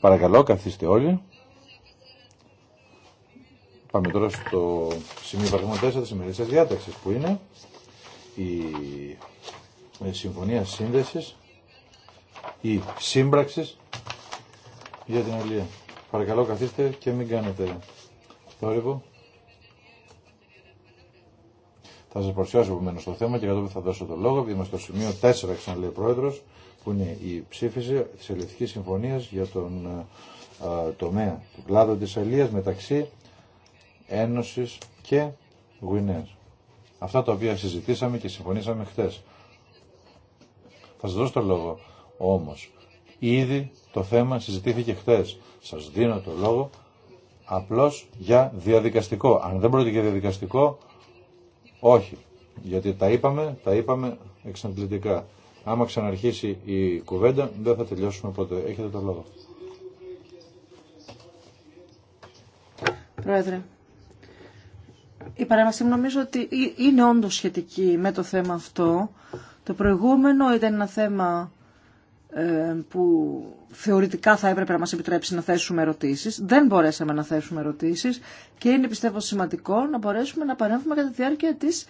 Παρακαλώ, καθίστε όλοι. Πάμε τώρα στο σημείο 4 της ημερήσιας διάταξης που είναι η συμφωνία σύνδεσης ή σύμπραξης για την Αγγλία. Παρακαλώ καθίστε και μην κάνετε θόρυβο. Θα σας παρουσιάσω επομένω το θέμα και κατόπιν θα δώσω το λόγο, επειδή είμαστε στο σημείο 4, ξαναλέει ο Πρόεδρος, που είναι η ψήφιση της Ελληνικής Συμφωνίας για τον ε, τομέα του κλάδου της Αλίας μεταξύ Ένωσης και Γουινέας. Αυτά τα οποία συζητήσαμε και συμφωνήσαμε χτες. Θα σας δώσω το λόγο όμως. Ήδη το θέμα συζητήθηκε χτες. Σας δίνω το λόγο απλώς για διαδικαστικό. Αν δεν πρόκειται για διαδικαστικό, όχι. Γιατί τα είπαμε, τα είπαμε εξαντλητικά. Άμα ξαναρχίσει η κουβέντα, δεν θα τελειώσουμε ποτέ. Έχετε το λόγο. Πρόεδρε, η παρέμβαση μου νομίζω ότι είναι όντως σχετική με το θέμα αυτό. Το προηγούμενο ήταν ένα θέμα ε, που θεωρητικά θα έπρεπε να μας επιτρέψει να θέσουμε ερωτήσεις. Δεν μπορέσαμε να θέσουμε ερωτήσεις και είναι πιστεύω σημαντικό να μπορέσουμε να παρέμβουμε κατά τη διάρκεια της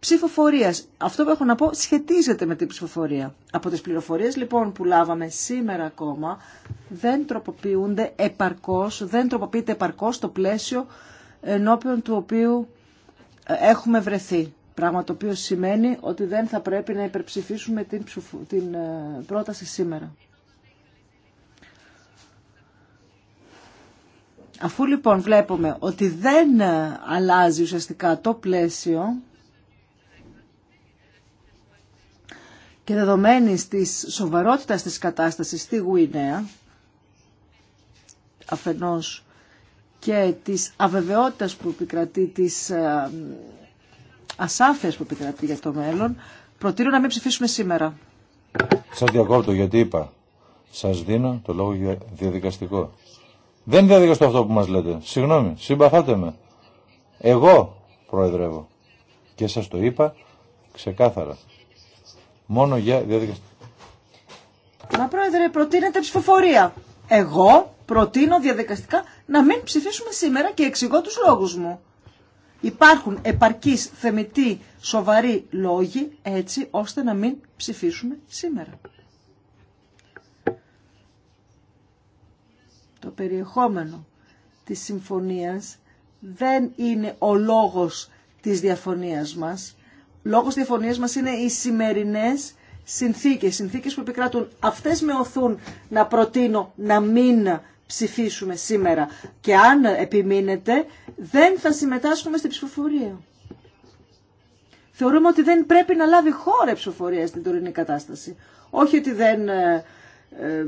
ψηφοφορίας. Αυτό που έχω να πω σχετίζεται με την ψηφοφορία. Από τις πληροφορίες λοιπόν που λάβαμε σήμερα ακόμα δεν τροποποιούνται επαρκώς, δεν τροποποιείται επαρκώ το πλαίσιο ενώπιον του οποίου ε, έχουμε βρεθεί. Πράγμα το οποίο σημαίνει ότι δεν θα πρέπει να υπερψηφίσουμε την, την ε, πρόταση σήμερα. Αφού λοιπόν βλέπουμε ότι δεν ε, αλλάζει ουσιαστικά το πλαίσιο, και δεδομένη της σοβαρότητας της κατάστασης στη Γουινέα, αφενός και της αβεβαιότητας που επικρατεί, της ε, ασάφειας που επικρατεί για το μέλλον, προτείνω να μην ψηφίσουμε σήμερα. Σας διακόπτω γιατί είπα. Σας δίνω το λόγο για διαδικαστικό. Δεν διαδικαστώ αυτό που μας λέτε. Συγγνώμη, συμπαθάτε με. Εγώ προεδρεύω. Και σας το είπα ξεκάθαρα μόνο για διαδικαστική. Μα πρόεδρε, προτείνετε ψηφοφορία. Εγώ προτείνω διαδικαστικά να μην ψηφίσουμε σήμερα και εξηγώ τους λόγους μου. Υπάρχουν επαρκείς, θεμητοί, σοβαροί λόγοι έτσι ώστε να μην ψηφίσουμε σήμερα. Το περιεχόμενο της συμφωνίας δεν είναι ο λόγος της διαφωνίας μας. Λόγος διαφωνίας μας είναι οι σημερινές συνθήκες, συνθήκες που επικράτουν. Αυτές με οθούν να προτείνω να μην ψηφίσουμε σήμερα. Και αν επιμείνετε, δεν θα συμμετάσχουμε στην ψηφοφορία. Θεωρούμε ότι δεν πρέπει να λάβει χώρα ψηφοφορία στην τωρινή κατάσταση. Όχι ότι δεν ε, ε,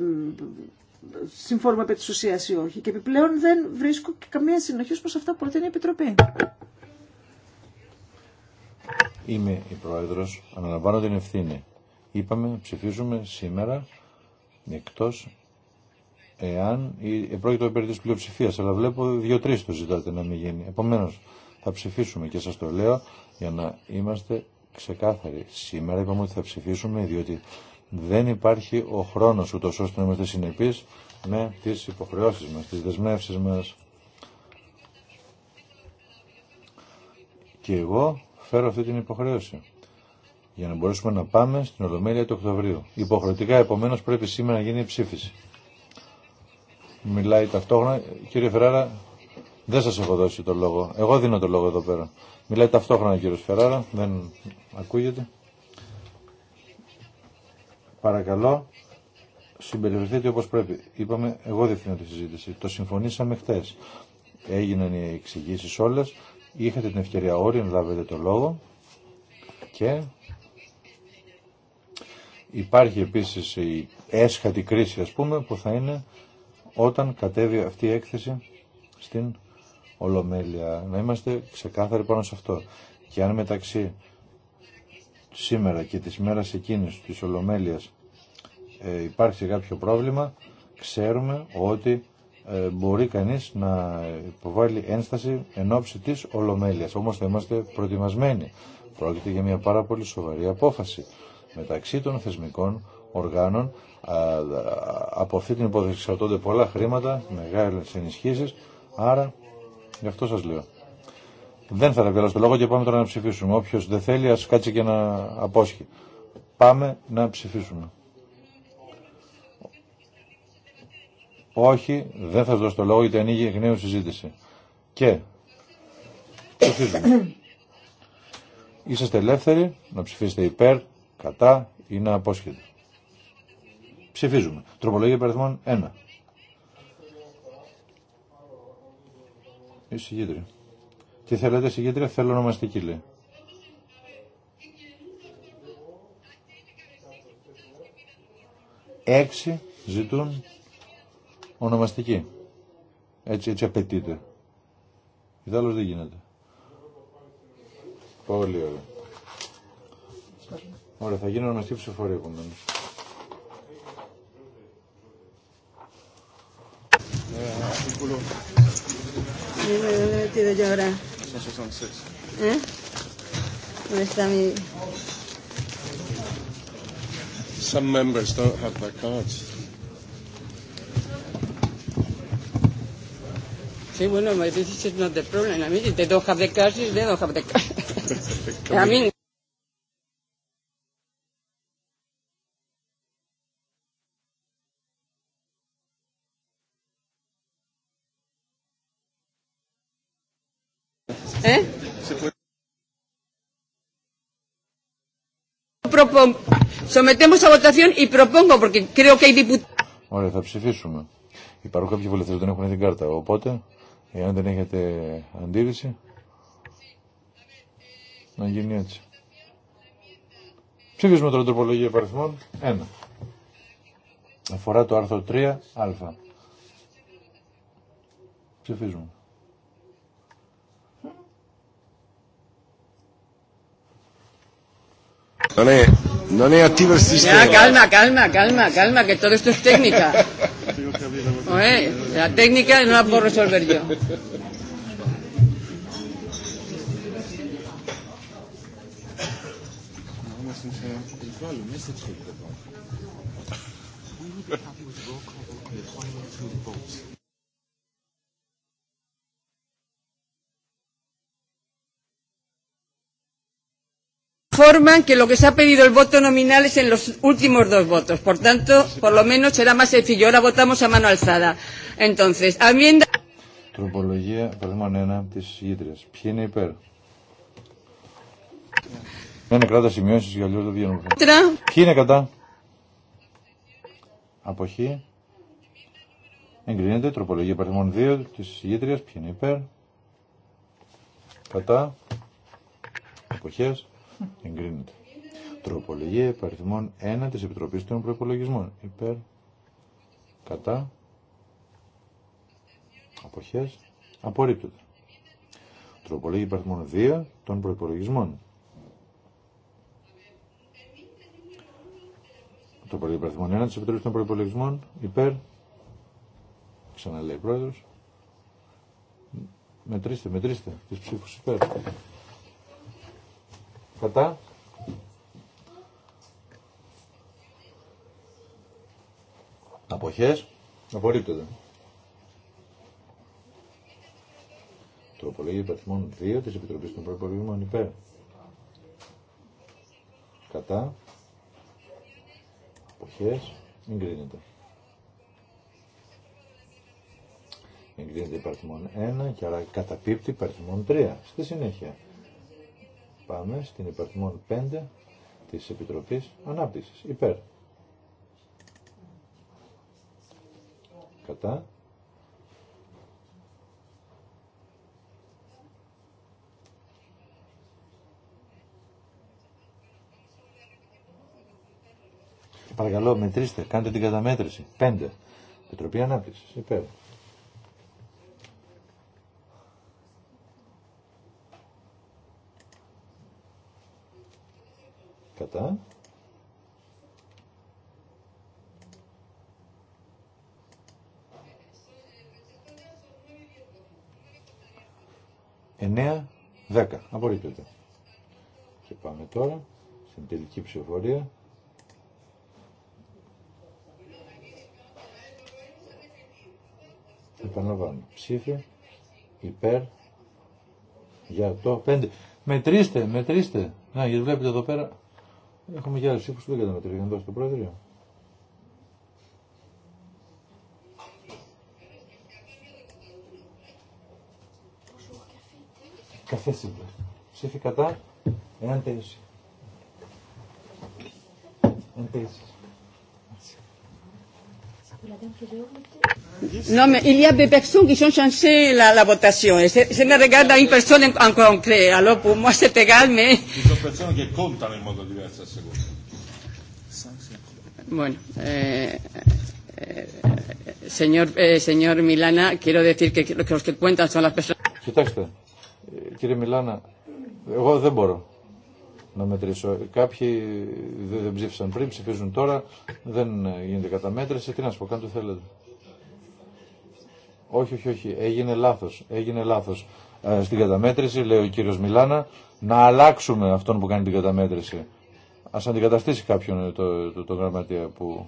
συμφώνουμε επί τη ουσία ή όχι και επιπλέον δεν βρίσκω καμία συνοχή προ αυτά που προτείνει η οχι και επιπλεον δεν βρισκω καμια συνοχη προς αυτα που προτεινει η επιτροπη Είμαι η Πρόεδρος, αναλαμβάνω την ευθύνη. Είπαμε, ψηφίζουμε σήμερα, εκτός εάν πρόκειται περί της πλειοψηφίας, αλλά βλέπω δύο-τρει το ζητάτε να μην γίνει. Επομένως, θα ψηφίσουμε και σας το λέω για να είμαστε ξεκάθαροι. Σήμερα είπαμε ότι θα ψηφίσουμε διότι δεν υπάρχει ο χρόνος ούτως ώστε να είμαστε συνεπείς με τις υποχρεώσεις μας, τις δεσμεύσεις μας. Και εγώ φέρω αυτή την υποχρέωση για να μπορέσουμε να πάμε στην Ολομέλεια του Οκτωβρίου. Υποχρεωτικά επομένω πρέπει σήμερα να γίνει η ψήφιση. Μιλάει ταυτόχρονα, κύριε Φεράρα, δεν σα έχω δώσει το λόγο. Εγώ δίνω το λόγο εδώ πέρα. Μιλάει ταυτόχρονα ο κύριο Φεράρα, δεν ακούγεται. Παρακαλώ, συμπεριφερθείτε όπω πρέπει. Είπαμε, εγώ διευθύνω τη συζήτηση. Το συμφωνήσαμε χθε. Έγιναν οι εξηγήσει όλε. Είχατε την ευκαιρία όλοι να λάβετε το λόγο και υπάρχει επίσης η έσχατη κρίση ας πούμε που θα είναι όταν κατέβει αυτή η έκθεση στην Ολομέλεια. Να είμαστε ξεκάθαροι πάνω σε αυτό. Και αν μεταξύ σήμερα και της μέρα εκείνης της Ολομέλειας ε, υπάρχει κάποιο πρόβλημα, ξέρουμε ότι ε, μπορεί κανείς να υποβάλει ένσταση εν ώψη της Ολομέλειας. Όμως θα είμαστε προετοιμασμένοι. Πρόκειται για μια πάρα πολύ σοβαρή απόφαση μεταξύ των θεσμικών οργάνων. Από αυτή την υπόθεση εξαρτώνται πολλά χρήματα, μεγάλες ενισχύσεις. Άρα, γι' αυτό σας λέω. Δεν θα τα στο λόγο και πάμε τώρα να ψηφίσουμε. Όποιος δεν θέλει ας κάτσει και να απόσχει. Πάμε να ψηφίσουμε. Όχι, δεν θα σα δώσω το λόγο γιατί ανοίγει εκ νέου συζήτηση. Και ψηφίζουμε. Είσαστε ελεύθεροι να ψηφίσετε υπέρ, κατά ή να απόσχετε. Ψηφίζουμε. Τροπολογία περιθμών 1. Η συγκήτρια. Τι θέλετε συγκήτρια, θέλω να είμαστε λέει. Έξι ζητούν ονομαστική. Έτσι, έτσι απαιτείται. Ιδάλλως δεν γίνεται. Πολύ ωραία. Ωραία, θα γίνει ονομαστική ψηφορία επομένω. Ε, Some members don't have their cards. say, well, no, this is not the problem. I mean, if they don't have the cars, they don't have the cars. ¿Eh? Sometemos a votación y propongo, porque creo que hay diputados. Ωραία, θα ψηφίσουμε. Υπάρχουν κάποιοι βουλευτέ που δεν έχουν την κάρτα. Οπότε Εάν δεν έχετε αντίρρηση, να γίνει έτσι. Ψήφισμα τώρα τροπολογία υπαριθμών 1. Αφορά το άρθρο 3α. Ψηφίζουμε. Ναι, sistema. καλμα, calma, calma, calma, calma, Oye, la técnica no la puedo resolver yo. que lo que se ha pedido el voto nominal es en Τροπολογία, της Ποιοι είναι υπέρ. Δεν είναι κράτα σημειώσεις για Ποιοι είναι κατά. Αποχή. Εγκρίνεται. Τροπολογία 2 της Ποιοι είναι Κατά. Αποχές. Εγκρίνεται. Τροπολογία υπαριθμών 1 της Επιτροπής των Προπολογισμών. Υπέρ. Κατά. Αποχές. Απορρίπτεται. Τροπολογία υπαριθμών 2 των Προπολογισμών. Τροπολογία υπαριθμών 1 της Επιτροπής των Προπολογισμών. Υπέρ. Ξαναλέει πρόεδρος. Μετρήστε, μετρήστε τις ψήφους υπέρ. Κατά. Αποχές. Απορρίπτεται. Τροπολογία υπαριθμών 2 της Επιτροπής των Προπολογισμών υπέρ. Κατά. Αποχές. Εγκρίνεται. Εγκρίνεται υπαριθμών 1 και άρα καταπίπτει υπαριθμών 3. Στη συνέχεια. Πάμε στην υπαριθμόν 5 της Επιτροπής Ανάπτυξης. Υπέρ. Κατά. Παρακαλώ, μετρήστε, κάντε την καταμέτρηση. 5. Επιτροπή Ανάπτυξης. Υπέρ. 9 εννέα, δέκα, απορρίπτεται. Και πάμε τώρα στην τελική ψηφοφορία. Επαναλαμβάνω, ψήφι, υπέρ, για το 5 Μετρήστε, μετρήστε. Να, γιατί βλέπετε εδώ πέρα Έχουμε για άλλους ύπου που δεν Να εδώ στο πρόεδρο. Καφέ σύμπλε. Ψήφι κατά, εάν τέλειωσε. Εάν τέλειωσε. Non, mais il y a des personnes qui ont changé la, la votation. Et je me regarde à une personne en concret. Alors pour moi c'est égal, mais. a des personnes che contano in modo diverso a seconda. Bueno, eh, eh, señor, eh, señor Milana, quiero decir que los que cuentan son las personas. Κοιτάξτε, κύριε Μιλάνα, εγώ δεν μπορώ να μετρήσω. Κάποιοι δεν ψήφισαν πριν, ψηφίζουν τώρα, δεν ε, γίνεται καταμέτρηση. Τι να σου πω, κάντε θέλετε. Όχι, όχι, όχι. Έγινε λάθος. Έγινε λάθο. Ε, στην καταμέτρηση, λέει ο κύριο Μιλάνα, να αλλάξουμε αυτόν που κάνει την καταμέτρηση. Ας αντικαταστήσει κάποιον ε, το, το, γραμματεία που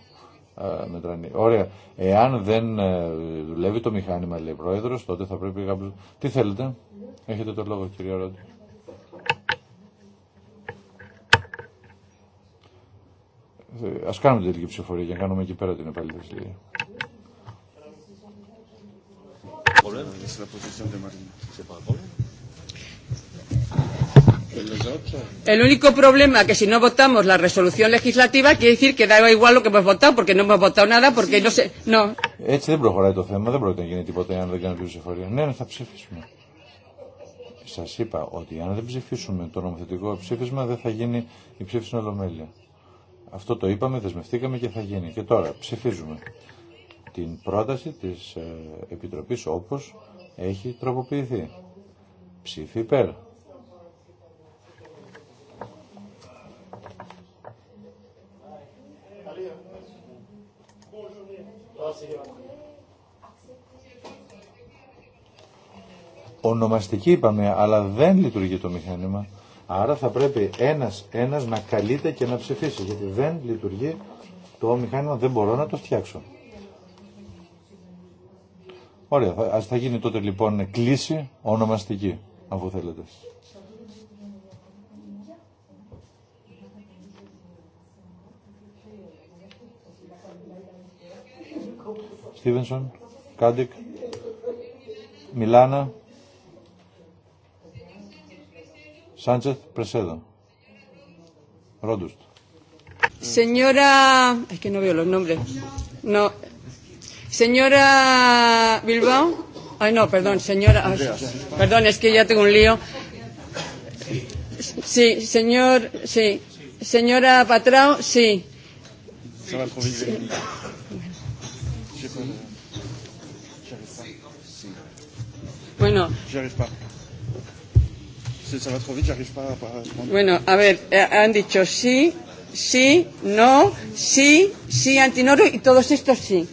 μετρανεί. Ωραία. Εάν δεν δουλεύει το μηχάνημα, λέει ο πρόεδρο, τότε θα πρέπει κάποιο. Τι θέλετε. Έχετε το λόγο, κύριε Ρώτη. Α κάνουμε τελική ψηφοφορία και να κάνουμε εκεί πέρα την επαλήθευση. El único problema no votamos la resolución legislativa quiere decir que da igual lo que hemos Έτσι δεν προχωράει το θέμα, δεν πρόκειται να γίνει τίποτα αν δεν κάνουμε την ψηφοφορία. Ναι, ναι, θα ψηφίσουμε. Σα είπα ότι αν δεν ψηφίσουμε το νομοθετικό ψήφισμα δεν θα γίνει η ψήφιση στην Ολομέλεια. Αυτό το είπαμε, δεσμευτήκαμε και θα γίνει. Και τώρα ψηφίζουμε την πρόταση της ε, Επιτροπής όπως έχει τροποποιηθεί. Ψήφι υπέρ. Ονομαστική είπαμε, αλλά δεν λειτουργεί το μηχάνημα. Άρα θα πρέπει ένας ένας να καλείται και να ψηφίσει γιατί δεν λειτουργεί το μηχάνημα, δεν μπορώ να το φτιάξω. Ωραία, ας θα γίνει τότε λοιπόν κλίση ονομαστική, αφού θέλετε. Στίβενσον, Κάντικ, Μιλάνα, Sánchez Presedo Ρόντουστ. Señora, es que no veo los nombres. No. Señora Bilbao. Ay, no, perdón, señora. Ay, perdón, es que ya tengo un lío. Sí, señor, sí. Señora Patrao, sí. Bueno ça va trop vite, j'arrive pas à Bueno, a ver, han dicho sí, sí, no, sí, sí, antinoro y todos estos sí.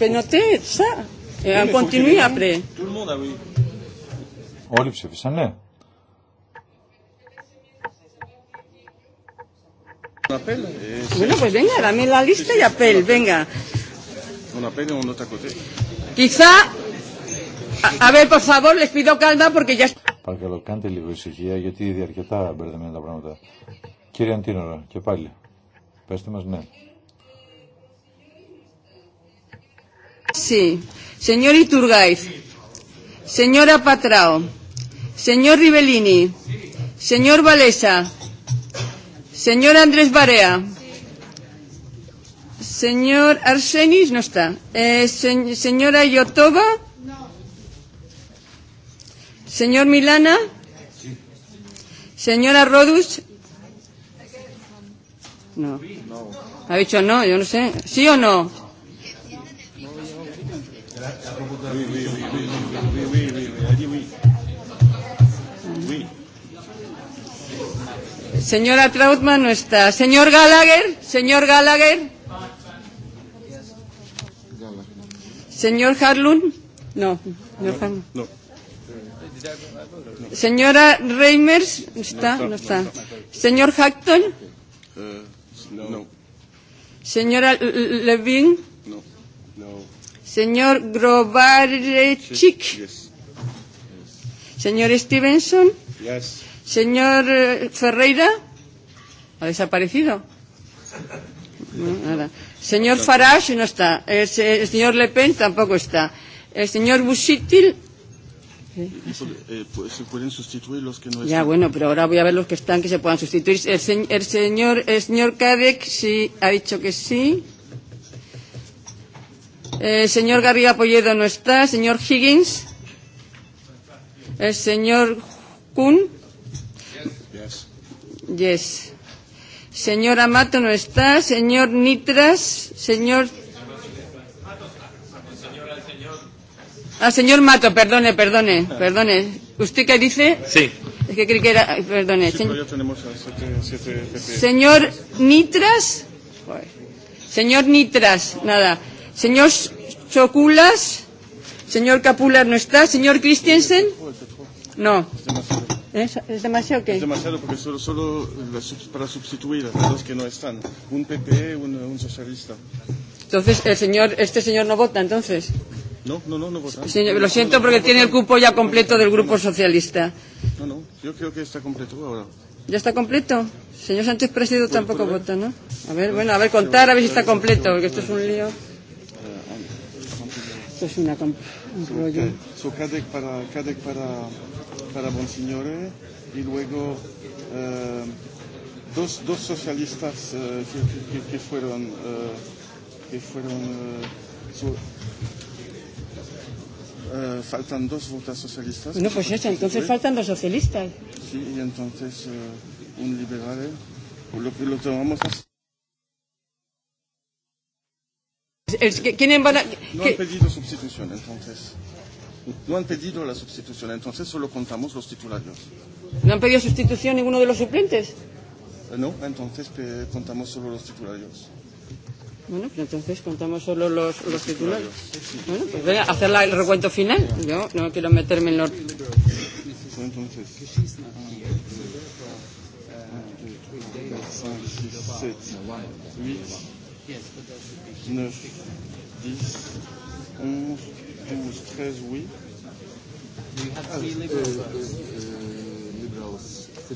Mais noter ça. Et on continue après. Tout le monde a oui. Όλοι ψήφισαν, ναι. Bueno, pues venga, dame la lista y apel, venga. Un appelle et on note à côté. Quizá A ver, por favor, les pido calma porque ya... Παρακαλώ, κάντε λίγο ησυχία γιατί ήδη αρκετά μπερδεμένα τα πράγματα. Κύριε Αντίνορα, και πάλι. Πετε μα, ναι. Sí. Señor Iturgaiz, señora Patrao, señor Rivellini, señor Valesa, señor Andrés Barea, señor Arsenis, no está, eh, se, señora Yotova, Señor Milana. Señora Rodus. No. ¿Ha dicho no? Yo no sé. ¿Sí o no? Señora Trautmann no está. Señor Gallagher. Señor Gallagher. Señor Harlun. No. No. no. Señora Reimers, ¿está? No está. Señor Hackton. No. Señora Levin. No. Señor Grobarechik. Señor Stevenson. Señor Ferreira. ¿Ha desaparecido? nada. Señor Farage no está. El señor Le Pen tampoco está. El señor Busitil se pueden sustituir los que no están. Ya, bueno, pero ahora voy a ver los que están que se puedan sustituir. El, el señor el señor Cadec sí, ha dicho que sí. El señor Garriga Polledo no está. Señor Higgins. El señor Kuhn. Yes. Yes. Señor Amato no está. Señor Nitras. Señor Ah, señor Mato, perdone, perdone, perdone. ¿Usted qué dice? Sí. Es que creí que era... Perdone. Señor Nitras. Señor Nitras, nada. Señor Choculas. Señor Capulas no está. Señor Christensen. No. ¿Es, ¿Es demasiado qué? Es demasiado porque solo, solo para sustituir a los que no están. Un PP, un, un socialista. Entonces, el señor, este señor no vota, entonces. No, no, no, no votar. Señor, lo siento porque tiene el cupo ya completo del Grupo Socialista. No, no, yo creo que está completo ahora. ¿Ya está completo? Señor Sánchez Presidio tampoco vota, ¿no? A ver, bueno, a ver, contar a ver si está completo, porque esto es un lío. Esto es una, un rollo. para, Cadec para, para Bonsignore y luego eh, dos, dos socialistas que, que, que fueron, eh, que fueron eh, Eh, faltan dos votos socialistas. No, pues eso, entonces faltan dos socialistas. Sí, y entonces un liberal. Lo que lo tomamos así. ¿Quiénes van a.? No han pedido sustitución, entonces. No han pedido la sustitución, entonces solo contamos los titulares. ¿No han pedido sustitución ninguno de los suplentes? No, entonces contamos solo los titulares. Bueno, pero entonces contamos solo los, los titulares. Bueno, pues voy a hacer el recuento final. Yo no quiero meterme en los... Entonces,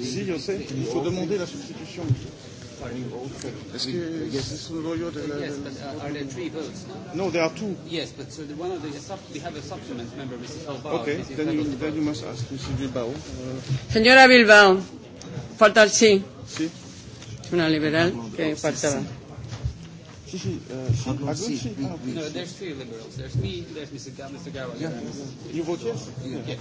Si, je sais, il faut demander la substitution are new old est que yes. Noyo de la... Yes, but uh, are there three votes? No, there are two. Yes, but so the one of the we have a supplement member, Mrs. Bilbao. Okay, then you, then you must ask Mrs. Bilbao. Señora Bilbao, falta sí. Sí. una liberal que faltaba. Sí, sí, uh, sí, sí. No, there's three liberals. There's me, there's Mr. Ga Mr. Garwell. Yeah. You vote yes? Yes.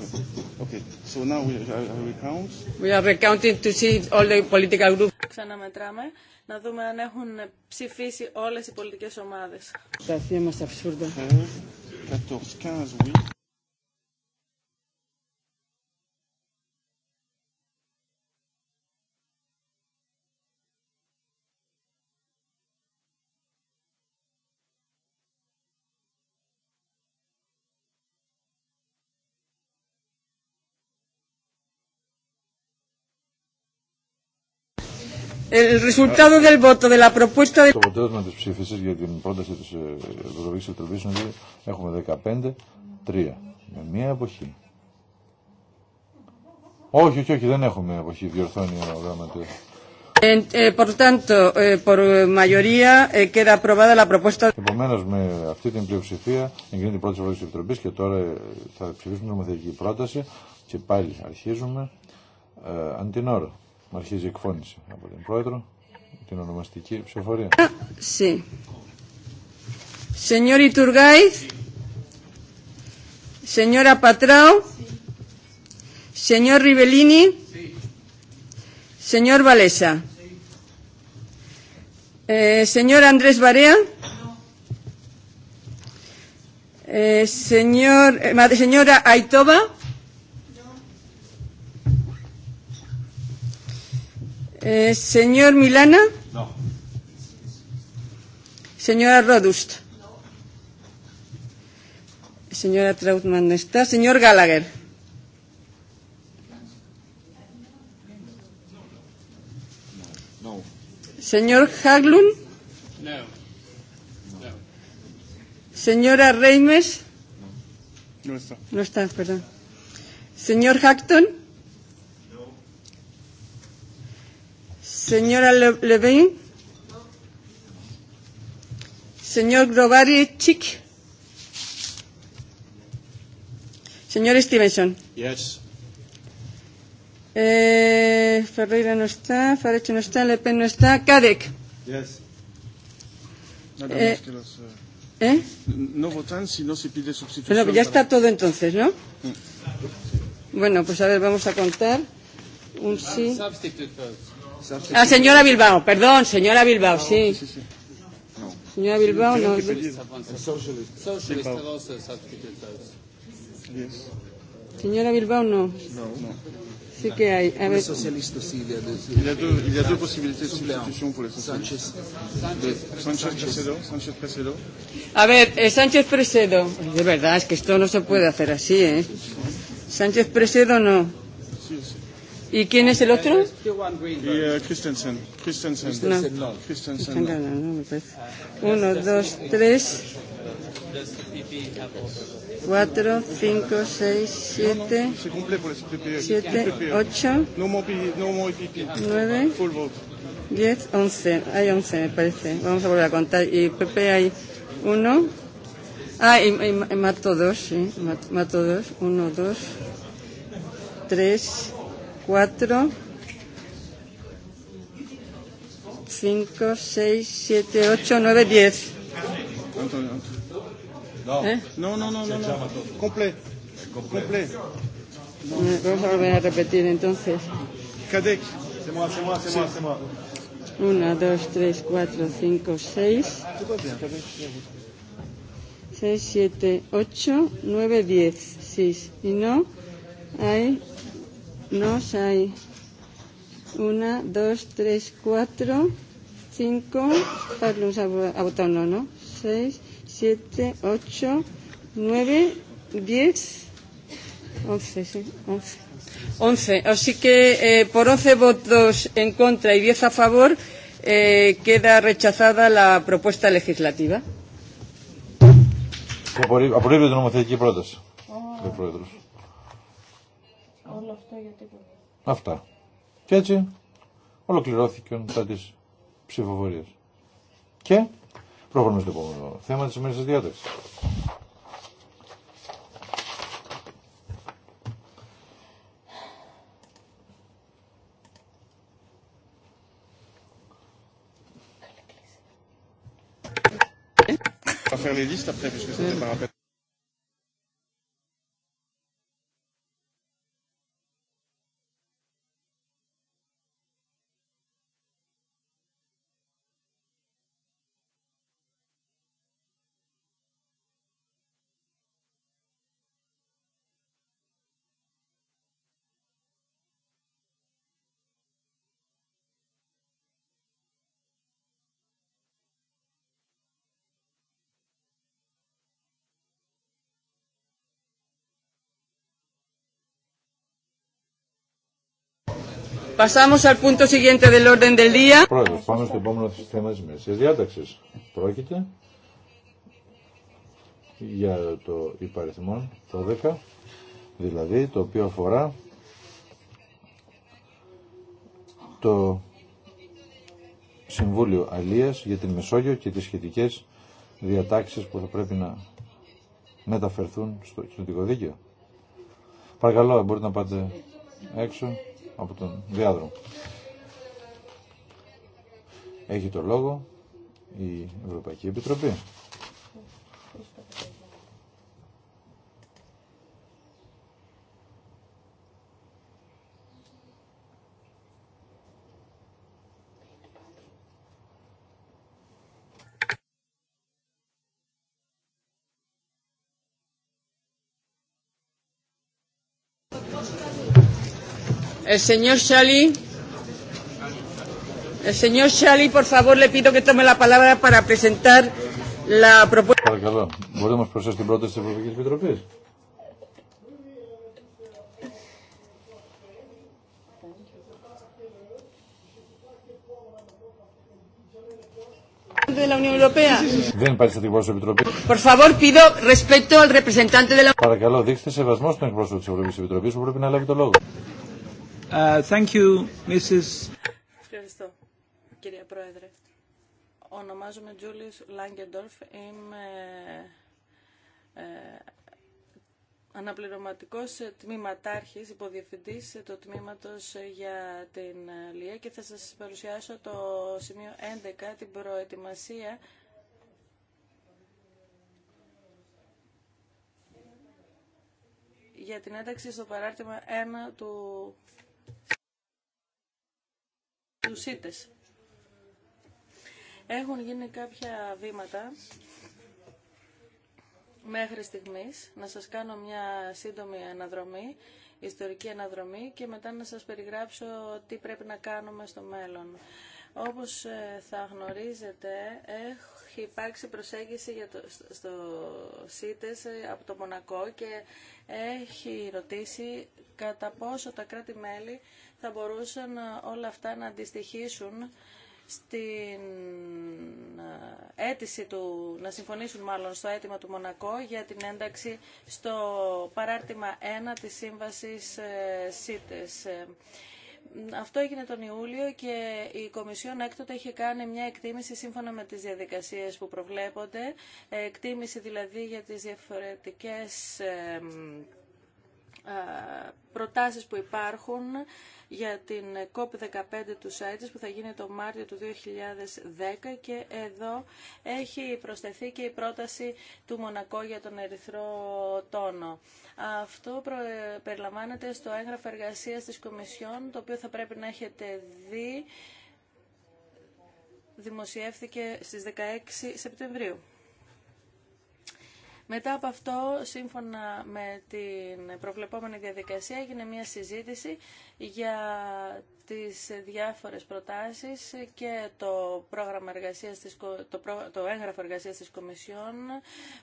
Okay. So now we, are I recount. We are recounting to see all the political groups ξαναμετράμε, να δούμε αν έχουν ψηφίσει όλες οι πολιτικές ομάδες. El resultado del voto de la propuesta de... Το αποτέλεσμα της ψήφισης για την πρόταση της ε, ευρωπαικη επιτροπης Επιτροπής είναι ότι έχουμε 15-3 με μία εποχή. Όχι, όχι, όχι, δεν έχουμε εποχή, διορθώνει ο γραμματέα. Ε, ε, por tanto, por mayoría queda aprobada la propuesta. Επομένω, με αυτή την πλειοψηφία εγκρίνεται η τη Ευρωπαϊκή Επιτροπή και τώρα θα ψηφίσουμε νομοθετική πρόταση και πάλι αρχίζουμε ε, αν την ώρα. Αρχίζει η εκφώνηση από την Πρόεδρο, την ονομαστική ψηφοφορία. Sí. Señor Iturgaiz, señora Patrao, señor Rivellini, señor Valesa, eh, señor Andrés Barea, eh, señor, eh, señora Aitoba, señor Milana. No. Señora Rodust. No. Señora Trautmann no está. Señor Gallagher. No. Señor Haglund. No. no. Señora Reimers. No. No está. No está, perdón. Señor Hackton. Señora Levin. Señor Grobarczyk. Señor Stevenson. Yes. Eh, Ferreira no está, Farage no está, Le Pen no está, Cadec. Yes. Eh, ¿Eh? No votan si no se pide sustitución. Bueno, ya está todo entonces, ¿no? Bueno, pues a ver, vamos a contar. Un sí. Substitute Ah, señora Bilbao, perdón, señora Bilbao, sí. Señora Bilbao, no. Señora Bilbao, no. Sí que hay. A ver. Il y a deux, il y de sustitución por Sánchez Presedo. Sánchez Presedo. A ver, Sánchez Presedo. De verdad, es que esto no se puede hacer así, ¿eh? Sánchez Presedo, no. Sí, sí. ¿Y quién es el otro? Christensen. Christensen. Uno, dos, tres. Cuatro, cinco, seis, siete. Siete, ocho. Nueve. Diez, once. Hay once, me parece. Vamos a volver a contar. Y Pepe hay uno. Ah, y, mato dos, sí. Mato dos. Uno, dos, tres. 4, 5, 6, 7, 8, 9, 10. No, no, no, no, no. Complet. Vamos a volver a repetir entonces. Cadec. C'est moi, c'est 1, 2, 3, 4, 5, 6. 6, 7, 8, 9, 10. 6. Y no, hay nos hay una, dos, tres, cuatro, cinco, para los votarlo, ¿no? Seis, siete, ocho, nueve, diez, once, sí, once. Once, así que eh, por once votos en contra y diez a favor eh, queda rechazada la propuesta legislativa. Όλο αυτό για τίποτα. Αυτά. Και έτσι ολοκληρώθηκε μετά της ψηφοφορίας. Και προχωρούμε στο επόμενο θέμα τη σημερινής διάταξης. On va faire les listes après, parce que c'était par rappel. Pasamos al punto siguiente del orden πάμε στο επόμενο θέμα τη μέσης διάταξη. Πρόκειται για το υπαριθμό 12, δηλαδή το οποίο αφορά το Συμβούλιο Αλίας για την Μεσόγειο και τις σχετικές διατάξεις που θα πρέπει να μεταφερθούν στο κοινωτικό δίκαιο. Παρακαλώ, μπορείτε να πάτε έξω από τον διάδρομο. Έχει το λόγο η Ευρωπαϊκή Επιτροπή. El ε, señor Shali. El ε, señor Shali, por favor, le pido que tome la palabra para presentar la propuesta. Παρακαλώ, μπορείτε να μα προσθέσετε την πρόταση τη Ευρωπαϊκή Επιτροπή. Δεν υπάρχει Επιτροπή. Por favor, pido Παρακαλώ, δείξτε σεβασμό στον εκπρόσωπο τη Ευρωπαϊκή Επιτροπή που πρέπει να λάβει το λόγο. Uh, Ευχαριστώ, κυρία Πρόεδρε. Ονομάζομαι Τζούλις Λάγκεντορφ. Είμαι ε, αναπληρωματικός τμήματάρχης, υποδιευθυντής του τμήματος για την ε, ΛΙΑ και θα σας παρουσιάσω το σημείο 11, την προετοιμασία για την ένταξη στο παράρτημα 1 του τους ΣΥΤΕΣ. Έχουν γίνει κάποια βήματα μέχρι στιγμής. Να σας κάνω μια σύντομη αναδρομή, ιστορική αναδρομή και μετά να σας περιγράψω τι πρέπει να κάνουμε στο μέλλον. Όπως ε, θα γνωρίζετε, έχει υπάρξει προσέγγιση για το, στο ΣΥΤΕΣ ε, από το Μονακό και έχει ρωτήσει κατά πόσο τα κράτη-μέλη θα μπορούσαν όλα αυτά να αντιστοιχίσουν στην ε, αίτηση του, να συμφωνήσουν μάλλον στο αίτημα του Μονακό για την ένταξη στο παράρτημα 1 της σύμβασης ε, ΣΥΤΕΣ. Ε, αυτό έγινε τον Ιούλιο και η Κομισιόν έκτοτε είχε κάνει μια εκτίμηση σύμφωνα με τις διαδικασίες που προβλέπονται, εκτίμηση δηλαδή για τις διαφορετικές προτάσεις που υπάρχουν για την COP15 του ΣΑΙΤΣ που θα γίνει το Μάρτιο του 2010 και εδώ έχει προσθεθεί και η πρόταση του Μονακό για τον ερυθρό τόνο. Αυτό περιλαμβάνεται στο έγγραφο εργασίας της Κομισιόν, το οποίο θα πρέπει να έχετε δει. Δημοσιεύθηκε στις 16 Σεπτεμβρίου. Μετά από αυτό, σύμφωνα με την προβλεπόμενη διαδικασία, έγινε μια συζήτηση για τις διάφορες προτάσεις και το, πρόγραμμα εργασίας της, το, το έγγραφο εργασίας της Κομισιόν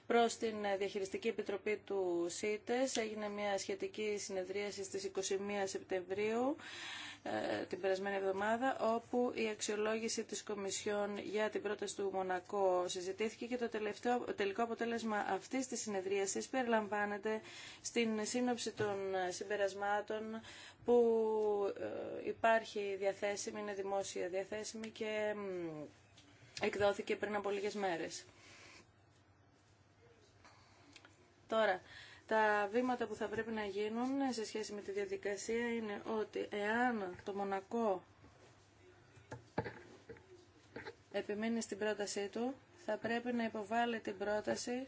προς την Διαχειριστική Επιτροπή του ΣΥΤΕΣ. Έγινε μια σχετική συνεδρίαση στις 21 Σεπτεμβρίου. Ε, την περασμένη εβδομάδα όπου η αξιολόγηση της Κομισιόν για την πρόταση του Μονακό συζητήθηκε και το τελευταίο, τελικό αποτέλεσμα αυτής της συνεδρίασης περιλαμβάνεται στην σύνοψη των συμπερασμάτων που ε, υπάρχει διαθέσιμη, είναι δημόσια διαθέσιμη και εκδόθηκε πριν από λίγες μέρες. Τώρα, τα βήματα που θα πρέπει να γίνουν σε σχέση με τη διαδικασία είναι ότι εάν το Μονακό επιμείνει στην πρότασή του, θα πρέπει να υποβάλει την πρόταση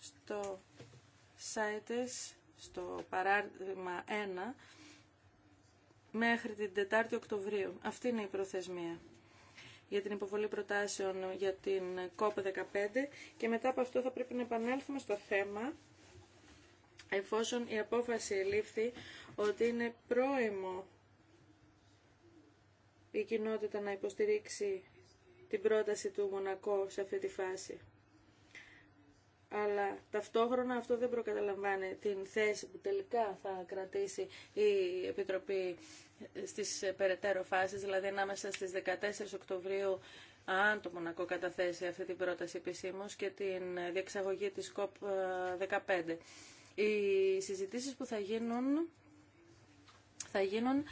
στο site στο παράδειγμα 1, μέχρι την 4η Οκτωβρίου. Αυτή είναι η προθεσμία για την υποβολή προτάσεων για την COP15 και μετά από αυτό θα πρέπει να επανέλθουμε στο θέμα εφόσον η απόφαση λήφθη ότι είναι πρόημο η κοινότητα να υποστηρίξει την πρόταση του Μονακό σε αυτή τη φάση. Αλλά ταυτόχρονα αυτό δεν προκαταλαμβάνει την θέση που τελικά θα κρατήσει η Επιτροπή στις περαιτέρω φάσεις, δηλαδή ανάμεσα στις 14 Οκτωβρίου αν το Μονακό καταθέσει αυτή την πρόταση επισήμως και την διεξαγωγή της COP15. Οι συζητήσεις που θα γίνουν θα γίνουν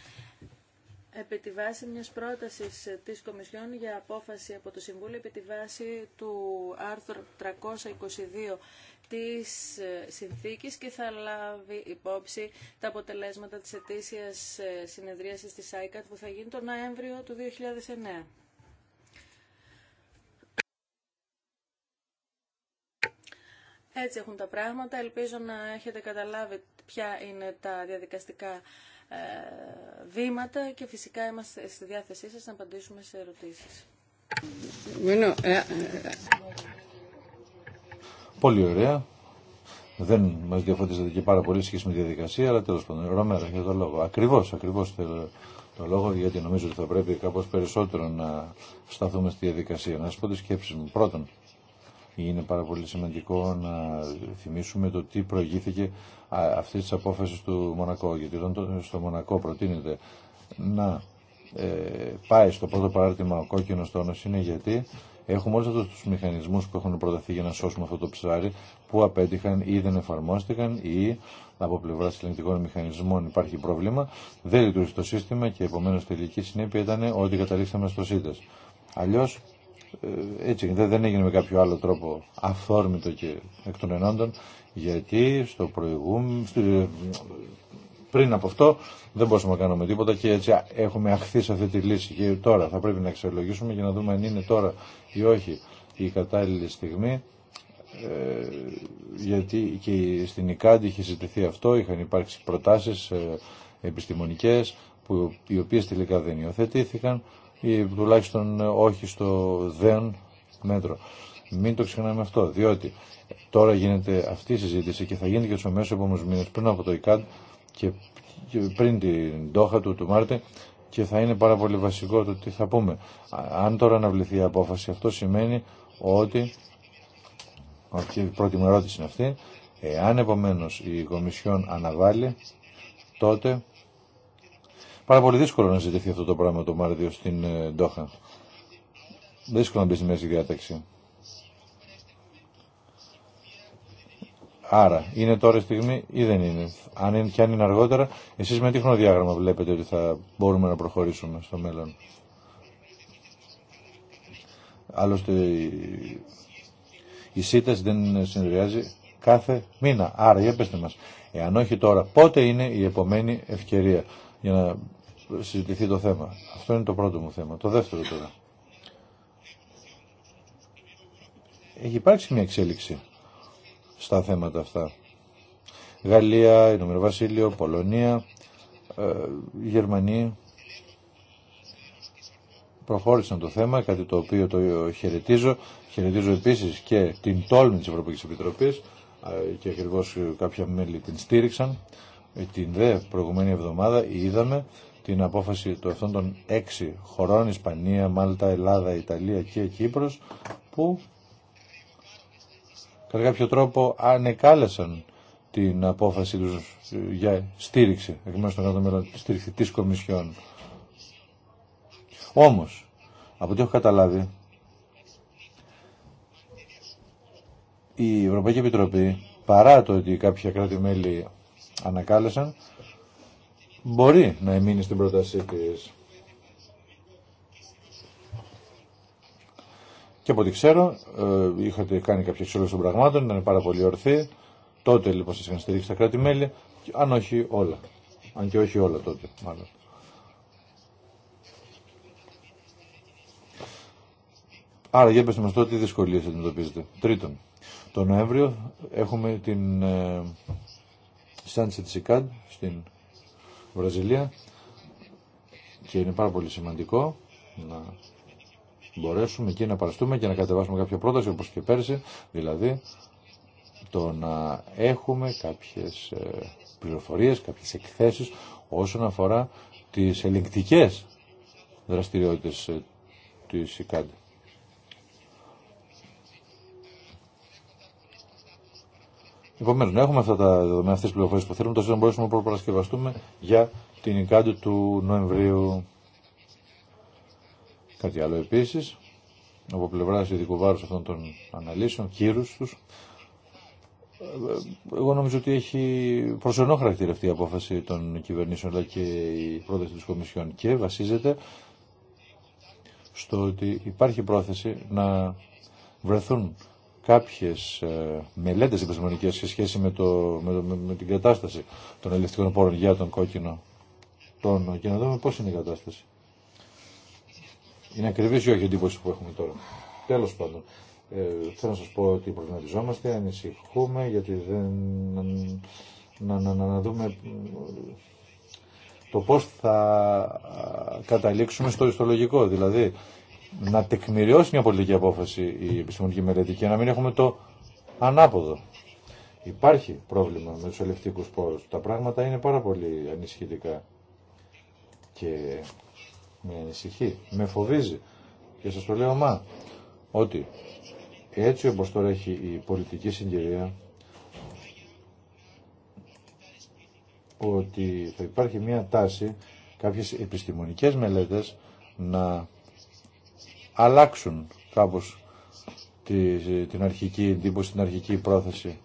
επί τη βάση μιας πρότασης της Κομισιόν για απόφαση από το Συμβούλιο επί τη βάση του άρθρου 322 της συνθήκης και θα λάβει υπόψη τα αποτελέσματα της ετήσιας συνεδρίασης της ΆΙΚΑΤ που θα γίνει τον Νοέμβριο του 2009. Έτσι έχουν τα πράγματα. Ελπίζω να έχετε καταλάβει ποια είναι τα διαδικαστικά ε, βήματα και φυσικά είμαστε στη διάθεσή σας να απαντήσουμε σε ερωτήσεις. Ε, ε, πολύ ωραία. Δεν μα διαφωτίζεται και πάρα πολύ σχέση με τη διαδικασία, αλλά τέλο πάντων, Ρωμέρα, για το λόγο. Ακριβώ, ακριβώ θέλω το λόγο, γιατί νομίζω ότι θα πρέπει κάπω περισσότερο να σταθούμε στη διαδικασία. Να σα πω τι σκέψει μου. Πρώτον, είναι πάρα πολύ σημαντικό να θυμίσουμε το τι προηγήθηκε αυτή τη απόφαση του Μονακό. Γιατί όταν στο Μονακό προτείνεται να ε, πάει στο πρώτο παράρτημα ο κόκκινο τόνο είναι γιατί έχουμε όλου αυτού του μηχανισμού που έχουν προταθεί για να σώσουμε αυτό το ψάρι που απέτυχαν ή δεν εφαρμόστηκαν ή από πλευρά συλλεκτικών μηχανισμών υπάρχει πρόβλημα. Δεν λειτουργήσε το σύστημα και επομένω τελική συνέπεια ήταν ότι καταλήξαμε στο ΣΥΤΕΣ. Αλλιώ ε, έτσι δεν έγινε με κάποιο άλλο τρόπο αυθόρμητο και εκ των ενόντων γιατί στο προηγούμενο πριν από αυτό δεν μπορούσαμε να κάνουμε τίποτα και έτσι έχουμε αχθεί σε αυτή τη λύση και τώρα θα πρέπει να εξελογήσουμε για να δούμε αν είναι τώρα ή όχι η κατάλληλη στιγμή ε, γιατί και στην ΙΚΑΝΤ είχε συζητηθεί αυτό, είχαν υπάρξει προτάσεις ε, επιστημονικές οι οποίες τελικά δεν υιοθετήθηκαν ή τουλάχιστον ε, όχι στο δέν μέτρο. Μην το ξεχνάμε αυτό, διότι τώρα γίνεται αυτή η συζήτηση και θα γίνει και στου μέσο επόμενο μήνε πριν από το ΙΚΑΤ και πριν την τόχα του του Μάρτη και θα είναι πάρα πολύ βασικό το τι θα πούμε. Αν τώρα αναβληθεί η απόφαση αυτό σημαίνει ότι, ότι η πρώτη μου ερώτηση είναι αυτή, εάν επομένως η Κομισιόν αναβάλει τότε Πάρα πολύ δύσκολο να ζητηθεί αυτό το πράγμα το Μάρτιο στην ε, Ντόχα. Δύσκολο να μπει στη μέση διάταξη. Άρα, είναι τώρα η στιγμή ή δεν είναι. Αν είναι και αν είναι αργότερα, εσείς με τι χρονοδιάγραμμα βλέπετε ότι θα μπορούμε να προχωρήσουμε στο μέλλον. Άλλωστε, η ΣΥΤΕΣ δεν συνεδριάζει κάθε μήνα. Άρα, για πέστε μας, εάν όχι τώρα, πότε είναι η επομένη ευκαιρία για να συζητηθεί το θέμα. Αυτό είναι το πρώτο μου θέμα. Το δεύτερο τώρα. Έχει υπάρξει μια εξέλιξη στα θέματα αυτά. Γαλλία, Ηνωμένο Βασίλειο, Πολωνία, ε, Γερμανία προχώρησαν το θέμα, κάτι το οποίο το χαιρετίζω. Χαιρετίζω επίσης και την τόλμη της Ευρωπαϊκής Επιτροπής ε, και ακριβώ κάποια μέλη την στήριξαν. Ε, την δε προηγουμένη εβδομάδα είδαμε την απόφαση του αυτών των έξι χωρών, Ισπανία, Μάλτα, Ελλάδα, Ιταλία και Κύπρος, που κατά κάποιο τρόπο ανεκάλεσαν την απόφαση τους ε, για στήριξη, εκ μέρους των στήριξη της Κομισιόν. Όμως, από ό,τι έχω καταλάβει, η Ευρωπαϊκή Επιτροπή, παρά το ότι κάποια κράτη-μέλη ανακάλεσαν μπορεί να εμείνει στην πρότασή της. Και από ό,τι ξέρω, ε, είχατε κάνει κάποια εξόλωση των πραγμάτων, ήταν πάρα πολύ ορθή. Τότε λοιπόν σας είχαν στηρίξει τα κράτη-μέλη, αν όχι όλα. Αν και όχι όλα τότε, μάλλον. Άρα για πέστε μας τότε, τι δυσκολίες αντιμετωπίζετε. Τρίτον, τον Νοέμβριο έχουμε την ε, Σάντσε Τσικάντ στην Βραζιλία και είναι πάρα πολύ σημαντικό να μπορέσουμε εκεί να παραστούμε και να κατεβάσουμε κάποια πρόταση όπως και πέρσι, δηλαδή το να έχουμε κάποιες ε, πληροφορίες, κάποιες εκθέσεις όσον αφορά τις ελεγκτικές δραστηριότητες ε, της ΙΚΑΝΤ. Επομένω, να έχουμε αυτά τα δεδομένα, αυτέ τι πληροφορίε που θέλουμε, τόσο να μπορέσουμε να προπαρασκευαστούμε για την Ικάντου του Νοεμβρίου. Κάτι άλλο επίση, από πλευρά ειδικού βάρου αυτών των αναλύσεων, κύρου του. Εγώ νομίζω ότι έχει προσωρινό χαρακτήρα αυτή η απόφαση των κυβερνήσεων αλλά και η πρόταση της Κομισιόν και βασίζεται στο ότι υπάρχει πρόθεση να βρεθούν κάποιες ε, μελέτες επιστημονικέ σε σχέση με, το, με, με την κατάσταση των ελευθερικών πόρων για τον κόκκινο τόνο και να δούμε πώς είναι η κατάσταση. Είναι ακριβής ή όχι η εντύπωση που έχουμε τώρα. Τέλος πάντων, ε, θέλω να σας πω ότι προβληματιζόμαστε, ανησυχούμε γιατί δεν... Να, να, να, να δούμε ε, το πώς θα καταλήξουμε στο ιστολογικό. Δηλαδή, να τεκμηριώσει μια πολιτική απόφαση η επιστημονική μελέτη και να μην έχουμε το ανάποδο. Υπάρχει πρόβλημα με τους ελευτικούς πόρους. Τα πράγματα είναι πάρα πολύ ανησυχητικά και με ανησυχεί, με φοβίζει. Και σας το λέω μα, ότι έτσι όπως τώρα έχει η πολιτική συγκυρία, ότι θα υπάρχει μια τάση κάποιες επιστημονικές μελέτες να αλλάξουν κάπως τη, την αρχική εντύπωση, την αρχική πρόθεση.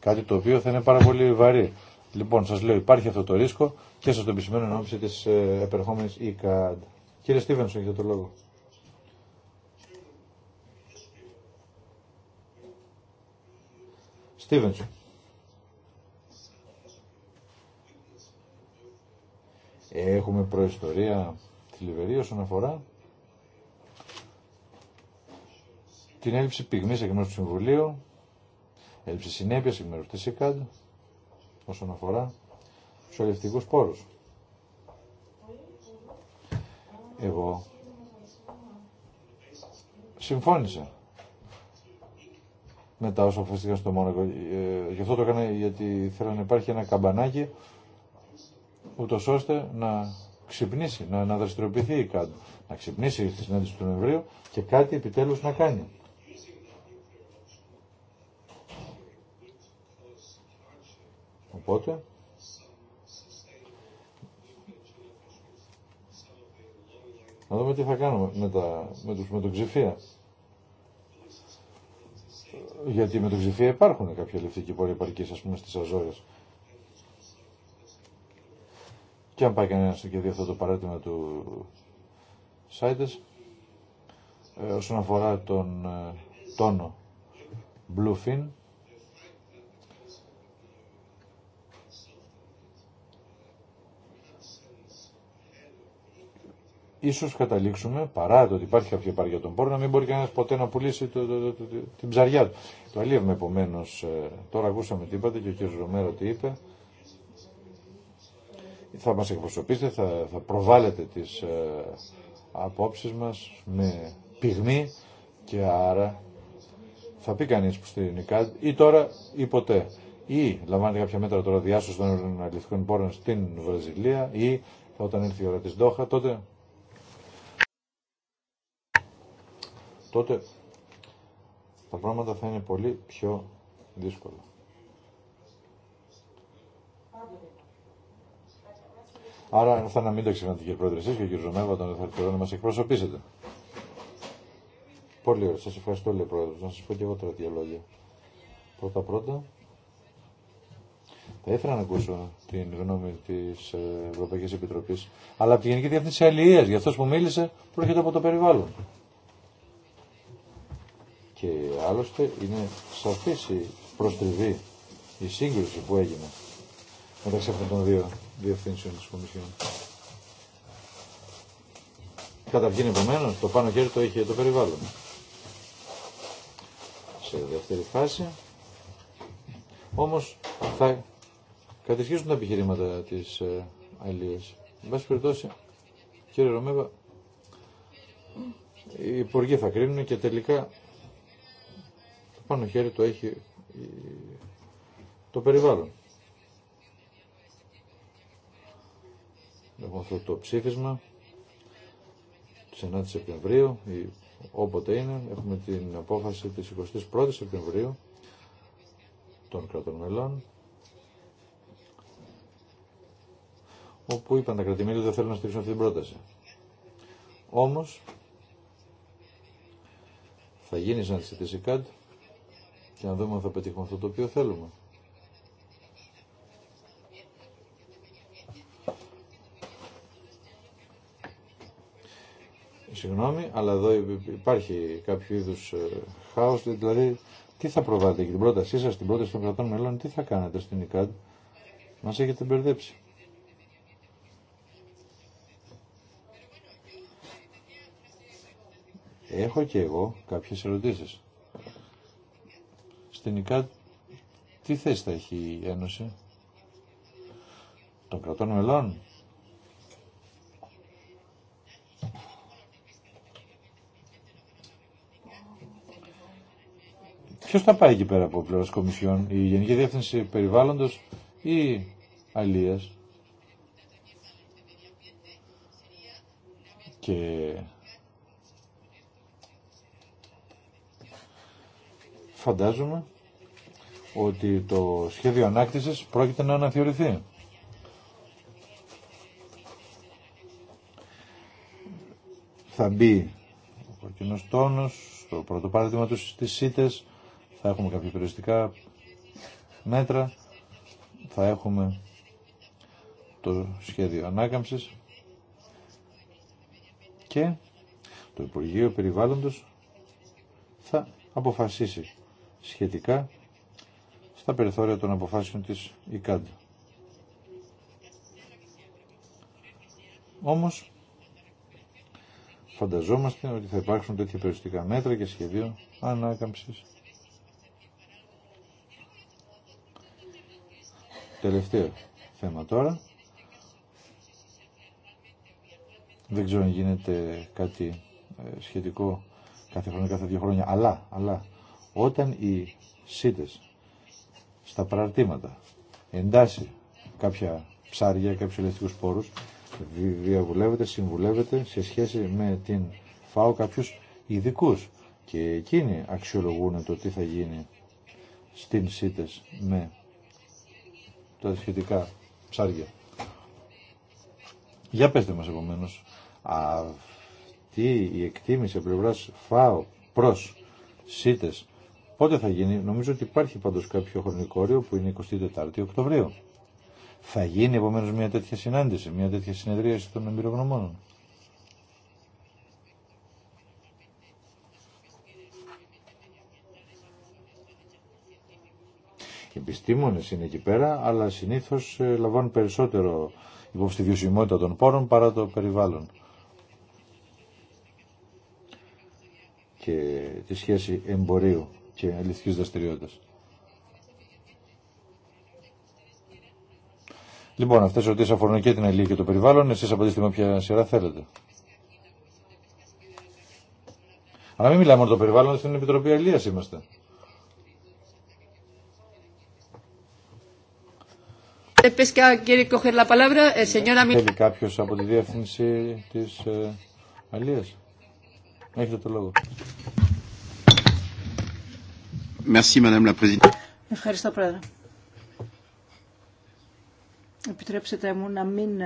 Κάτι το οποίο θα είναι πάρα πολύ βαρύ. Λοιπόν, σας λέω, υπάρχει αυτό το ρίσκο και σας το επισημαίνω εν ώψη της ε, επερχόμενης Κύριε Στίβενσον, έχετε το λόγο. Στίβενσον. Έχουμε προϊστορία θλιβερή όσον αφορά την έλλειψη πυγμής εκ μέρους του Συμβουλίου, έλλειψη συνέπειας εκ μέρους της ΕΚΑΔ, όσον αφορά τους αλληλευτικούς πόρους. Εγώ συμφώνησα μετά όσο αποφασίστηκα στο Μόνακο. Ε, γι' αυτό το έκανα γιατί θέλω να υπάρχει ένα καμπανάκι ούτω ώστε να ξυπνήσει, να, να δραστηριοποιηθεί η ΚΑΤ. Να ξυπνήσει στη συνάντηση του Νοεμβρίου και κάτι επιτέλους να κάνει. Οπότε, να δούμε τι θα κάνουμε με, τα, με, τους, με τον ξηφία. Γιατί με τον ξηφία υπάρχουν κάποια λεφτική πορεία επαρκής, ας πούμε, στις Αζόρες. Και αν πάει κανένα και δει αυτό το παράδειγμα του ε, όσον αφορά τον ε, τόνο Bluefin, ίσως καταλήξουμε, παρά το ότι υπάρχει κάποια παριά των πόρων, να μην μπορεί κανένας ποτέ να πουλήσει το, το, το, την ψαριά του. Το αλλιεύουμε επομένω, ε, τώρα ακούσαμε τι είπατε και ο κ. Ρομέρο τι είπε, θα μας εκπροσωπήσετε, θα, θα προβάλλετε τις ε, απόψεις μας με πυγμή και άρα θα πει κανείς που στην τώρα διάσωση των αλληλευτικών πόρων στην Βραζιλία ή όταν έρθει η τωρα η ποτε η λαμβανεται καποια μετρα τωρα διασωση των αλληλευτικων πορων στην βραζιλια η οταν ερθει η ωρα της Ντόχα τότε τότε τα πράγματα θα είναι πολύ πιο δύσκολα. Άρα θα να μην το ξεχνάτε κύριε Πρόεδρε εσείς και ο κύριος Ζωμέβα τον θα να μας εκπροσωπήσετε. Πολύ ωραία. Σας ευχαριστώ λέει Πρόεδρος. Να σας πω και εγώ τώρα δύο λόγια. Πρώτα πρώτα θα ήθελα να ακούσω την γνώμη της Ευρωπαϊκής Επιτροπής αλλά από τη Γενική Διεύθυνση Αλληλείας για αυτός που μίλησε προέρχεται από το περιβάλλον και άλλωστε είναι σαφής η προστριβή, η σύγκρουση που έγινε μεταξύ αυτών των δύο διευθύνσεων της Κομισιόν. Καταρχήν επομένω το πάνω χέρι το είχε το περιβάλλον. Σε δεύτερη φάση όμως θα κατησχίσουν τα επιχειρήματα της ε, Με Εν πάση περιπτώσει, κύριε Ρωμέβα, οι υπουργοί θα κρίνουν και τελικά πάνω χέρι το έχει το περιβάλλον. Έχουμε αυτό το ψήφισμα τη 9 Σεπτεμβρίου ή όποτε είναι. Έχουμε την απόφαση τη 21 η Σεπτεμβρίου των κρατών μελών όπου είπαν τα κρατημέλη δεν θέλουν να στηρίξουν αυτή την πρόταση. Όμως θα γίνει σαν τη ΣΥΤΙΣΙΚΑΤ και να δούμε αν θα πετύχουμε αυτό το οποίο θέλουμε. Συγγνώμη, αλλά εδώ υπάρχει κάποιο είδου ε, χάος, δηλαδή τι θα προβάλλετε και την πρότασή σα την πρόταση των κρατών μελών, τι θα κάνετε στην ΕΚΑΤ, μα έχετε μπερδέψει. Έχω και εγώ κάποιες ερωτήσεις τελικά τι θέση θα έχει η Ένωση των κρατών μελών. Ποιο θα πάει εκεί πέρα από πλευρά Κομισιόν, η Γενική Διεύθυνση Περιβάλλοντο ή Αλία. Και φαντάζομαι ότι το σχέδιο ανάκτησης πρόκειται να αναθεωρηθεί. Θα μπει ο κοινός τόνος στο πρώτο παράδειγμα ΣΥΤΕΣ, θα έχουμε κάποια περιοριστικά μέτρα, θα έχουμε το σχέδιο ανάκαμψης και το Υπουργείο Περιβάλλοντος θα αποφασίσει σχετικά στα περιθώρια των αποφάσεων της ΙΚΑΔ. Όμως, φανταζόμαστε ότι θα υπάρξουν τέτοια περιοριστικά μέτρα και σχεδίο ανάκαμψης. Τελευταίο θέμα τώρα. Δεν ξέρω αν γίνεται κάτι ε, σχετικό κάθε χρόνο, κάθε δύο χρόνια, αλλά, αλλά όταν οι ΣΥΤΕΣ στα παραρτήματα, εντάσσει κάποια ψάρια, κάποιου ελευθερικού πόρου, διαβουλεύεται, συμβουλεύεται σε σχέση με την ΦΑΟ κάποιου ειδικού. Και εκείνοι αξιολογούν το τι θα γίνει στην ΣΥΤΕΣ με τα σχετικά ψάρια. Για πετε μας επομένω, αυτή η εκτίμηση πλευρά ΦΑΟ προς ΣΥΤΕΣ Πότε θα γίνει, νομίζω ότι υπάρχει πάντως κάποιο χρονικό όριο που είναι 24η Οκτωβρίου. Θα γίνει επομένω μια τέτοια συνάντηση, μια τέτοια συνεδρίαση των εμπειρογνωμόνων. Οι επιστήμονε είναι εκεί πέρα, αλλά συνήθω ε, λαμβάνουν περισσότερο υπόψη τη των πόρων παρά το περιβάλλον. και τη σχέση εμπορίου και αληθική δραστηριότητα. Λοιπόν, αυτέ οι ερωτήσει αφορούν και την αλληλεγγύη και το περιβάλλον. Εσεί απαντήστε με όποια σειρά θέλετε. Αλλά μην μιλάμε μόνο το περιβάλλον, στην Επιτροπή Αλληλεία είμαστε. Ε, Θέλει κάποιο από τη διεύθυνση τη ε, Έχετε το λόγο. Merci, Madame la Présidente. Ευχαριστώ, Πρόεδρε. Επιτρέψτε μου να μην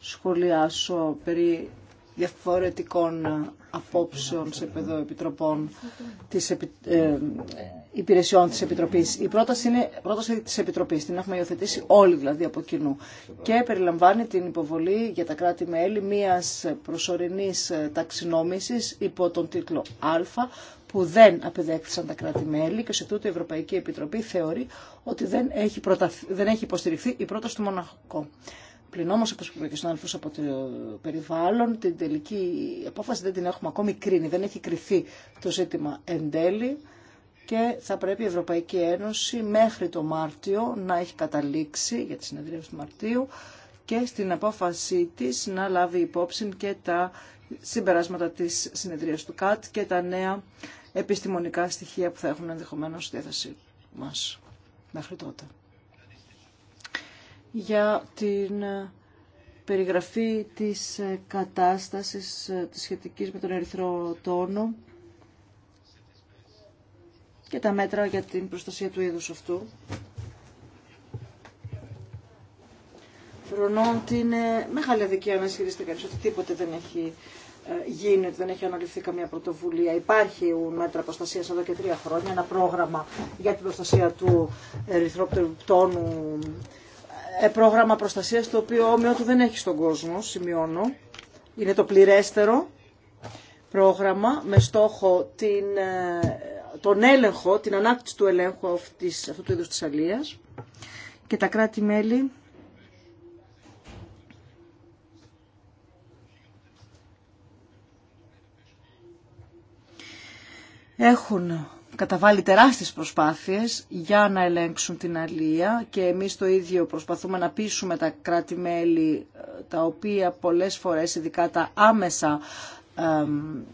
σχολιάσω περί διαφορετικών ε, απόψεων σε επίπεδο επιτροπών της ε, υπηρεσιών της Επιτροπής. Η πρόταση είναι πρόταση της Επιτροπής, την έχουμε υιοθετήσει όλοι δηλαδή από κοινού και περιλαμβάνει την υποβολή για τα κράτη-μέλη μίας προσωρινής ε, ταξινόμησης υπό τον τίτλο Α που δεν απεδέχθησαν τα κράτη-μέλη και σε τούτο η Ευρωπαϊκή Επιτροπή θεωρεί ότι δεν έχει, δεν έχει υποστηριχθεί η πρόταση του Μοναχικού πλην όμως, όπως είπε και από το περιβάλλον, την τελική απόφαση δεν την έχουμε ακόμη κρίνει, δεν έχει κρυθεί το ζήτημα εν τέλει και θα πρέπει η Ευρωπαϊκή Ένωση μέχρι το Μάρτιο να έχει καταλήξει για τη συνεδρία του Μαρτίου και στην απόφασή της να λάβει υπόψη και τα συμπεράσματα της συνεδρίας του ΚΑΤ και τα νέα επιστημονικά στοιχεία που θα έχουν ενδεχομένως στη διάθεσή μας μέχρι τότε για την ε, περιγραφή της ε, κατάστασης ε, της σχετικής με τον ερυθρό τόνο και τα μέτρα για την προστασία του είδους αυτού. Φρονώ ότι είναι μεγάλη αδικία να ισχυρίζεται κανείς ότι τίποτε δεν έχει γίνει, ότι δεν έχει αναλυθεί καμία πρωτοβουλία. Υπάρχει μέτρα προστασία εδώ και τρία χρόνια, ένα πρόγραμμα για την προστασία του ερυθρόπτερου πτώνου ε, πρόγραμμα προστασίας το οποίο όμοιο του δεν έχει στον κόσμο, σημειώνω. Είναι το πληρέστερο πρόγραμμα με στόχο την, ε, τον έλεγχο, την ανάπτυξη του ελέγχου αυτής, αυτού του είδους της αλίας και τα κράτη-μέλη έχουν καταβάλει τεράστιες προσπάθειες για να ελέγξουν την αλία και εμείς το ίδιο προσπαθούμε να πείσουμε τα κράτη-μέλη ε, τα οποία πολλές φορές ειδικά τα άμεσα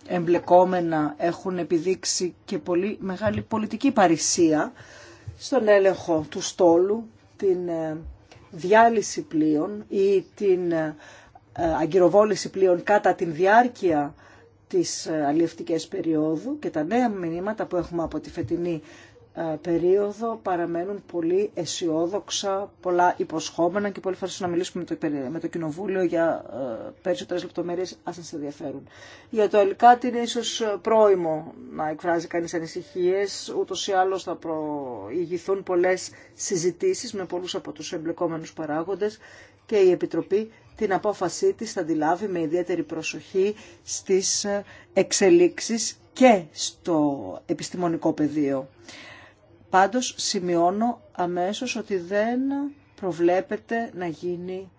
εμπλεκόμενα έχουν επιδείξει και πολύ μεγάλη πολιτική παρησία στον έλεγχο του στόλου, την ε, διάλυση πλοίων ή την ε, αγκυροβόληση πλοίων κατά την διάρκεια τις ε, αλλιευτικές περιόδου και τα νέα μηνύματα που έχουμε από τη φετινή ε, περίοδο παραμένουν πολύ αισιόδοξα, πολλά υποσχόμενα και πολύ φορές να μιλήσουμε με το, με το Κοινοβούλιο για ε, περισσότερες λεπτομέρειες, ας σας ενδιαφέρουν. Για το ΕΛΚΑΤ είναι ίσως πρόημο να εκφράζει κανείς ανησυχίες, ούτως ή άλλως θα προηγηθούν πολλές συζητήσεις με πολλούς από τους εμπλεκόμενους παράγοντες και η Επιτροπή την απόφασή της θα τη λάβει με ιδιαίτερη προσοχή στις εξελίξεις και στο επιστημονικό πεδίο. Πάντως σημειώνω αμέσως ότι δεν προβλέπεται να γίνει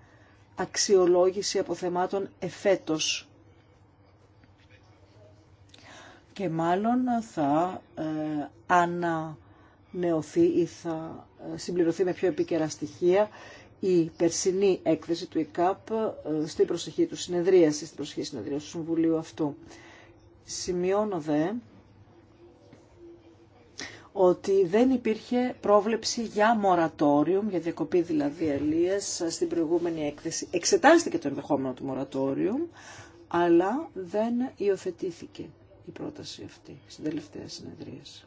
αξιολόγηση αποθεμάτων εφέτος. Και μάλλον θα ε, ανανεωθεί ή θα ε, συμπληρωθεί με πιο επίκαιρα στοιχεία η περσινή έκθεση του ΕΚΑΠ ε, στην προσοχή του συνεδρίαση, στην προσοχή συνεδρίαση του Συμβουλίου αυτού. Σημειώνω δε ότι δεν υπήρχε πρόβλεψη για μορατόριου, για διακοπή δηλαδή αλίας στην προηγούμενη έκθεση. Εξετάστηκε το ενδεχόμενο του μορατόριου, αλλά δεν υιοθετήθηκε η πρόταση αυτή στην τελευταία συνεδρίαση.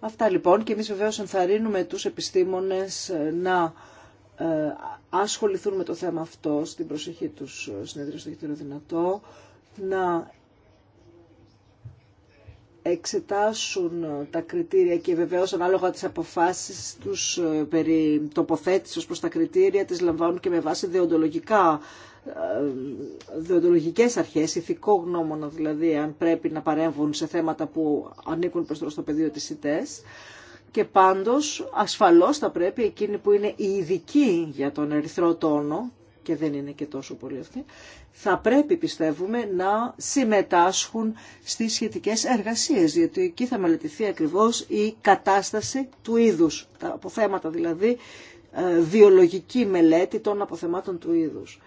Αυτά λοιπόν και εμείς βεβαίως ενθαρρύνουμε τους επιστήμονες ε, να ε, ασχοληθούν με το θέμα αυτό στην προσοχή τους ε, συνεδρίου στο δυνατό, να εξετάσουν τα κριτήρια και βεβαίως ανάλογα τις αποφάσεις τους ε, περί τοποθέτησης προς τα κριτήρια τις λαμβάνουν και με βάση δεοντολογικά ε, δεοντολογικές αρχές, ηθικό γνώμονα δηλαδή, αν πρέπει να παρέμβουν σε θέματα που ανήκουν προς το πεδίο της ΙΤΕΣ. Και πάντως ασφαλώς θα πρέπει εκείνοι που είναι οι ειδικοί για τον ερυθρό τόνο και δεν είναι και τόσο πολύ αυτοί, θα πρέπει πιστεύουμε να συμμετάσχουν στις σχετικές εργασίες, διότι εκεί θα μελετηθεί ακριβώς η κατάσταση του είδους, τα αποθέματα δηλαδή, ε, βιολογική μελέτη των αποθεμάτων του είδους.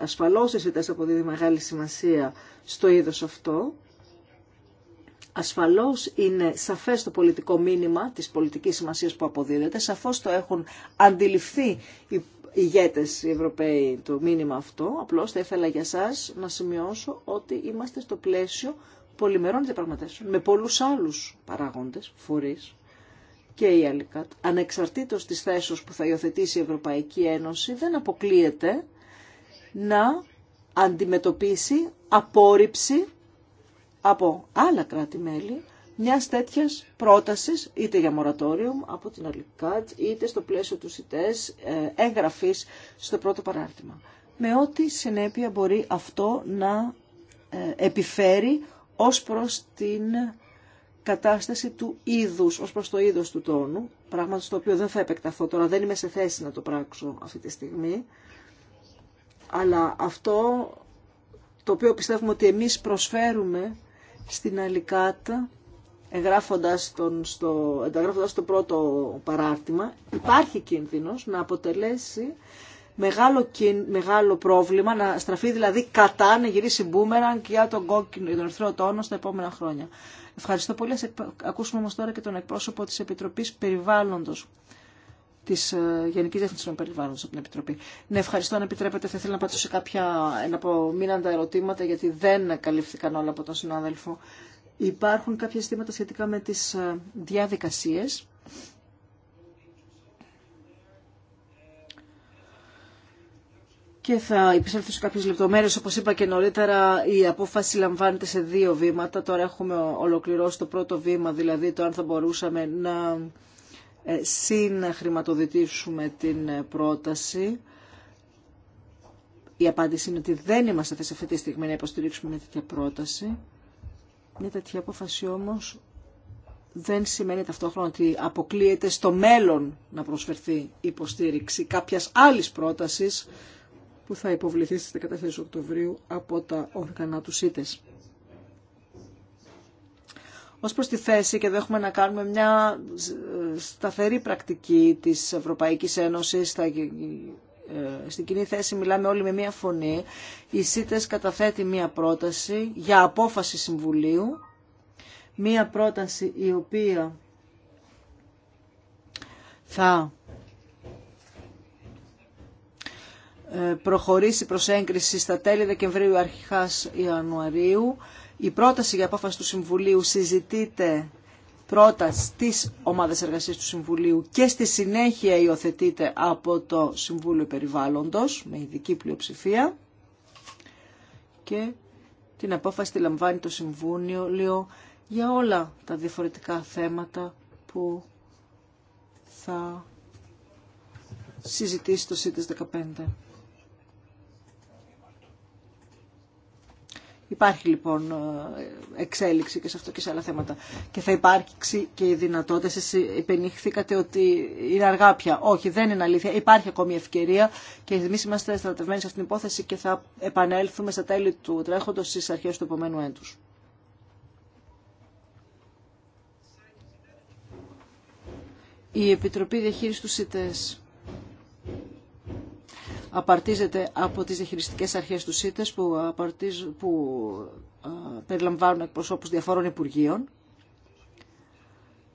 Ασφαλώς η ΣΥΤΑΣ αποδίδει μεγάλη σημασία στο είδος αυτό, Ασφαλώς είναι σαφές το πολιτικό μήνυμα της πολιτικής σημασία που αποδίδεται, σαφώς το έχουν αντιληφθεί οι ηγέτες οι Ευρωπαίοι το μήνυμα αυτό. Απλώς θα ήθελα για σας να σημειώσω ότι είμαστε στο πλαίσιο πολυμερών διαπραγματεύσεων με πολλούς άλλους παράγοντες, φορείς και η ΑΛΙΚΑΤ. Ανεξαρτήτως της θέσεως που θα υιοθετήσει η Ευρωπαϊκή Ένωση δεν αποκλείεται να αντιμετωπίσει απόρριψη από άλλα κράτη-μέλη μια τέτοια πρόταση, είτε για μορατόριο από την Αλικάτ, είτε στο πλαίσιο του ΣΥΤΕΣ, ε, εγγραφή στο πρώτο παράρτημα. Με ό,τι συνέπεια μπορεί αυτό να ε, επιφέρει ως προς την κατάσταση του είδους, ως προς το είδος του τόνου, πράγμα στο οποίο δεν θα επεκταθώ τώρα, δεν είμαι σε θέση να το πράξω αυτή τη στιγμή, αλλά αυτό το οποίο πιστεύουμε ότι εμείς προσφέρουμε στην Αλικάτα, εγγράφοντας τον, στο, εγγράφοντας το πρώτο παράρτημα, υπάρχει κίνδυνος να αποτελέσει μεγάλο, μεγάλο πρόβλημα, να στραφεί δηλαδή κατά, να γυρίσει μπούμεραν και για τον κόκκινο, τον ερθρό τόνο στα επόμενα χρόνια. Ευχαριστώ πολύ. Ας ακούσουμε όμως τώρα και τον εκπρόσωπο της Επιτροπής Περιβάλλοντος τη ε, Γενική Διεθνή των Περιβάλλοντων από την Επιτροπή. Ναι, ευχαριστώ. Αν επιτρέπετε, θα ήθελα να πατήσω σε κάποια εναπομείναντα ερωτήματα, γιατί δεν καλύφθηκαν όλα από τον συνάδελφο. Υπάρχουν κάποια ζητήματα σχετικά με τι ε, διαδικασίε. Και θα επισέλθω σε κάποιες λεπτομέρειες. Όπως είπα και νωρίτερα, η απόφαση λαμβάνεται σε δύο βήματα. Τώρα έχουμε ολοκληρώσει το πρώτο βήμα, δηλαδή το αν θα μπορούσαμε να ε, χρηματοδοτήσουμε την πρόταση. Η απάντηση είναι ότι δεν είμαστε σε αυτή τη στιγμή να υποστηρίξουμε μια τέτοια πρόταση. Μια τέτοια απόφαση όμως δεν σημαίνει ταυτόχρονα ότι αποκλείεται στο μέλλον να προσφερθεί υποστήριξη κάποιας άλλης πρότασης που θα υποβληθεί στις 14 Οκτωβρίου από τα όργανα του ΣΥΤΕΣ. Ως προς τη θέση και εδώ έχουμε να κάνουμε μια ε, σταθερή πρακτική της Ευρωπαϊκής Ένωσης στα ε, στην κοινή θέση μιλάμε όλοι με μία φωνή. Η ΣΥΤΕΣ καταθέτει μία πρόταση για απόφαση Συμβουλίου. Μία πρόταση η οποία θα ε, προχωρήσει προς έγκριση στα τέλη Δεκεμβρίου αρχικά Ιανουαρίου. Η πρόταση για απόφαση του Συμβουλίου συζητείται πρώτα στις ομάδες εργασίας του Συμβουλίου και στη συνέχεια υιοθετείται από το Συμβούλιο Περιβάλλοντος με ειδική πλειοψηφία και την απόφαση τη λαμβάνει το Συμβούλιο για όλα τα διαφορετικά θέματα που θα συζητήσει το ΣΥΤΕΣ 15. Υπάρχει λοιπόν ε, εξέλιξη και σε αυτό και σε άλλα θέματα. Και θα υπάρξει και η δυνατότητα. Εσεί υπενήχθηκατε ότι είναι αργά πια. Όχι, δεν είναι αλήθεια. Υπάρχει ακόμη ευκαιρία και εμεί είμαστε στρατευμένοι σε αυτήν την υπόθεση και θα επανέλθουμε στα τέλη του τρέχοντος στι αρχέ του επόμενου έτου. Η Επιτροπή Διαχείρισης του ΣΥΤΕΣ απαρτίζεται από τις διαχειριστικέ αρχές του ΣΥΤΕΣ που, που περιλαμβάνουν εκπροσώπους διαφόρων υπουργείων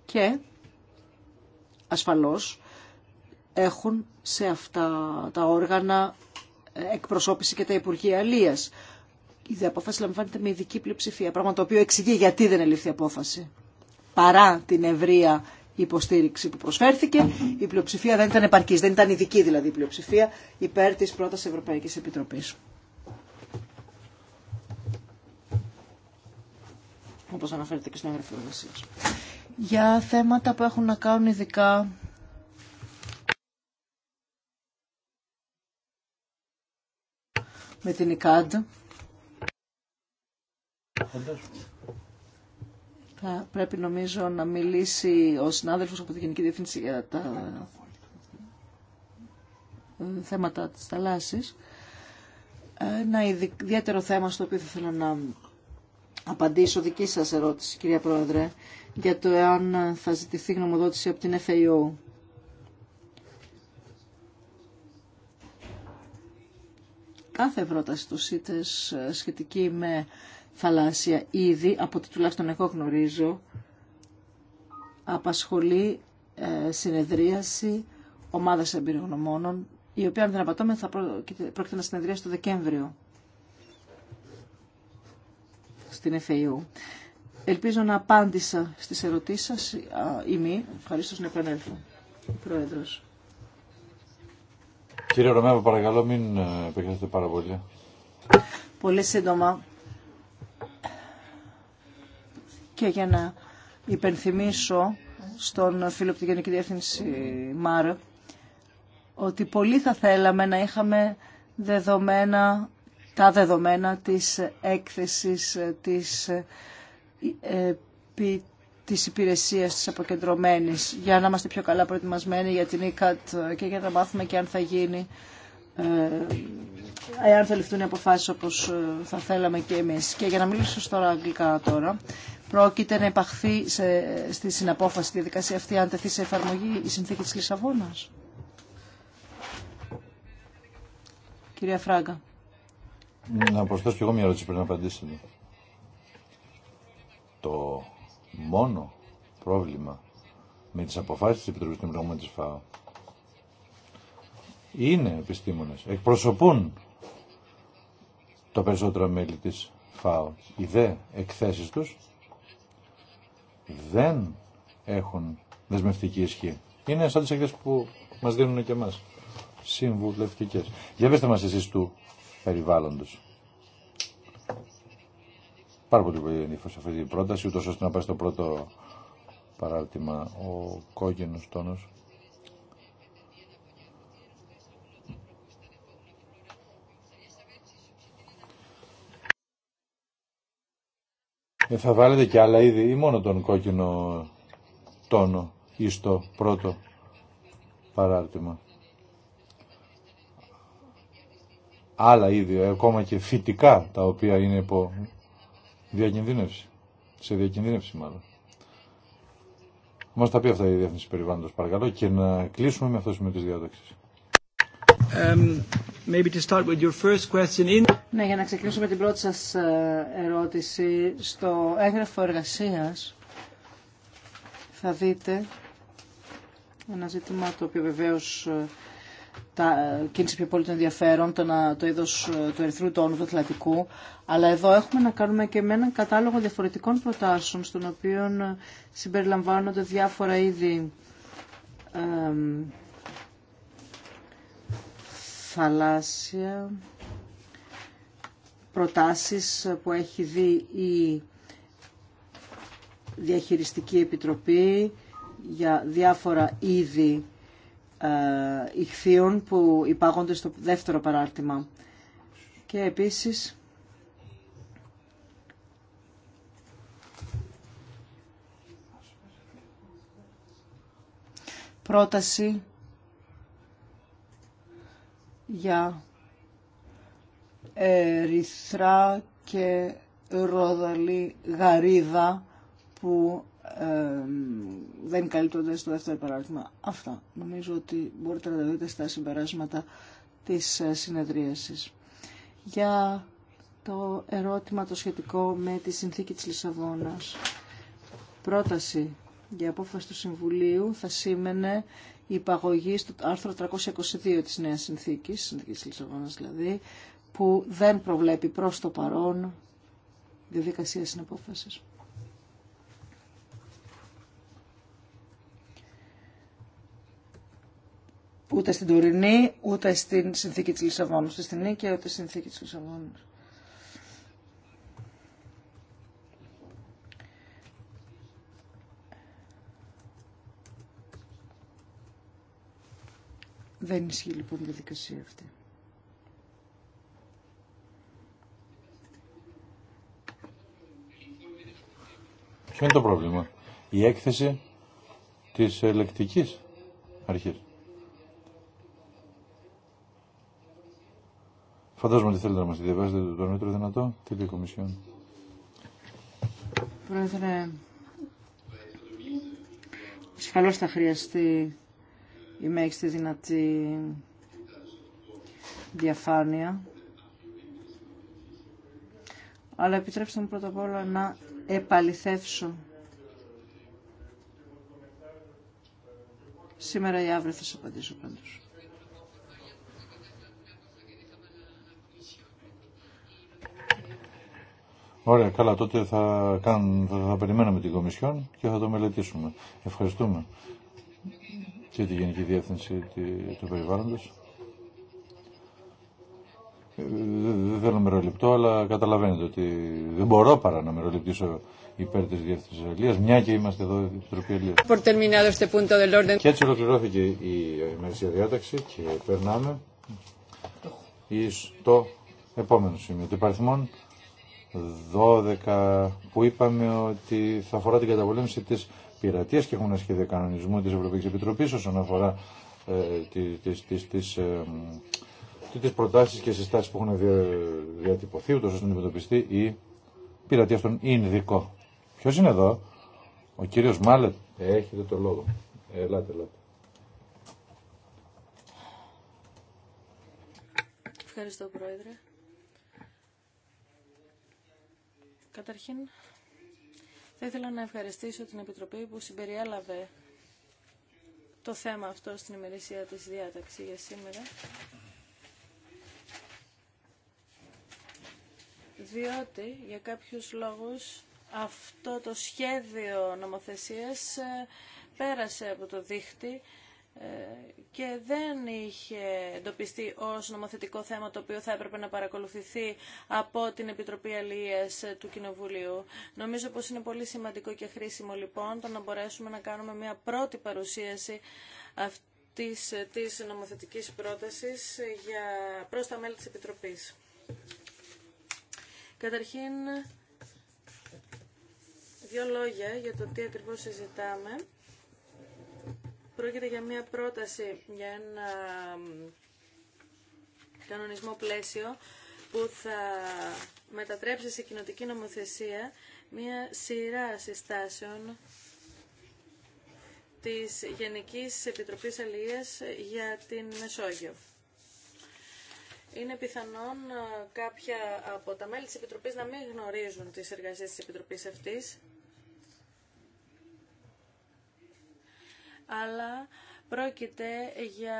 και ασφαλώς έχουν σε αυτά τα όργανα εκπροσώπηση και τα Υπουργεία Αλίας. Η διαπόφαση λαμβάνεται με ειδική πλειοψηφία, πράγμα το οποίο εξηγεί γιατί δεν ελήφθη απόφαση παρά την ευρεία η υποστήριξη που προσφέρθηκε. Η πλειοψηφία δεν ήταν επαρκής, δεν ήταν ειδική δηλαδή η πλειοψηφία υπέρ τη πρώτας ευρωπαϊκή Επιτροπή. Όπω αναφέρεται και στην έγγραφη εργασία. Για θέματα που έχουν να κάνουν ειδικά με την ΕΚΑΔ θα πρέπει νομίζω να μιλήσει ο συνάδελφος από τη Γενική Διεύθυνση για τα θέματα της θαλάσσης. Ένα ιδιαίτερο θέμα στο οποίο θα ήθελα να απαντήσω δική σας ερώτηση, κυρία Πρόεδρε, για το εάν θα ζητηθεί γνωμοδότηση από την FAO. Κάθε πρόταση του ΣΥΤΕΣ ε, σχετική με θαλάσσια από ό,τι τουλάχιστον εγώ γνωρίζω, απασχολεί ε, συνεδρίαση ομάδας εμπειρογνωμόνων, η οποία αν δεν απατώμε θα πρόκειται να συνεδρίασει το Δεκέμβριο στην FAO. Ε Ελπίζω να απάντησα στις ερωτήσεις σας ή μη. Ευχαριστώ να επανέλθω. Πρόεδρος. Κύριε Ρωμέα, παρακαλώ μην ε, επεκταθείτε πάρα πολύ. Πολύ σύντομα. Και για να υπενθυμίσω στον φίλο από την Γενική Διεύθυνση ΜΑΡ ότι πολύ θα θέλαμε να είχαμε δεδομένα, τα δεδομένα της έκθεσης της, ε, της υπηρεσίας της αποκεντρωμένης για να είμαστε πιο καλά προετοιμασμένοι για την ΕΚΑΤ και για να μάθουμε και αν θα γίνει ε, εάν θα ληφθούν οι αποφάσεις όπως ε, θα θέλαμε και εμείς. Και για να μιλήσω τώρα αγγλικά τώρα, πρόκειται να υπαχθεί σε, στη συναπόφαση τη διαδικασία αυτή αν τεθεί σε εφαρμογή η συνθήκη της Λισαβόνας. Κυρία Φράγκα. Να προσθέσω και εγώ μια ερώτηση πριν να απαντήσω. Το μόνο πρόβλημα με τις αποφάσεις της Επιτροπής των Επιτροπών της ΦΑΟ είναι επιστήμονες, εκπροσωπούν τα περισσότερα μέλη της ΦΑΟ. Οι δε εκθέσεις τους δεν έχουν δεσμευτική ισχύ. Είναι σαν τις που μας δίνουν και εμάς. Συμβουλευτικές. Για πέστε μας εσείς του περιβάλλοντος. Πάρα πολύ πολύ αυτή η πρόταση, ούτως ώστε να πάει στο πρώτο παράρτημα ο κόκκινος τόνος. Ε, θα βάλετε και άλλα είδη ή μόνο τον κόκκινο τόνο ή στο πρώτο παράρτημα. Άλλα είδη, ε, ακόμα και φυτικά, τα οποία είναι υπό διακινδύνευση. Σε διακινδύνευση μάλλον. Μας τα πει αυτά η Διεύθυνση Περιβάλλοντος, παρακαλώ, και να κλείσουμε με αυτό το τις διάταξεις. Um, maybe to start with your first question. In ναι, για να ξεκινήσω με την πρώτη σας ε, ερώτηση. Στο έγγραφο εργασίας θα δείτε ένα ζήτημα το οποίο βεβαίως ε, τα, κίνησε πιο πολύ τον ενδιαφέρον, το, να, το είδος ε, του ερυθρού τόνου, του αθλατικού. Αλλά εδώ έχουμε να κάνουμε και με έναν κατάλογο διαφορετικών προτάσεων, στον οποίο συμπεριλαμβάνονται διάφορα είδη ε, θαλάσσια, προτάσεις που έχει δει η Διαχειριστική Επιτροπή για διάφορα είδη ε, ηχθείων που υπάγονται στο δεύτερο παράρτημα. Και επίσης πρόταση για ερυθρά και ρόδαλη γαρίδα που ε, δεν καλύπτονται στο δεύτερο παράδειγμα. Αυτά. Νομίζω ότι μπορείτε να τα δείτε στα συμπεράσματα της ε, συνεδρίασης. Για το ερώτημα το σχετικό με τη συνθήκη της Λισαβόνας. Πρόταση για απόφαση του Συμβουλίου θα σήμαινε η υπαγωγή στο άρθρο 322 της Νέας Συνθήκης, Συνθήκης Λισαβόνας δηλαδή, που δεν προβλέπει προς το παρόν διαδικασία συναπόφασης. Ούτε στην τωρινή, ούτε στην συνθήκη της Λισαβόνου. Ούτε στην Νίκαια, ούτε στην συνθήκη της Λισαβόνου. Δεν ισχύει λοιπόν η διαδικασία αυτή. Ποιο είναι το πρόβλημα. Η έκθεση της ελεκτικής αρχής. Φαντάζομαι ότι θέλετε να μας διαβάσετε το νότερο δυνατό. Τι λέει η Κομισιόν. Πρόεδρε, ασφαλώς θα χρειαστεί η μέγιστη δυνατή διαφάνεια. Αλλά επιτρέψτε μου πρώτα απ' όλα να επαληθεύσω. Σήμερα ή αύριο θα σας απαντήσω πάντως. Ωραία, καλά, τότε θα, κάν θα, θα περιμένουμε την Κομισιόν και θα το μελετήσουμε. Ευχαριστούμε και τη Γενική Διεύθυνση του Περιβάλλοντος δεν θέλω να αλλά καταλαβαίνετε ότι δεν μπορώ παρά να μεροληπτήσω υπέρ τη διεύθυνση Ελία, μια και είμαστε εδώ η Επιτροπή Ελία. Και έτσι ολοκληρώθηκε η ημερησία διάταξη και περνάμε στο επόμενο σημείο του υπαριθμών 12 που είπαμε ότι θα αφορά την καταπολέμηση τη πειρατεία και έχουμε ένα σχέδιο κανονισμού τη Ευρωπαϊκή Επιτροπή όσον αφορά ε, τις, τι τις προτάσεις και συστάσεις που έχουν διατυπωθεί ούτως ώστε να αντιμετωπιστεί η πειρατεία στον Ινδικό. Ποιος είναι εδώ? Ο κύριος Μάλετ. Έχετε το λόγο. Ελάτε, ελάτε. Ευχαριστώ, Πρόεδρε. Καταρχήν, θα ήθελα να ευχαριστήσω την Επιτροπή που συμπεριέλαβε το θέμα αυτό στην ημερήσια της διάταξη για σήμερα διότι για κάποιους λόγους αυτό το σχέδιο νομοθεσίας ε, πέρασε από το δίχτυ ε, και δεν είχε εντοπιστεί ως νομοθετικό θέμα το οποίο θα έπρεπε να παρακολουθηθεί από την Επιτροπή Αλληλείας ε, του Κοινοβουλίου. Νομίζω πως είναι πολύ σημαντικό και χρήσιμο λοιπόν το να μπορέσουμε να κάνουμε μια πρώτη παρουσίαση αυτής της νομοθετικής πρότασης για... προς τα μέλη της Επιτροπής. Καταρχήν, δύο λόγια για το τι ακριβώς συζητάμε. Πρόκειται για μια πρόταση για ένα κανονισμό πλαίσιο που θα μετατρέψει σε κοινοτική νομοθεσία μια σειρά συστάσεων της Γενικής Επιτροπής Αλληλείας για την Μεσόγειο. Είναι πιθανόν ε, κάποια από τα μέλη της Επιτροπής να μην γνωρίζουν τις εργασίες της Επιτροπής αυτής. Αλλά πρόκειται για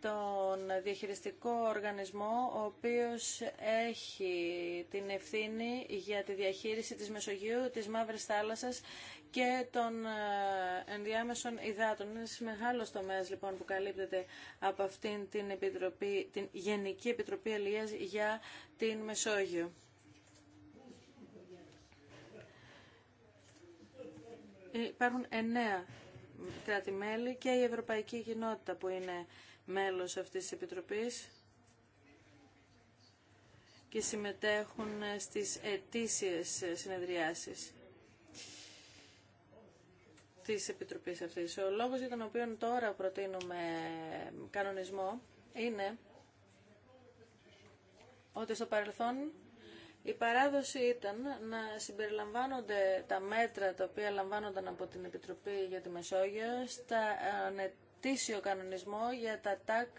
τον διαχειριστικό οργανισμό ο οποίος έχει την ευθύνη για τη διαχείριση της Μεσογείου, της Μαύρης Θάλασσας και των ε, ενδιάμεσων υδάτων. Είναι ένα μεγάλο τομέα λοιπόν που καλύπτεται από αυτήν την, επιτροπή, την Γενική Επιτροπή Ελληνία για την Μεσόγειο. Υπάρχουν εννέα κράτη-μέλη και η Ευρωπαϊκή Κοινότητα που είναι μέλος αυτής της Επιτροπής και συμμετέχουν στις ετήσιες συνεδριάσεις τη Επιτροπής αυτή. Ο λόγος για τον οποίο τώρα προτείνουμε κανονισμό είναι ότι στο παρελθόν η παράδοση ήταν να συμπεριλαμβάνονται τα μέτρα τα οποία λαμβάνονταν από την Επιτροπή για τη Μεσόγειο στα ανετήσιο κανονισμό για τα ΤΑΚ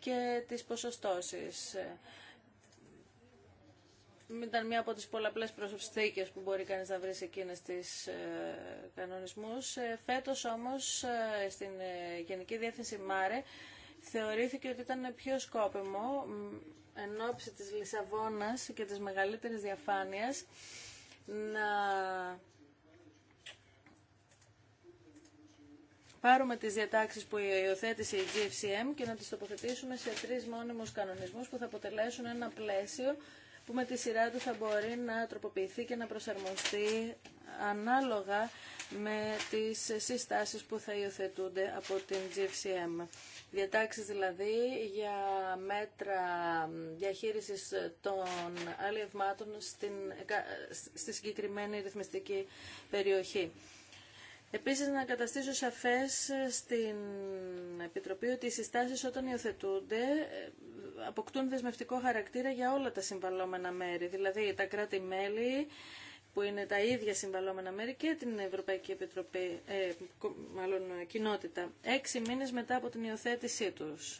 και τις ποσοστώσεις ήταν μία από τις πολλαπλές προσωπιστήκες που μπορεί κανείς να βρει σε εκείνες τις ε, κανονισμούς. Ε, φέτος όμως ε, στην ε, Γενική Διεύθυνση ΜΑΡΕ θεωρήθηκε ότι ήταν πιο σκόπιμο εν ώψη της Λισαβόνας και της μεγαλύτερης διαφάνειας να πάρουμε τις διατάξεις που υιοθέτησε η GFCM και να τις τοποθετήσουμε σε τρεις μόνιμους κανονισμούς που θα αποτελέσουν ένα πλαίσιο που με τη σειρά του θα μπορεί να τροποποιηθεί και να προσαρμοστεί ανάλογα με τις συστάσεις που θα υιοθετούνται από την GFCM. Διατάξεις δηλαδή για μέτρα διαχείρισης των αλλιευμάτων στη συγκεκριμένη ρυθμιστική περιοχή. Επίσης να καταστήσω σαφές στην Επιτροπή ότι οι συστάσεις όταν υιοθετούνται ε, αποκτούν δεσμευτικό χαρακτήρα για όλα τα συμβαλώμενα μέρη, δηλαδή τα κράτη-μέλη που είναι τα ίδια συμβαλώμενα μέρη και την Ευρωπαϊκή Επιτροπή, ε, μάλλον κοινότητα, έξι μήνες μετά από την υιοθέτησή τους.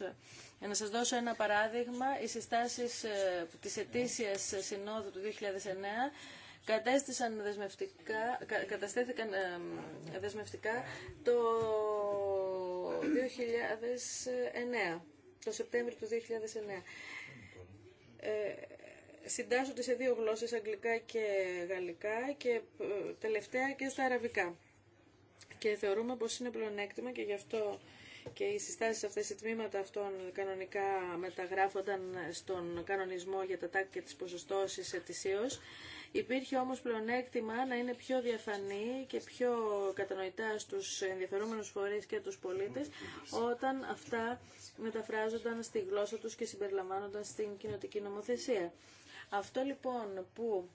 Για να σας δώσω ένα παράδειγμα, οι συστάσεις ε, της ετήσιας συνόδου του 2009 κατέστησαν δεσμευτικά, καταστέθηκαν δεσμευτικά το 2009, το Σεπτέμβριο του 2009. Ε, συντάσσονται σε δύο γλώσσες, αγγλικά και γαλλικά και ε, τελευταία και στα αραβικά. Και θεωρούμε πως είναι πλεονέκτημα και γι' αυτό και οι συστάσεις αυτές, οι τμήματα αυτών κανονικά μεταγράφονταν στον κανονισμό για τα τάκ και τις ποσοστώσεις ετησίως. Υπήρχε όμως πλεονέκτημα να είναι πιο διαφανή και πιο κατανοητά στους ενδιαφερόμενους φορείς και τους πολίτες όταν αυτά μεταφράζονταν στη γλώσσα τους και συμπεριλαμβάνονταν στην κοινοτική νομοθεσία. Αυτό λοιπόν που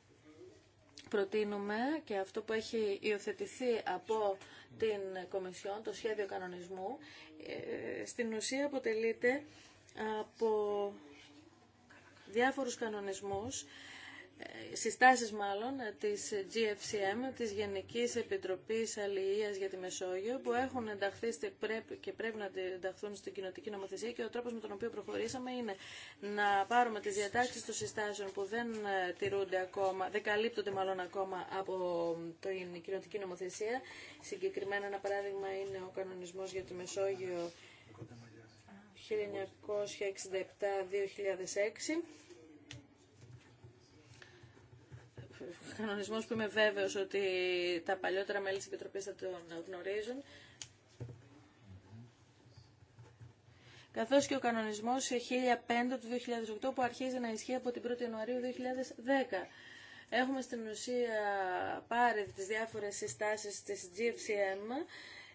προτείνουμε και αυτό που έχει υιοθετηθεί από την Κομισιόν, το σχέδιο κανονισμού, ε, στην ουσία αποτελείται από διάφορους κανονισμούς ε, συστάσεις μάλλον ε, της GFCM, της Γενικής Επιτροπής Αλληλείας για τη Μεσόγειο, που έχουν ενταχθεί και πρέπει να ενταχθούν στην κοινοτική νομοθεσία και ο τρόπος με τον οποίο προχωρήσαμε είναι να πάρουμε τις διατάξεις των συστάσεων που δεν ε, τηρούνται ακόμα, δεν καλύπτονται μάλλον ακόμα από την κοινοτική νομοθεσία. Συγκεκριμένα ένα παράδειγμα είναι ο κανονισμός για τη Μεσόγειο 1967-2006 κανονισμό που είμαι βέβαιος ότι τα παλιότερα μέλη της Επιτροπής θα τον γνωρίζουν. καθώς και ο κανονισμός 1005 του 2008 που αρχίζει να ισχύει από την 1η Ιανουαρίου 2010. Έχουμε στην ουσία πάρει τις διάφορες συστάσεις της GFCM,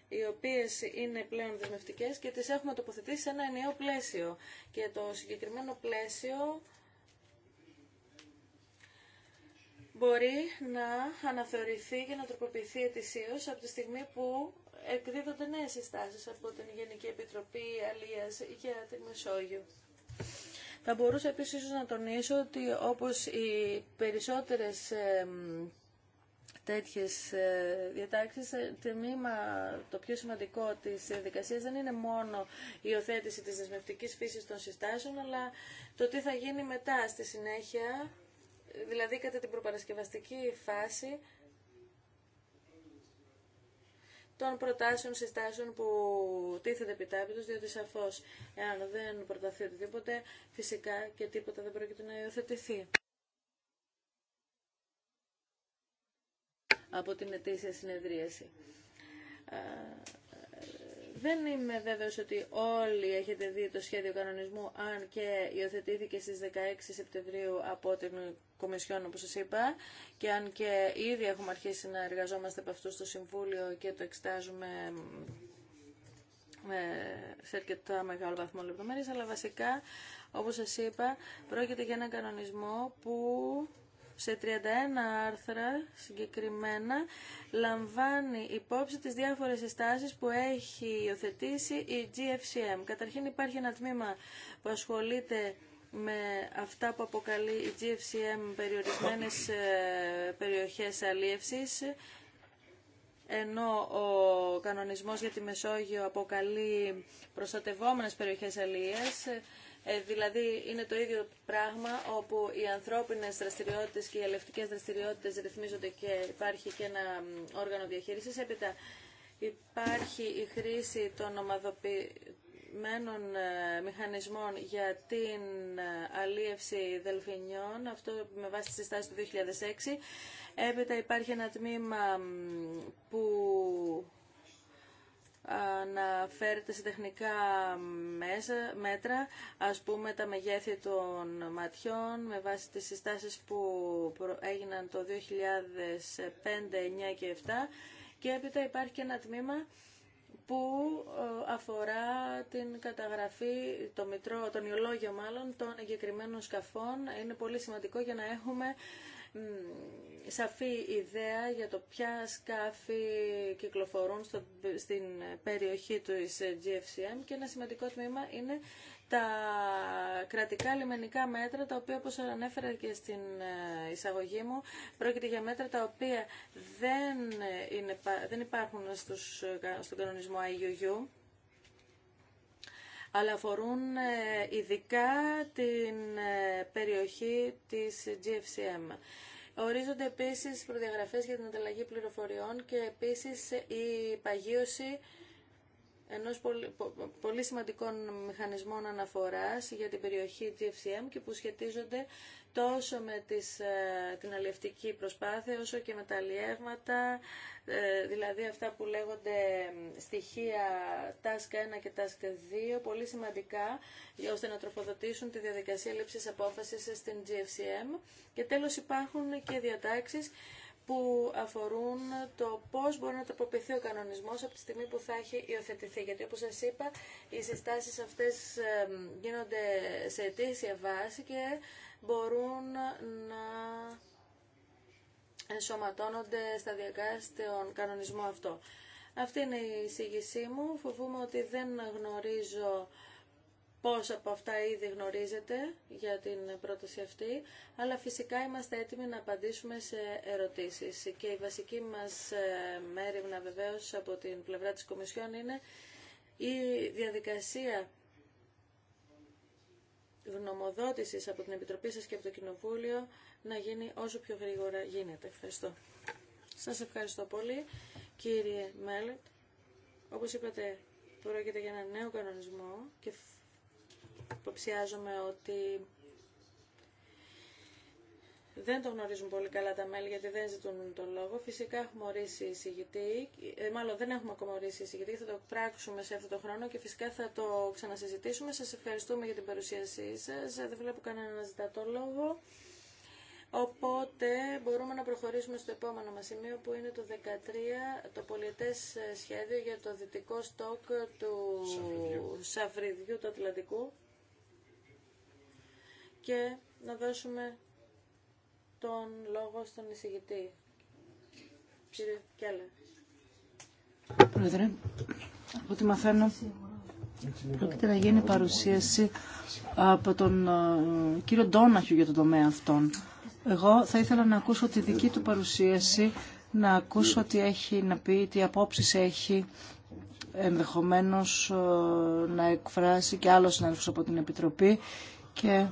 οι οποίες είναι πλέον δεσμευτικές και τις έχουμε τοποθετήσει σε ένα ενιαίο πλαίσιο. Και το συγκεκριμένο πλαίσιο μπορεί να αναθεωρηθεί και να τροποποιηθεί ετησίω από τη στιγμή που εκδίδονται νέε συστάσεις από την Γενική Επιτροπή Αλίας για τη Μεσόγειο. Θα μπορούσα επίσης να τονίσω ότι όπως οι περισσότερες τέτοιες ε, διατάξεις, ε, τμήμα το πιο σημαντικό τη διαδικασία δεν είναι μόνο η υιοθέτηση της δεσμευτική φύση των συστάσεων, αλλά το τι θα γίνει μετά στη συνέχεια Δηλαδή κατά την προπαρασκευαστική φάση των προτάσεων, συστάσεων που τίθεται επιτάπητος, διότι σαφώς εάν δεν προταθεί οτιδήποτε, φυσικά και τίποτα δεν πρόκειται να υιοθετηθεί. από την ετήσια συνεδρίαση. Δεν είμαι βέβαιος ότι όλοι έχετε δει το σχέδιο κανονισμού, αν και υιοθετήθηκε στις 16 Σεπτεμβρίου από την Κομισιόν, όπως σας είπα, και αν και ήδη έχουμε αρχίσει να εργαζόμαστε από αυτού στο Συμβούλιο και το εξτάζουμε σε αρκετά μεγάλο βαθμό λεπτομέρειες, αλλά βασικά, όπως σας είπα, πρόκειται για έναν κανονισμό που σε 31 άρθρα συγκεκριμένα λαμβάνει υπόψη τις διάφορες συστάσεις που έχει υιοθετήσει η GFCM. Καταρχήν υπάρχει ένα τμήμα που ασχολείται με αυτά που αποκαλεί η GFCM περιορισμένες ε, περιοχές αλίευσης, ενώ ο κανονισμός για τη Μεσόγειο αποκαλεί προστατευόμενες περιοχές ε, δηλαδή είναι το ίδιο πράγμα όπου οι ανθρώπινες δραστηριότητες και οι ελευτικές δραστηριότητες ρυθμίζονται και υπάρχει και ένα όργανο διαχείρισης. Έπειτα υπάρχει η χρήση των ομαδοποίητων, Μένων ε, μηχανισμών για την ε, αλίευση δελφινιών, αυτό με βάση τις συστάσεις του 2006. Έπειτα υπάρχει ένα τμήμα που αναφέρεται σε τεχνικά μέσα, μέτρα, ας πούμε τα μεγέθη των ματιών με βάση τις συστάσεις που έγιναν το 2005, 2009 και 2007 και έπειτα υπάρχει και ένα τμήμα που ε, αφορά την καταγραφή, το μητρό, τον ιολόγιο μάλλον, των εγκεκριμένων σκαφών. Είναι πολύ σημαντικό για να έχουμε σαφή ιδέα για το ποια σκάφη κυκλοφορούν στο, στην περιοχή του ε, GFCM και ένα σημαντικό τμήμα είναι τα κρατικά λιμενικά μέτρα, τα οποία όπως ανέφερα και στην ε, εισαγωγή μου, πρόκειται για μέτρα τα οποία δεν, είναι, δεν υπάρχουν στους, ε, στον κανονισμό IUU, αλλά αφορούν ε, ειδικά την περιοχή της GFCM. Ορίζονται επίσης προδιαγραφές για την ανταλλαγή πληροφοριών και επίσης η παγίωση ενός πολύ, σημαντικών μηχανισμών αναφοράς για την περιοχή GFCM και που σχετίζονται τόσο με ε, την αλλιευτική προσπάθεια όσο και με τα αλλιεύματα, ε, δηλαδή αυτά που λέγονται στοιχεία task 1 και task 2, πολύ σημαντικά ώστε να τροφοδοτήσουν τη διαδικασία λήψης απόφασης στην GFCM. Και τέλος υπάρχουν και διατάξεις που αφορούν το πώς μπορεί να τροποποιηθεί ο κανονισμός από τη στιγμή που θα έχει υιοθετηθεί. Γιατί όπως σας είπα, οι συστάσεις αυτές ε, γίνονται σε αιτήσια βάση και μπορούν να ενσωματώνονται σταδιακά στον κανονισμό αυτό. Αυτή είναι η εισήγησή μου. Φοβούμαι ότι δεν γνωρίζω πώς από αυτά ήδη γνωρίζετε για την πρόταση αυτή, αλλά φυσικά είμαστε έτοιμοι να απαντήσουμε σε ερωτήσεις. Και η βασική μας ε, μέρημνα βεβαίως από την πλευρά της Κομισιόν είναι η διαδικασία γνωμοδότησης από την Επιτροπή σας και από το Κοινοβούλιο να γίνει όσο πιο γρήγορα γίνεται. Ευχαριστώ. Σας ευχαριστώ πολύ, κύριε Μέλετ. Όπως είπατε, πρόκειται για ένα νέο κανονισμό και υποψιάζομαι ότι δεν το γνωρίζουν πολύ καλά τα μέλη γιατί δεν ζητούν τον λόγο. Φυσικά έχουμε ορίσει εισηγητή, ε, μάλλον δεν έχουμε ακόμα ορίσει εισηγητή, θα το πράξουμε σε αυτό το χρόνο και φυσικά θα το ξανασυζητήσουμε. Σας ευχαριστούμε για την παρουσίασή σας. Ε, δεν βλέπω κανένα να ζητά το λόγο. Οπότε μπορούμε να προχωρήσουμε στο επόμενο μας σημείο που είναι το 13, το πολιετές ε, σχέδιο για το δυτικό στόκ του Σαβριδιού του Ατλαντικού και να δώσουμε τον λόγο στον εισηγητή. Κύριε Κέλλε. Πρόεδρε, από ό,τι μαθαίνω, πρόκειται να γίνει παρουσίαση από τον ε, κύριο Ντόναχιου για τον τομέα αυτόν. Εγώ θα ήθελα να ακούσω τη δική του παρουσίαση, να ακούσω τι έχει να πει, τι απόψεις έχει ενδεχομένως ε, να εκφράσει και άλλος συνάδελφος από την Επιτροπή και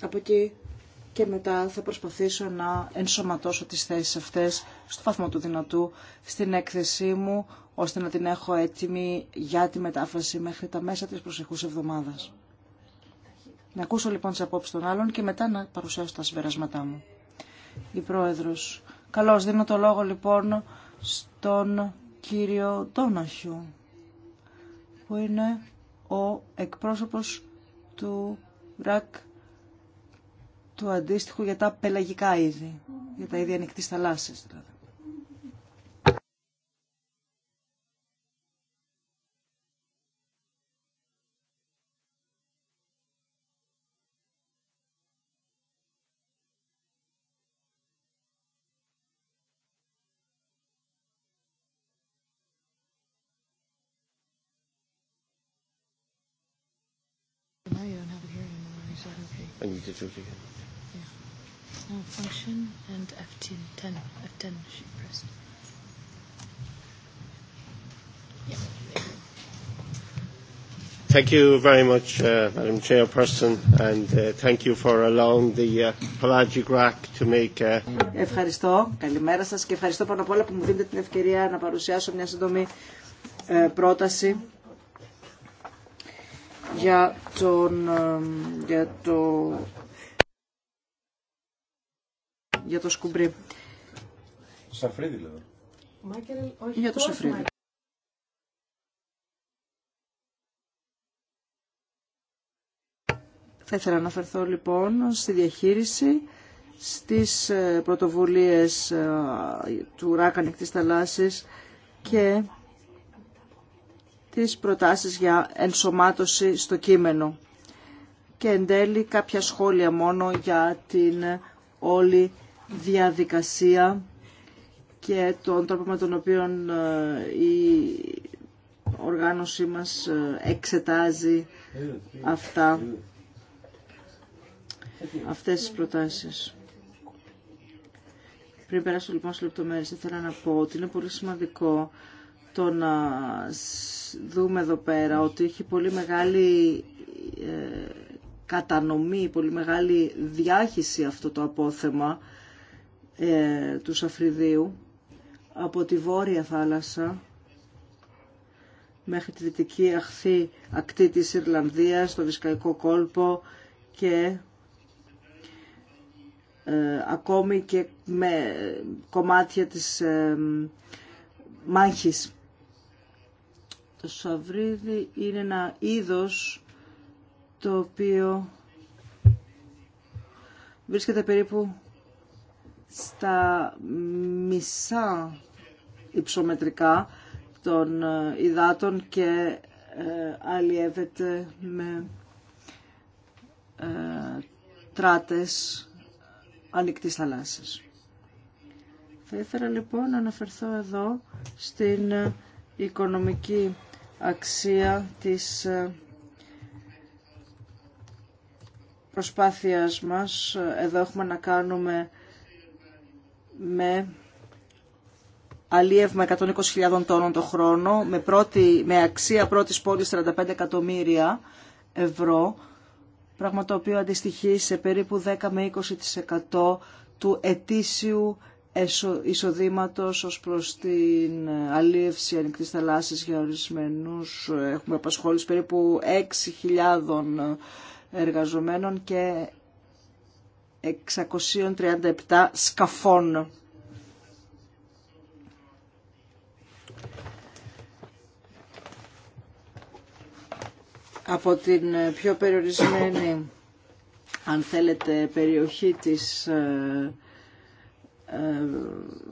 από εκεί και μετά θα προσπαθήσω να ενσωματώσω τις θέσεις αυτές στο βαθμό του δυνατού στην έκθεσή μου, ώστε να την έχω έτοιμη για τη μετάφραση μέχρι τα μέσα της προσεχούς εβδομάδας. Να ακούσω λοιπόν τις απόψεις των άλλων και μετά να παρουσιάσω τα συμπεράσματά μου. Η Πρόεδρος. Καλώς δίνω το λόγο λοιπόν στον κύριο Τόναχιου, που είναι ο εκπρόσωπος του ΡΑΚ του αντίστοιχου για τα πελαγικά είδη, για τα είδη ανοιχτής θαλάσσης δηλαδή. I you for the uh, to make. Uh, ευχαριστώ. Καλημέρα σας και ευχαριστώ πάνω απ' όλα που μου δίνετε την ευκαιρία να παρουσιάσω μια σύντομη ε, πρόταση για, τον, για, το, για το σκουμπρί. Σαφρίδι λέω. Δηλαδή. για το σαφρίδι. Θα ήθελα να αναφερθώ λοιπόν στη διαχείριση στις ε, πρωτοβουλίες ε, του Ράκανικ της θαλάσσης και τις προτάσεις για ενσωμάτωση στο κείμενο. Και εν τέλει κάποια σχόλια μόνο για την όλη διαδικασία και τον τρόπο με τον οποίο ε, η οργάνωσή μας ε, εξετάζει αυτά, αυτές τις προτάσεις. Πριν περάσω λοιπόν σε λεπτομέρειες, ήθελα να πω ότι είναι πολύ σημαντικό το να δούμε εδώ πέρα ότι έχει πολύ μεγάλη ε, κατανομή, πολύ μεγάλη διάχυση αυτό το απόθεμα ε, του Σαφριδίου από τη Βόρεια Θάλασσα μέχρι τη Δυτική Αχθή Ακτή της Ιρλανδίας, το Βυσκαϊκό Κόλπο και ε, ακόμη και με κομμάτια της ε, μάχης το σαβρίδι είναι ένα είδος το οποίο βρίσκεται περίπου στα μισά υψομετρικά των ε, υδάτων και ε, αλλιεύεται με ε, τράτες ανοιχτής θαλάσσης. Θα ήθελα λοιπόν να αναφερθώ εδώ στην οικονομική αξία της ε, προσπάθειας μας. Εδώ έχουμε να κάνουμε με αλίευμα 120.000 τόνων το χρόνο, με, πρώτη, με αξία πρώτης πόλης 35 εκατομμύρια ευρώ, πράγμα το οποίο αντιστοιχεί σε περίπου 10 με 20% του ετήσιου εισοδήματος ως προς την αλίευση ανοιχτής θαλάσσης για ορισμένους. Έχουμε απασχόληση περίπου 6.000 εργαζομένων και 637 σκαφών. Από την πιο περιορισμένη, αν θέλετε, περιοχή της ε, ε,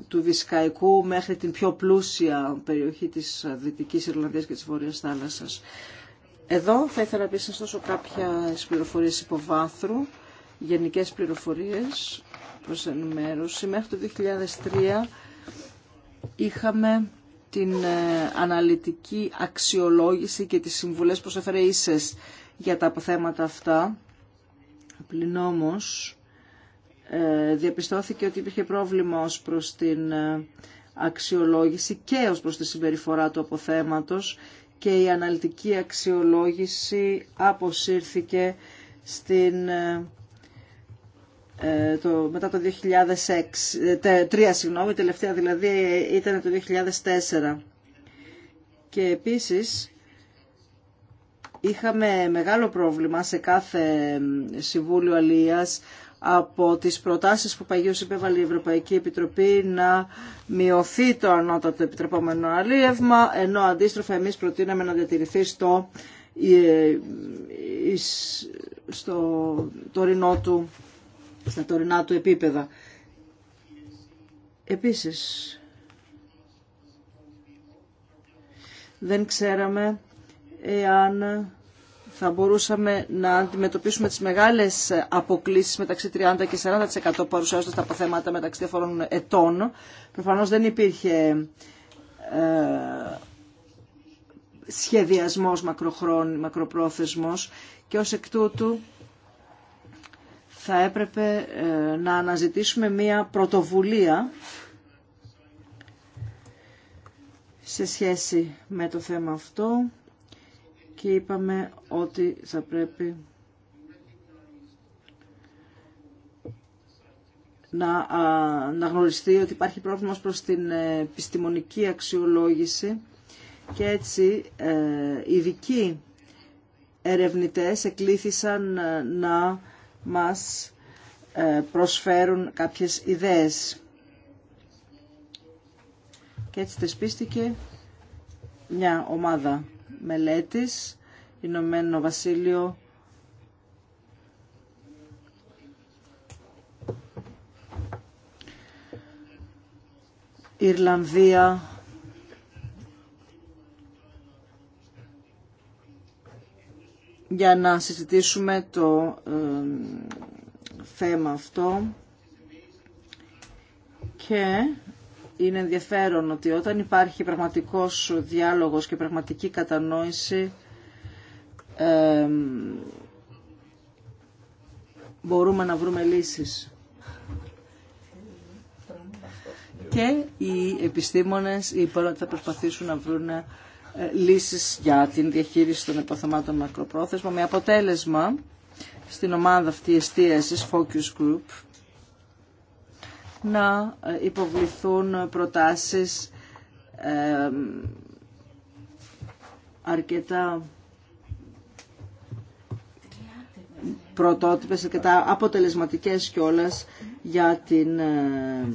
του Βυσκαϊκού μέχρι την πιο πλούσια περιοχή της Δυτικής Ιρλανδίας και της Βόρειας Θάλασσας. Εδώ θα ήθελα να να δώσω κάποιες πληροφορίες υποβάθρου, γενικές πληροφορίες προς ενημέρωση. Μέχρι το 2003 είχαμε την ε, αναλυτική αξιολόγηση και τις συμβουλές που έφερε για τα θέματα αυτά. Πλην όμως, ε, διαπιστώθηκε ότι υπήρχε πρόβλημα ως προς την ε, αξιολόγηση και ως προς τη συμπεριφορά του αποθέματος και η αναλυτική αξιολόγηση αποσύρθηκε στην, ε, το, μετά το 2006, τρία συγγνώμη, τελευταία δηλαδή ήταν το 2004. Και επίσης είχαμε μεγάλο πρόβλημα σε κάθε Συμβούλιο Αλίας από τις προτάσεις που παγίως υπέβαλε η Ευρωπαϊκή Επιτροπή να μειωθεί το ανώτατο επιτρεπόμενο αλίευμα, ενώ αντίστροφα εμείς προτείναμε να διατηρηθεί στο, ε, στο του, στα τωρινά του επίπεδα. Επίσης, δεν ξέραμε εάν θα μπορούσαμε να αντιμετωπίσουμε τις μεγάλες αποκλήσεις μεταξύ 30 και 40% παρουσιάζοντας τα αποθέματα μεταξύ διαφορών ετών. Προφανώς δεν υπήρχε ε, σχεδιασμός μακροχρόν, μακροπρόθεσμος και ως εκ τούτου θα έπρεπε ε, να αναζητήσουμε μία πρωτοβουλία σε σχέση με το θέμα αυτό και είπαμε ότι θα πρέπει να, να γνωριστεί ότι υπάρχει πρόβλημα προς την ε, επιστημονική αξιολόγηση και έτσι ε, ειδικοί ερευνητές εκλήθησαν ε, να μας προσφέρουν κάποιες ιδέες. Και έτσι θεσπίστηκε μια ομάδα μελέτης, Ηνωμένο Βασίλειο, Ιρλανδία, για να συζητήσουμε το θέμα αυτό και είναι ενδιαφέρον ότι όταν υπάρχει πραγματικός διάλογος και πραγματική κατανόηση μπορούμε να βρούμε λύσεις. Και οι επιστήμονες είπαν ότι θα προσπαθήσουν να βρουν ε, λύσεις για την διαχείριση των υποθεμάτων μακροπρόθεσμα με αποτέλεσμα στην ομάδα αυτή εστίασης Focus Group να υποβληθούν προτάσεις ε, αρκετά πρωτότυπες, αρκετά αποτελεσματικές κιόλας για την ε,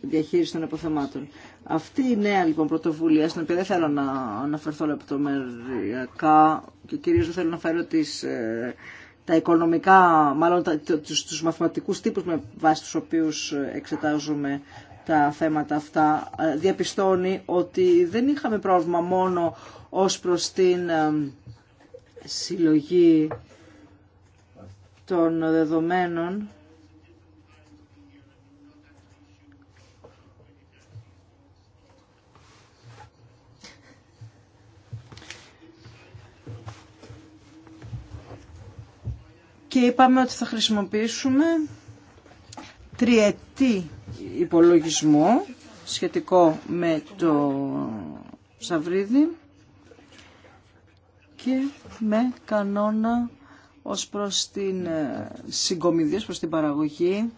διαχείριση των αποθεμάτων. Αυτή η νέα λοιπόν πρωτοβουλία, στην οποία δεν θέλω να αναφερθώ λεπτομεριακά και κυρίως δεν θέλω να φέρω τις ε, τα οικονομικά, μάλλον τα, τους, τους μαθηματικούς τύπους με βάση τους οποίους ε, εξετάζουμε τα θέματα αυτά, ε, διαπιστώνει ότι δεν είχαμε πρόβλημα μόνο ως προς την ε, συλλογή των δεδομένων, και είπαμε ότι θα χρησιμοποιήσουμε τριετή υπολογισμό σχετικό με το Σαβρίδι και με κανόνα ως προς την ε, συγκομιδή, ως προς την παραγωγή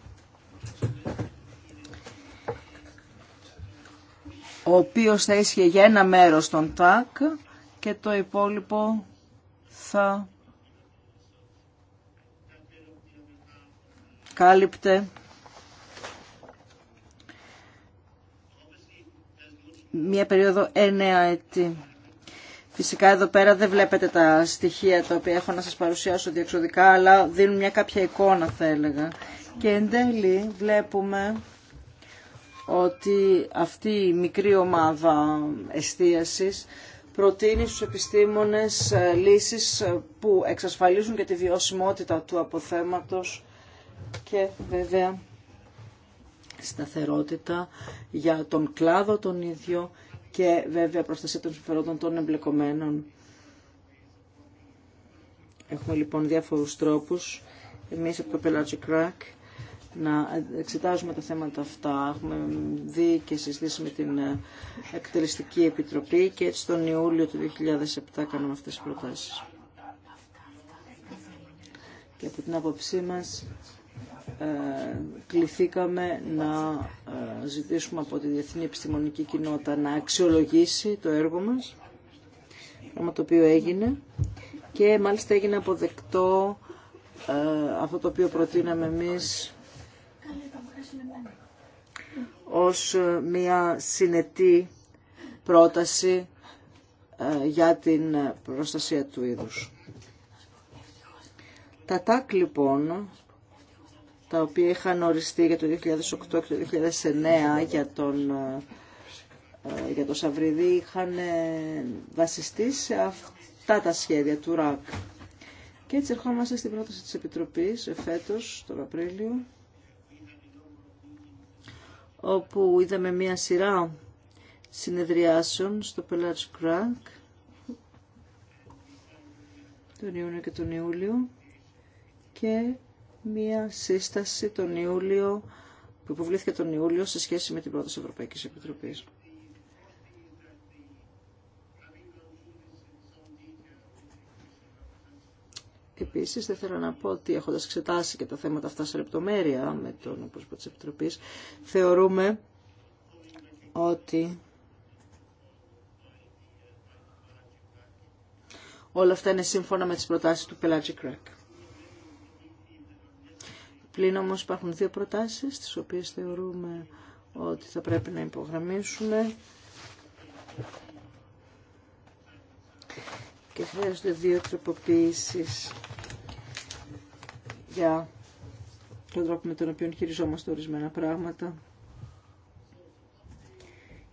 ο οποίος θα ίσχυε για ένα μέρος των ΤΑΚ και το υπόλοιπο θα κάλυπτε. Μία περίοδο εννέα έτη. Φυσικά εδώ πέρα δεν βλέπετε τα στοιχεία τα οποία έχω να σας παρουσιάσω διεξοδικά, αλλά δίνουν μια κάποια εικόνα θα έλεγα. Και εν τέλει βλέπουμε ότι αυτή η μικρή ομάδα εστίασης προτείνει στους επιστήμονες ε, λύσεις ε, που εξασφαλίζουν και τη βιωσιμότητα του αποθέματος και βέβαια σταθερότητα για τον κλάδο τον ίδιο και βέβαια προστασία των συμφερόντων των εμπλεκομένων. Έχουμε λοιπόν διάφορους τρόπους εμείς από το Pelagic Crack να εξετάζουμε τα θέματα αυτά. Έχουμε δει και συζητήσει με την ε, Εκτελεστική Επιτροπή και έτσι τον Ιούλιο του 2007 κάναμε αυτές τις προτάσεις. Και από την άποψή μας ε, κληθήκαμε να ε, ζητήσουμε από τη Διεθνή Επιστημονική Κοινότητα να αξιολογήσει το έργο μας, πράγμα το οποίο έγινε και μάλιστα έγινε αποδεκτό ε, αυτό το οποίο προτείναμε εμείς ως μια συνετή πρόταση για την προστασία του είδους. Τα τάκ λοιπόν τα οποία είχαν οριστεί για το 2008 και το 2009 για τον ε, για το Σαβρίδι είχαν ε, βασιστεί σε αυτά τα σχέδια του ΡΑΚ. Και έτσι ερχόμαστε στην πρόταση της Επιτροπής φέτος, τον Απρίλιο, όπου είδαμε μία σειρά συνεδριάσεων στο Πελάτς Κράκ τον Ιούνιο και τον Ιούλιο και μία σύσταση τον Ιούλιο, που υποβλήθηκε τον Ιούλιο σε σχέση με την πρόταση Ευρωπαϊκής Επιτροπής. Επίσης, δεν θέλω να πω ότι έχοντα εξετάσει και τα θέματα αυτά σε λεπτομέρεια με τον πρόσωπο τη Επιτροπή, θεωρούμε ότι όλα αυτά είναι σύμφωνα με τι προτάσει του Pelagic Crack. Πλην όμως υπάρχουν δύο προτάσεις, τις οποίες θεωρούμε ότι θα πρέπει να υπογραμμίσουμε και χρειάζονται δύο τροποποιήσεις για τον τρόπο με τον οποίο χειριζόμαστε ορισμένα πράγματα.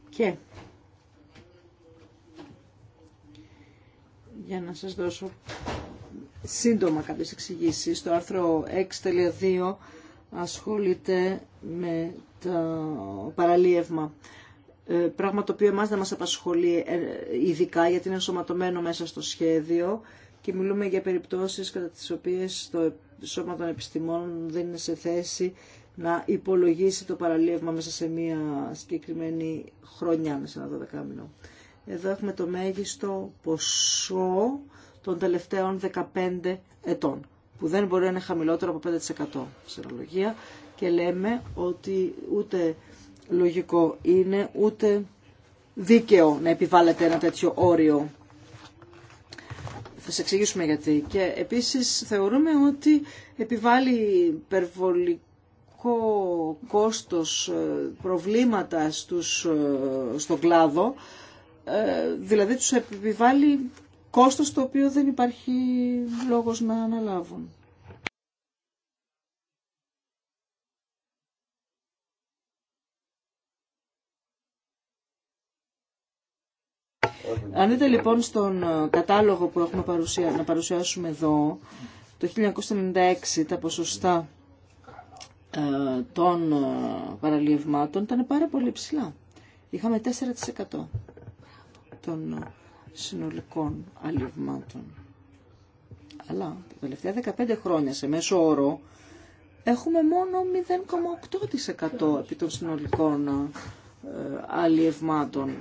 Και για να σας δώσω σύντομα κάποιες εξηγήσεις. Το άρθρο 6.2 ασχολείται με το παραλίευμα. Ε, πράγμα το οποίο εμάς δεν μας απασχολεί ε, ειδικά γιατί είναι ενσωματωμένο μέσα στο σχέδιο και μιλούμε για περιπτώσεις κατά τις οποίες το Σώμα των Επιστημών δεν είναι σε θέση να υπολογίσει το παραλίευμα μέσα σε μία συγκεκριμένη χρονιά, μέσα σε ένα δωδεκάμινο. Εδώ έχουμε το μέγιστο ποσό των τελευταίων 15 ετών, που δεν μπορεί να είναι χαμηλότερο από 5% σερολογία και λέμε ότι ούτε λογικό είναι, ούτε δίκαιο να επιβάλλεται ένα τέτοιο όριο. Θα σε εξηγήσουμε γιατί. Και επίσης θεωρούμε ότι επιβάλλει υπερβολικό κόστος ε, προβλήματα στους, ε, στον κλάδο, ε, δηλαδή τους επιβάλλει κόστος το οποίο δεν υπάρχει λόγος να αναλάβουν. Αν δείτε λοιπόν στον ε, κατάλογο που έχουμε παρουσία, να παρουσιάσουμε εδώ, το 1996 τα ποσοστά ε, των ε, παραλίευμάτων ήταν πάρα πολύ ψηλά. Είχαμε 4% των συνολικών αλλιευμάτων. Αλλά τα τελευταία 15 χρόνια σε μέσο όρο έχουμε μόνο 0,8% επί των συνολικών ε, αλλιευμάτων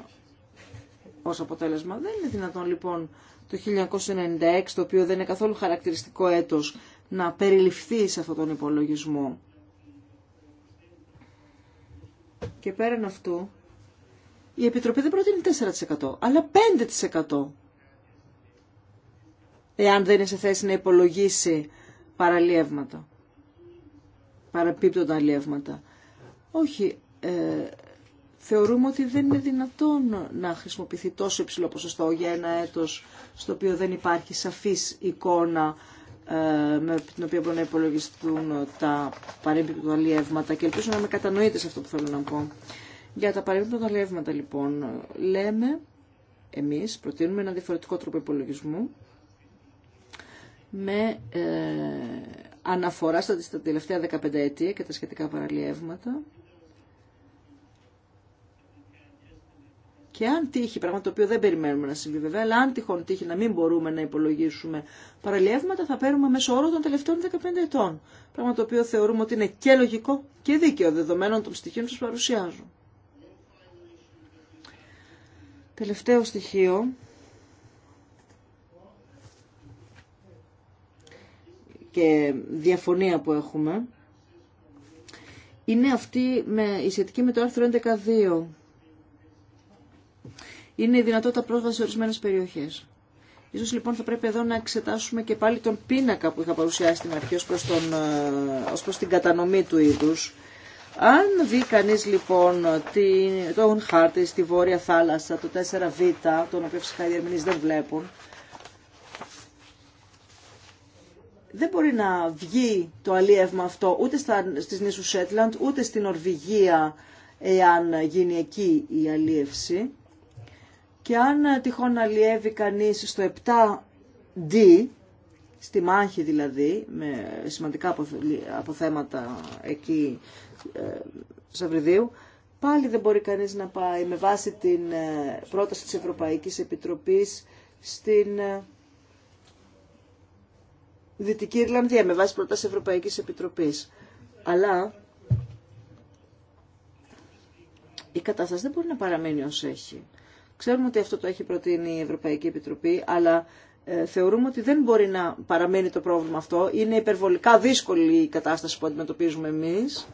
ως αποτέλεσμα. Δεν είναι δυνατόν λοιπόν το 1996, το οποίο δεν είναι καθόλου χαρακτηριστικό έτος, να περιληφθεί σε αυτόν τον υπολογισμό. Και πέραν αυτού, η Επιτροπή δεν προτείνει 4%, αλλά 5%. Εάν δεν είναι σε θέση να υπολογίσει παραλίευματα, παραπίπτοντα αλίευματα. Όχι, ε, θεωρούμε ότι δεν είναι δυνατόν να χρησιμοποιηθεί τόσο υψηλό ποσοστό για ένα έτος στο οποίο δεν υπάρχει σαφής εικόνα ε, με την οποία μπορούν να υπολογιστούν τα παρέμπιπτου αλλιεύματα και ελπίζω να με κατανοείτε σε αυτό που θέλω να πω. Για τα παρεμπίπτοντα λεύματα λοιπόν λέμε, εμείς προτείνουμε ένα διαφορετικό τρόπο υπολογισμού με ε, αναφορά στα, τελευταία 15 ετία και τα σχετικά παραλιεύματα. Και αν τύχει, πράγμα το οποίο δεν περιμένουμε να συμβεί βέβαια, αλλά αν τυχόν τύχει να μην μπορούμε να υπολογίσουμε παραλιεύματα, θα παίρνουμε μέσω όρο των τελευταίων 15 ετών. Πράγμα το οποίο θεωρούμε ότι είναι και λογικό και δίκαιο δεδομένων των στοιχείων που σας παρουσιάζουν. Τελευταίο στοιχείο. και διαφωνία που έχουμε είναι αυτή με, η σχετική με το άρθρο 11.2. Είναι η δυνατότητα πρόσβαση σε ορισμένες περιοχές. Ίσως λοιπόν θα πρέπει εδώ να εξετάσουμε και πάλι τον πίνακα που είχα παρουσιάσει στην αρχή ως προς, τον, ε, ως προς την κατανομή του είδους αν δει κανεί λοιπόν την, τον χάρτη στη Βόρεια Θάλασσα, το 4Β, τον οποίο φυσικά οι ερμηνεί δεν βλέπουν, δεν μπορεί να βγει το αλίευμα αυτό ούτε στα, στις νήσους Σέτλαντ, ούτε στην Ορβηγία, εάν γίνει εκεί η αλίευση. Και αν τυχόν αλλιεύει κανείς στο 7D, στη μάχη δηλαδή, με σημαντικά αποθέματα εκεί Ζαβριδίου, ε, πάλι δεν μπορεί κανείς να πάει με βάση την ε, πρόταση της Ευρωπαϊκής Επιτροπής στην ε, Δυτική Ιρλανδία, με βάση πρόταση Ευρωπαϊκής Επιτροπής. Αλλά η κατάσταση δεν μπορεί να παραμείνει ως έχει. Ξέρουμε ότι αυτό το έχει προτείνει η Ευρωπαϊκή Επιτροπή, αλλά θεωρούμε ότι δεν μπορεί να παραμένει το πρόβλημα αυτό. Είναι υπερβολικά δύσκολη η κατάσταση που αντιμετωπίζουμε εμείς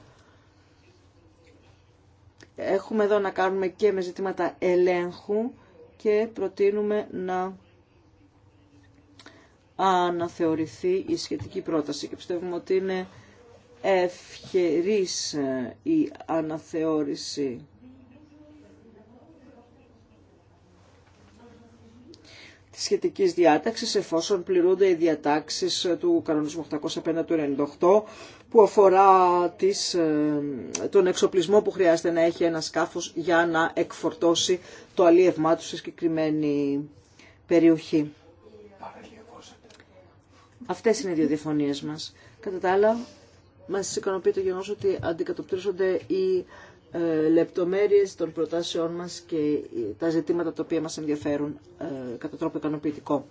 Έχουμε εδώ να κάνουμε και με ζητήματα ελέγχου και προτείνουμε να αναθεωρηθεί η σχετική πρόταση και πιστεύουμε ότι είναι ευχερής ε, η αναθεώρηση Τη σχετική διάταξη εφόσον πληρούνται οι διατάξεις του κανονισμού 805 του 98 που αφορά τις, ε, τον εξοπλισμό που χρειάζεται να έχει ένα σκάφος για να εκφορτώσει το αλίευμά του σε συγκεκριμένη περιοχή. Αυτές είναι οι δύο διαφωνίες μας. Κατά τα άλλα, μας ικανοποιεί το γεγονός ότι αντικατοπτρίζονται οι ε, λεπτομέρειες των προτάσεών μας και τα ζητήματα τα οποία μας ενδιαφέρουν ε, κατά τρόπο ικανοποιητικό.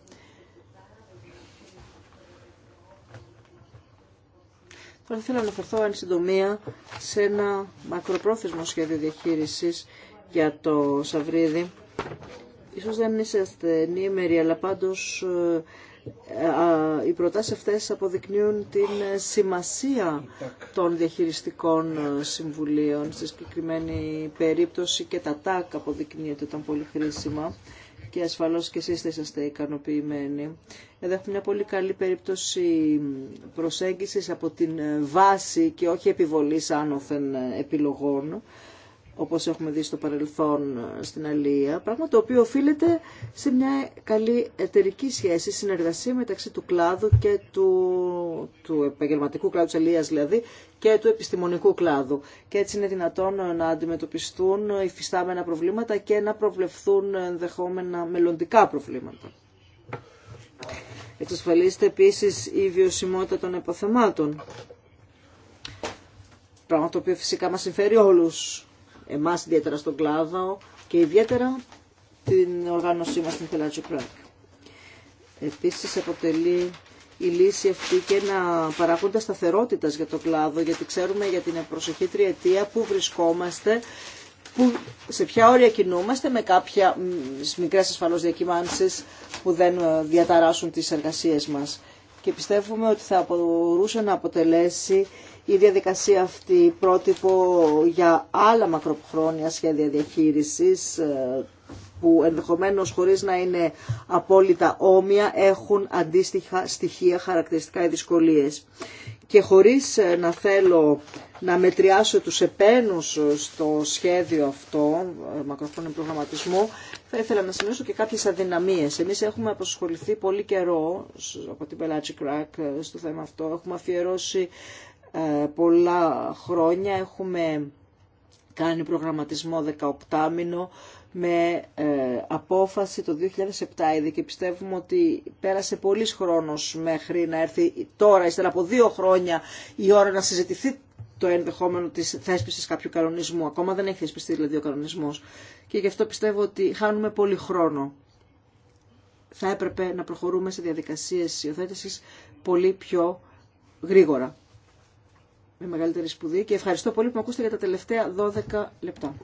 Τώρα θέλω να αναφερθώ εν συντομία σε ένα μακροπρόθεσμο σχέδιο διαχείρισης για το Σαβρίδι. Ίσως δεν είστε νήμεροι, αλλά πάντως ε, οι προτάσεις αυτές αποδεικνύουν την ε, σημασία των διαχειριστικών ε, συμβουλίων. Στη συγκεκριμένη περίπτωση και τα ΤΑΚ αποδεικνύεται ήταν πολύ χρήσιμα και ασφαλώς και εσείς θα είσαστε ικανοποιημένοι. Εδώ έχουμε μια πολύ καλή περίπτωση προσέγγισης από την βάση και όχι επιβολής άνωθεν επιλογών όπως έχουμε δει στο παρελθόν ε, στην Αλία, πράγμα το οποίο οφείλεται σε μια καλή εταιρική σχέση, συνεργασία μεταξύ του κλάδου και του, του επαγγελματικού κλάδου της Αλίας δηλαδή και του επιστημονικού κλάδου. Και έτσι είναι δυνατόν ε, να αντιμετωπιστούν υφιστάμενα προβλήματα και να προβλεφθούν ενδεχόμενα μελλοντικά προβλήματα. Εξασφαλίζεται επίσης η βιωσιμότητα των υποθεμάτων. Πράγμα το οποίο φυσικά μας συμφέρει όλους εμάς ιδιαίτερα στον κλάδο και ιδιαίτερα την οργάνωσή μας στην Θελάτσιο Κράκ. Επίσης αποτελεί η λύση αυτή και να παραγόντα σταθερότητα για τον κλάδο, γιατί ξέρουμε για την προσεχή τριετία που βρισκόμαστε, που, σε ποια όρια κινούμαστε με κάποια μικρές ασφαλώς διακυμάνσεις που δεν ε, διαταράσουν τις εργασίες μας. Και πιστεύουμε ότι θα μπορούσε να αποτελέσει η διαδικασία αυτή πρότυπο για άλλα μακροχρόνια σχέδια διαχείρισης ε, που ενδεχομένως χωρίς να είναι απόλυτα όμοια έχουν αντίστοιχα στοιχεία, χαρακτηριστικά ή δυσκολίες. Και χωρίς ε, να θέλω να μετριάσω τους επένους ε, στο σχέδιο αυτό, μακροχρόνιο προγραμματισμό, θα ήθελα να σημειώσω και κάποιες αδυναμίες. Εμείς έχουμε αποσχοληθεί πολύ καιρό από την Πελάτσι Crack στο θέμα αυτό. Έχουμε αφιερώσει ε, πολλά χρόνια. Έχουμε κάνει προγραμματισμό 18 μήνο με ε, απόφαση το 2007 ήδη και πιστεύουμε ότι πέρασε πολλής χρόνος μέχρι να έρθει τώρα, ύστερα από δύο χρόνια η ώρα να συζητηθεί το ενδεχόμενο της θέσπισης κάποιου κανονισμού. Ακόμα δεν έχει θεσπιστεί δηλαδή ο κανονισμός και γι' αυτό πιστεύω ότι χάνουμε πολύ χρόνο. Θα έπρεπε να προχωρούμε σε διαδικασίες υιοθέτησης πολύ πιο γρήγορα με μεγαλύτερη σπουδή και ευχαριστώ πολύ που με ακούσατε για τα τελευταία 12 λεπτά.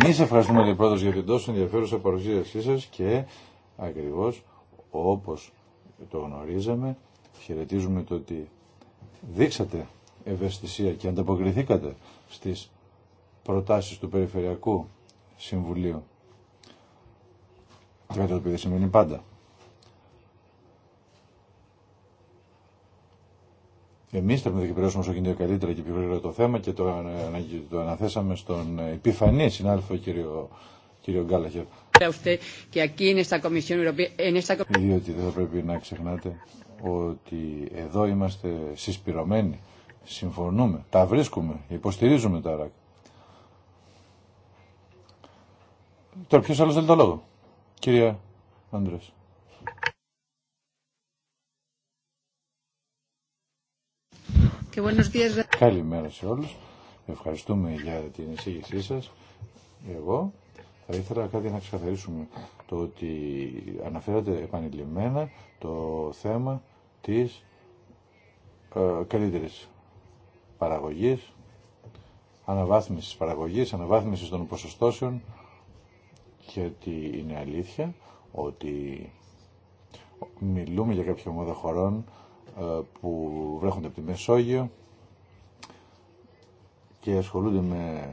Εμείς ευχαριστούμε λοιπόν για την τόσο ενδιαφέρουσα παρουσίασή σας και ακριβώς όπως το γνωρίζαμε χαιρετίζουμε το ότι δείξατε ευαισθησία και ανταποκριθήκατε στις προτάσεις του Περιφερειακού Συμβουλίου. Κάτι το οποίο δεν σημαίνει πάντα. Εμεί θέλουμε να διεκπαιρεώσουμε όσο γίνεται καλύτερα και πιο γρήγορα το θέμα και το, το αναθέσαμε στον επιφανή συνάδελφο κύριο, κύριο Γκάλαχερ. Διότι δεν θα πρέπει να ξεχνάτε ότι εδώ είμαστε συσπηρωμένοι, συμφωνούμε, τα βρίσκουμε, υποστηρίζουμε τα ΡΑΚ. Τώρα ποιος άλλος θέλει το λόγο. Κυρία Αντρές. Καλημέρα σε όλους. Ευχαριστούμε για την εισήγησή σας. Εγώ θα ήθελα κάτι να ξεκαθαρίσουμε το ότι αναφέρατε επανειλημμένα το θέμα της ε, καλύτερης παραγωγής, αναβάθμισης παραγωγής, αναβάθμισης των ποσοστώσεων και ότι είναι αλήθεια ότι μιλούμε για κάποια ομάδα χωρών ε, που βρέχονται από τη Μεσόγειο και ασχολούνται με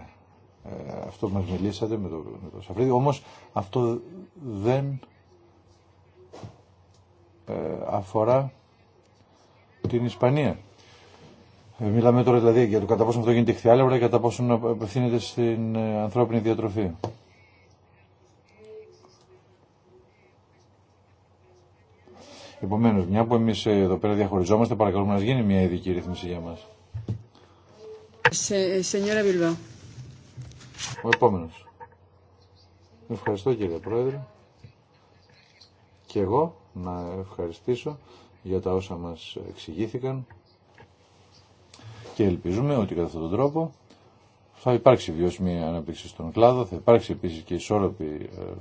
ε, αυτό που μας μιλήσατε, με το, με Σαφρίδι. Όμως αυτό δεν ε, αφορά την Ισπανία. Μιλάμε τώρα δηλαδή για το κατά πόσο αυτό γίνεται χθιάλευρα και κατά πόσο απευθύνεται στην ανθρώπινη διατροφή. Επομένω, μια που εμείς ε, εδώ πέρα διαχωριζόμαστε, παρακαλούμε να γίνει μια ειδική ρύθμιση για μας. Βιλβά. Ο επόμενος. Ευχαριστώ κύριε Πρόεδρε. Και εγώ να ευχαριστήσω για τα όσα μας εξηγήθηκαν και ελπίζουμε ότι κατά αυτόν τον τρόπο θα υπάρξει βιώσιμη ανάπτυξη στον κλάδο, θα υπάρξει επίσης και ισόρροπη ε,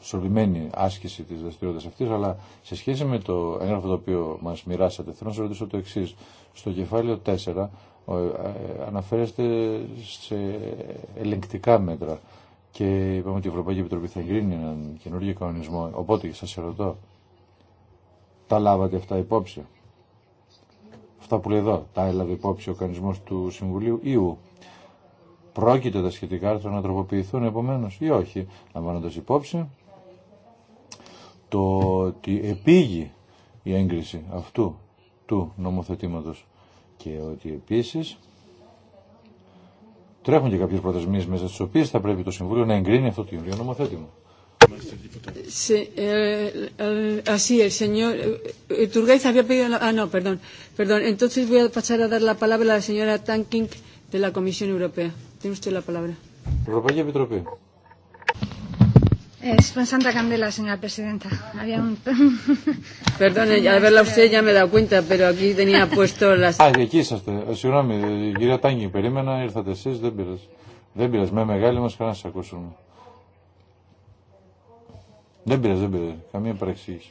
σορβημένη άσκηση της δραστηριότητα αυτής, αλλά σε σχέση με το έγγραφο το οποίο μας μοιράσατε, θέλω να σας ρωτήσω το εξή. Στο κεφάλαιο 4 ε, αναφέρεστε σε ελεγκτικά μέτρα και είπαμε ότι η Ευρωπαϊκή Επιτροπή θα εγκρίνει έναν καινούργιο κανονισμό. Οπότε σας ερωτώ, τα λάβατε αυτά υπόψη. Αυτά που λέει εδώ, τα έλαβε υπόψη ο κανονισμός του Συμβουλίου ΥΟΥ Πρόκειται τα σχετικά άρθρα να τροποποιηθούν επομένω ή όχι, λαμβάνοντα υπόψη το ότι επήγει η έγκριση αυτού του νομοθετήματος και ότι επίσης τρέχουν και κάποιες προθεσμίες μέσα στις οποίες θα πρέπει το Συμβούλιο να εγκρίνει αυτό το καινούριο νομοθέτημα. Ε, ε, sí, eh, así el señor Turgaiz había pedido ah no perdón perdón entonces voy a pasar a dar la palabra a la señora Tanking de la Comisión Europea. Tiene usted la palabra. Ευρωπαϊκή Επιτροπή. Es Santa Candela, señora presidenta. Había un... Perdone, al verla usted ya me he dado cuenta, pero aquí tenía puesto las... Ah, Α, εκεί είσαστε. Eh, Συγγνώμη, ε, κυρία Τάγκη, περίμενα, ήρθατε εσείς, δεν πειράζει. Δεν πειράζει, με μεγάλη μας χαρά να σας ακούσουμε. Δεν πειράζει, δεν πειράζει, καμία παρεξήγηση.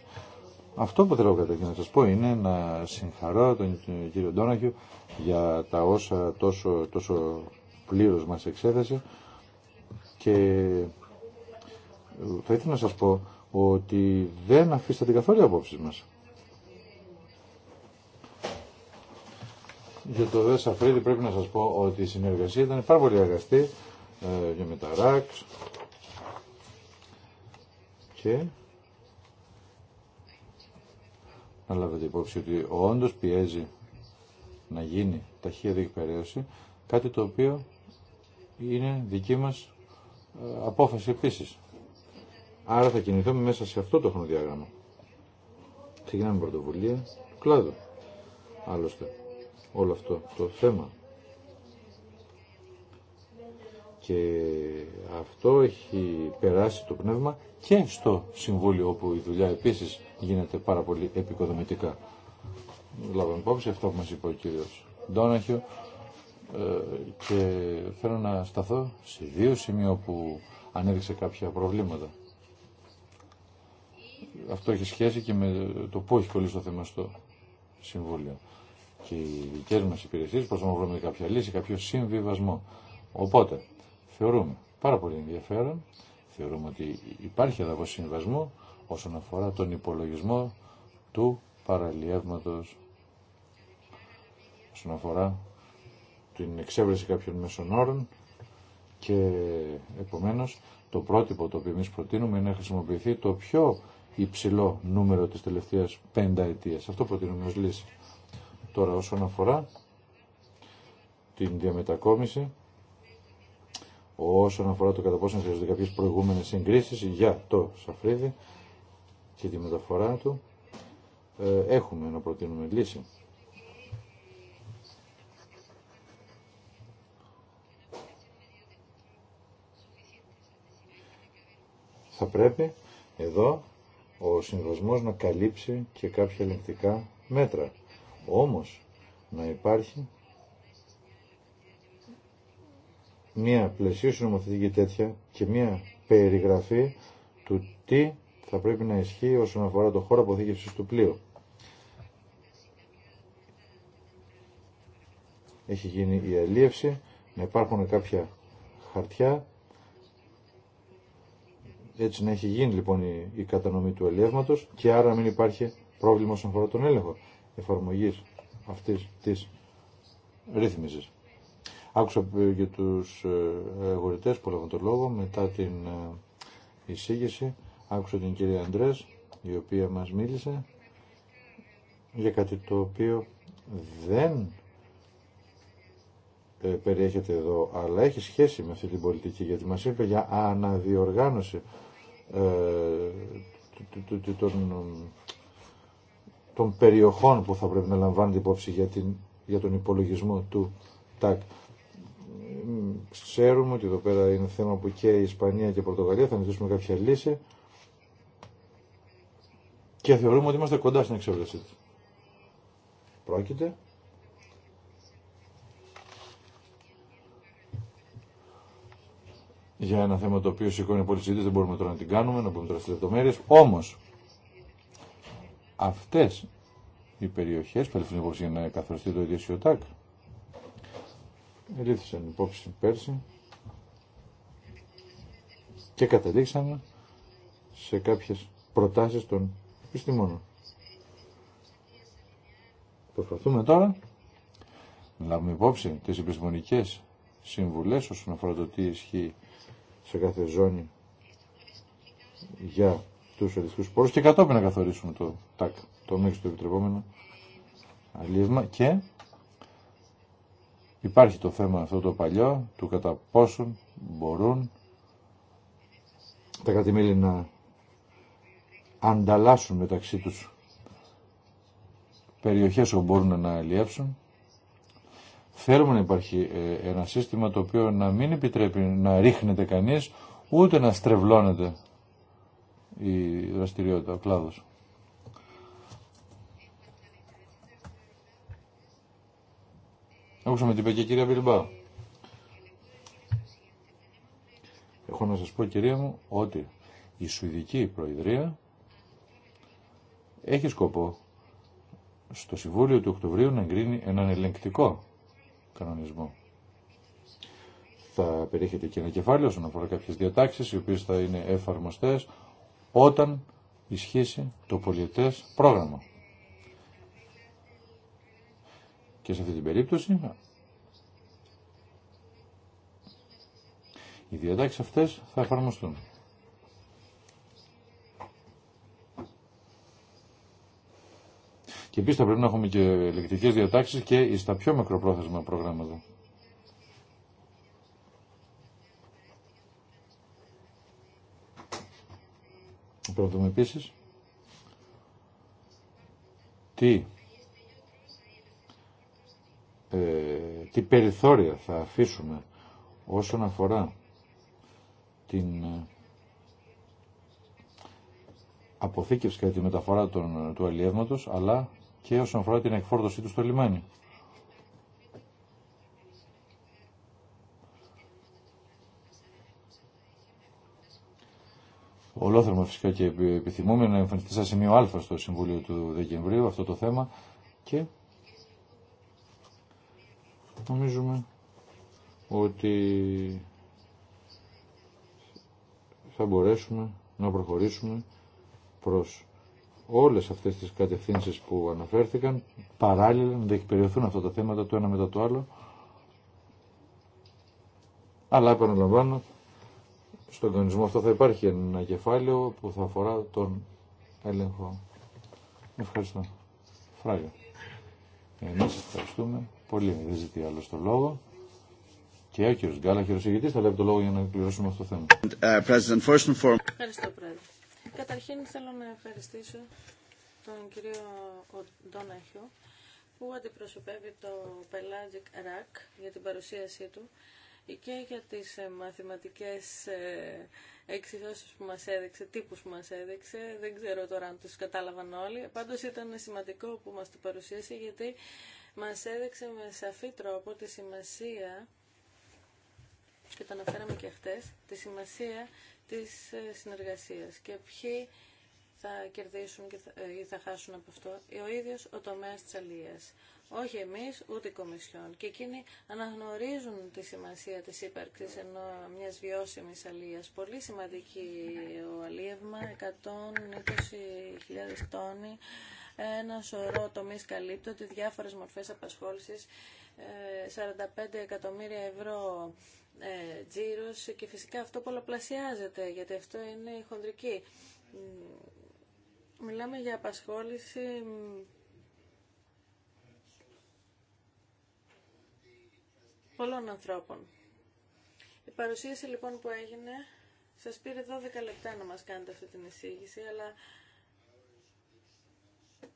Αυτό που θέλω καταρχήν να σας πω είναι να συγχαρώ τον ε, κύριο Ντόναχιο για τα όσα τόσο, τόσο Πλήρω μα εξέθεσε και ε, θα ήθελα να σας πω ότι δεν αφήσατε καθόλου απόψει μα. Για το δε Σαφρίδη πρέπει να σας πω ότι η συνεργασία ήταν πάρα πολύ αγαστή για ε, με τα και να λάβετε υπόψη ότι όντως πιέζει να γίνει ταχεία διεκπαιρέωση κάτι το οποίο είναι δική μας ε, απόφαση επίσης. Άρα θα κινηθούμε μέσα σε αυτό το χρονοδιάγραμμα. Ξεκινάμε πρωτοβουλία του κλάδου. Άλλωστε, όλο αυτό το θέμα. Και αυτό έχει περάσει το πνεύμα και στο Συμβούλιο, όπου η δουλειά επίσης γίνεται πάρα πολύ επικοδομητικά. Λάβαμε υπόψη αυτό που μας είπε ο κύριος Ντόναχιο, ε, και θέλω να σταθώ σε δύο σημεία που ανέδειξε κάποια προβλήματα. Αυτό έχει σχέση και με το πού έχει κολλήσει το θέμα στο Συμβούλιο. Και οι δικέ μα υπηρεσίε προσπαθούν να βρούμε κάποια λύση, κάποιο συμβιβασμό. Οπότε, θεωρούμε πάρα πολύ ενδιαφέρον, θεωρούμε ότι υπάρχει εδώ συμβιβασμό όσον αφορά τον υπολογισμό του παραλιεύματος όσον αφορά την εξέβρεση κάποιων μέσων όρων και επομένως το πρότυπο το οποίο εμείς προτείνουμε είναι να χρησιμοποιηθεί το πιο υψηλό νούμερο της τελευταίας πέντα ετία. Αυτό προτείνουμε ως λύση. Τώρα όσον αφορά την διαμετακόμιση, όσον αφορά το κατά πόσο χρειάζονται κάποιε προηγούμενε συγκρίσει για το σαφρίδι και τη μεταφορά του, ε, έχουμε να προτείνουμε λύση. θα πρέπει εδώ ο συνδυασμός να καλύψει και κάποια ελεγκτικά μέτρα. Όμως να υπάρχει μία πλαισίωση νομοθετική τέτοια και μία περιγραφή του τι θα πρέπει να ισχύει όσον αφορά το χώρο αποθήκευσης του πλοίου. Έχει γίνει η αλίευση, να υπάρχουν κάποια χαρτιά έτσι να έχει γίνει λοιπόν η, κατανομή του ελεύματο και άρα μην υπάρχει πρόβλημα όσον αφορά τον έλεγχο εφαρμογής αυτής της ρύθμισης. Άκουσα ε, για τους ε, αγορητές που έλαβαν τον λόγο μετά την ε, εισήγηση. Άκουσα την κυρία Αντρέ, η οποία μα μίλησε για κάτι το οποίο δεν περιέχεται εδώ αλλά έχει σχέση με αυτή την πολιτική γιατί μας είπε για αναδιοργάνωση ε, των, περιοχών που θα πρέπει να λαμβάνεται υπόψη για, την, για τον υπολογισμό του ΤΑΚ. Ξέρουμε ότι εδώ πέρα είναι θέμα που και η Ισπανία και η Πορτογαλία θα ζητήσουμε κάποια λύση και θεωρούμε ότι είμαστε κοντά στην εξέβρεση της. Πρόκειται για ένα θέμα το οποίο σηκώνει πολύ συζήτηση, δεν μπορούμε τώρα να την κάνουμε, να πούμε τώρα στις λεπτομέρειες. Όμως, αυτές οι περιοχές που έλθουν υπόψη για να καθοριστεί το ίδιο ΤΑΚ, ελήφθησαν υπόψη πέρσι και καταλήξαν σε κάποιες προτάσεις των επιστημόνων. Προσπαθούμε τώρα να λάβουμε υπόψη τις επιστημονικές συμβουλές όσον αφορά το τι ισχύει σε κάθε ζώνη για τους αριθμού πόρους και κατόπιν να καθορίσουμε το τάκ, το μίξ του επιτρεπόμενο αλίευμα και υπάρχει το θέμα αυτό το παλιό του κατά πόσον μπορούν τα κατημέλη να ανταλλάσσουν μεταξύ τους περιοχές όπου μπορούν να αλλιεύσουν Θέλουμε να υπάρχει ε, ένα σύστημα το οποίο να μην επιτρέπει να ρίχνεται κανείς ούτε να στρεβλώνεται η δραστηριότητα, ο κλάδος. Ακούσαμε την είπε και η κυρία Βιλμπά. Έχω να σας πω κυρία μου ότι η Σουηδική Προεδρία έχει σκοπό στο Συμβούλιο του Οκτωβρίου να εγκρίνει έναν ελεγκτικό κανονισμό. Θα περιέχεται και ένα κεφάλαιο όσον αφορά κάποιες διατάξεις οι οποίες θα είναι εφαρμοστές όταν ισχύσει το πολιετές πρόγραμμα. Και σε αυτή την περίπτωση οι διατάξεις αυτές θα εφαρμοστούν. Και επίση θα πρέπει να έχουμε και ελεκτικέ διατάξει και στα πιο μικροπρόθεσμα προγράμματα. Πρέπει να δούμε επίση τι, ε, τι περιθώρια θα αφήσουμε όσον αφορά την ε, αποθήκευση και τη μεταφορά των, του αλλιεύματος, αλλά και όσον αφορά την εκφόρτωσή του στο λιμάνι. Ολόθερμα φυσικά και επιθυμούμε να εμφανιστεί σαν σημείο Α στο Συμβούλιο του Δεκεμβρίου αυτό το θέμα και νομίζουμε ότι θα μπορέσουμε να προχωρήσουμε προς όλες αυτές τις κατευθύνσεις που αναφέρθηκαν παράλληλα να διεκπεριωθούν αυτά τα θέματα το ένα μετά το άλλο αλλά επαναλαμβάνω στον κανονισμό αυτό θα υπάρχει ένα κεφάλαιο που θα αφορά τον έλεγχο ευχαριστώ Φράγιο εμείς ευχαριστούμε πολύ δεν ζητεί άλλο το λόγο και ο κύριος Γκάλα, κύριος ηγητής, θα λέει το λόγο για να κληρώσουμε αυτό το θέμα. Uh, ευχαριστώ, Καταρχήν θέλω να ευχαριστήσω τον κύριο Ντόναχιο που αντιπροσωπεύει το Pelagic Rack για την παρουσίασή του και για τις ε, μαθηματικές ε, εξισώσεις που μας έδειξε, τύπους που μας έδειξε. Δεν ξέρω τώρα αν τους κατάλαβαν όλοι. Πάντως ήταν σημαντικό που μας το παρουσίασε γιατί μας έδειξε με σαφή τρόπο τη σημασία και το αναφέραμε και χτες, τη σημασία της ε, συνεργασίας και ποιοι θα κερδίσουν και θα, ε, ή θα χάσουν από αυτό ο ίδιος ο τομέας της αλίας. Όχι εμείς, ούτε η Κομισιόν. Και εκείνοι αναγνωρίζουν τη σημασία της ύπαρξης ενώ μιας βιώσιμης αλίας. Πολύ σημαντική ο αλίευμα, 120.000 τόνι, ένα σωρό τομείς καλύπτονται, διάφορες μορφές απασχόλησης, 45 ε, εκατομμύρια ευρώ ε, τζίρος και φυσικά αυτό πολλαπλασιάζεται γιατί αυτό είναι η χοντρική. Μιλάμε για απασχόληση πολλών ανθρώπων. Η παρουσίαση λοιπόν που έγινε σας πήρε 12 λεπτά να μας κάνετε αυτή την εισήγηση, αλλά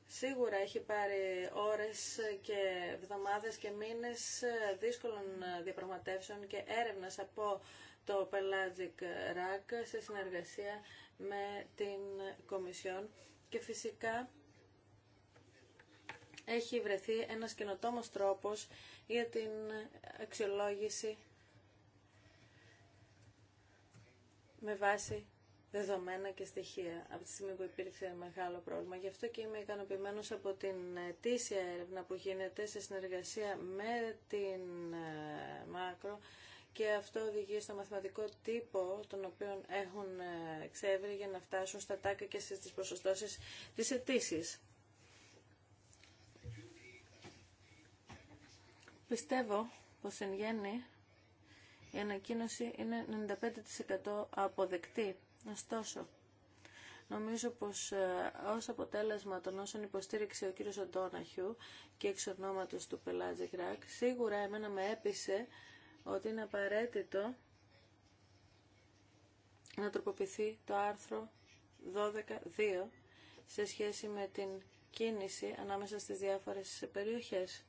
Σίγουρα έχει πάρει ώρες και εβδομάδες και μήνες δύσκολων διαπραγματεύσεων και έρευνας από το Pelagic ράκ σε συνεργασία με την Κομισιόν και φυσικά έχει βρεθεί ένας καινοτόμο τρόπος για την αξιολόγηση με βάση δεδομένα και στοιχεία από τη στιγμή που υπήρξε μεγάλο πρόβλημα. Γι' αυτό και είμαι ικανοποιημένο από την τήσια έρευνα που γίνεται σε συνεργασία με την ε, Μάκρο και αυτό οδηγεί στο μαθηματικό τύπο τον οποίο έχουν ε, ξέβρει για να φτάσουν στα τάκα και στις ποσοστώσεις της αιτήσει. Πιστεύω πως εν γέννη η ανακοίνωση είναι 95% αποδεκτή Ωστόσο, νομίζω πως ε, ως αποτέλεσμα των όσων υποστήριξε ο κύριος Αντώναχιου και εξ ονόματος του Πελάζε Κράκ, σίγουρα εμένα με έπεισε ότι είναι απαραίτητο να τροποποιηθεί το άρθρο 12.2 σε σχέση με την κίνηση ανάμεσα στις διάφορες περιοχές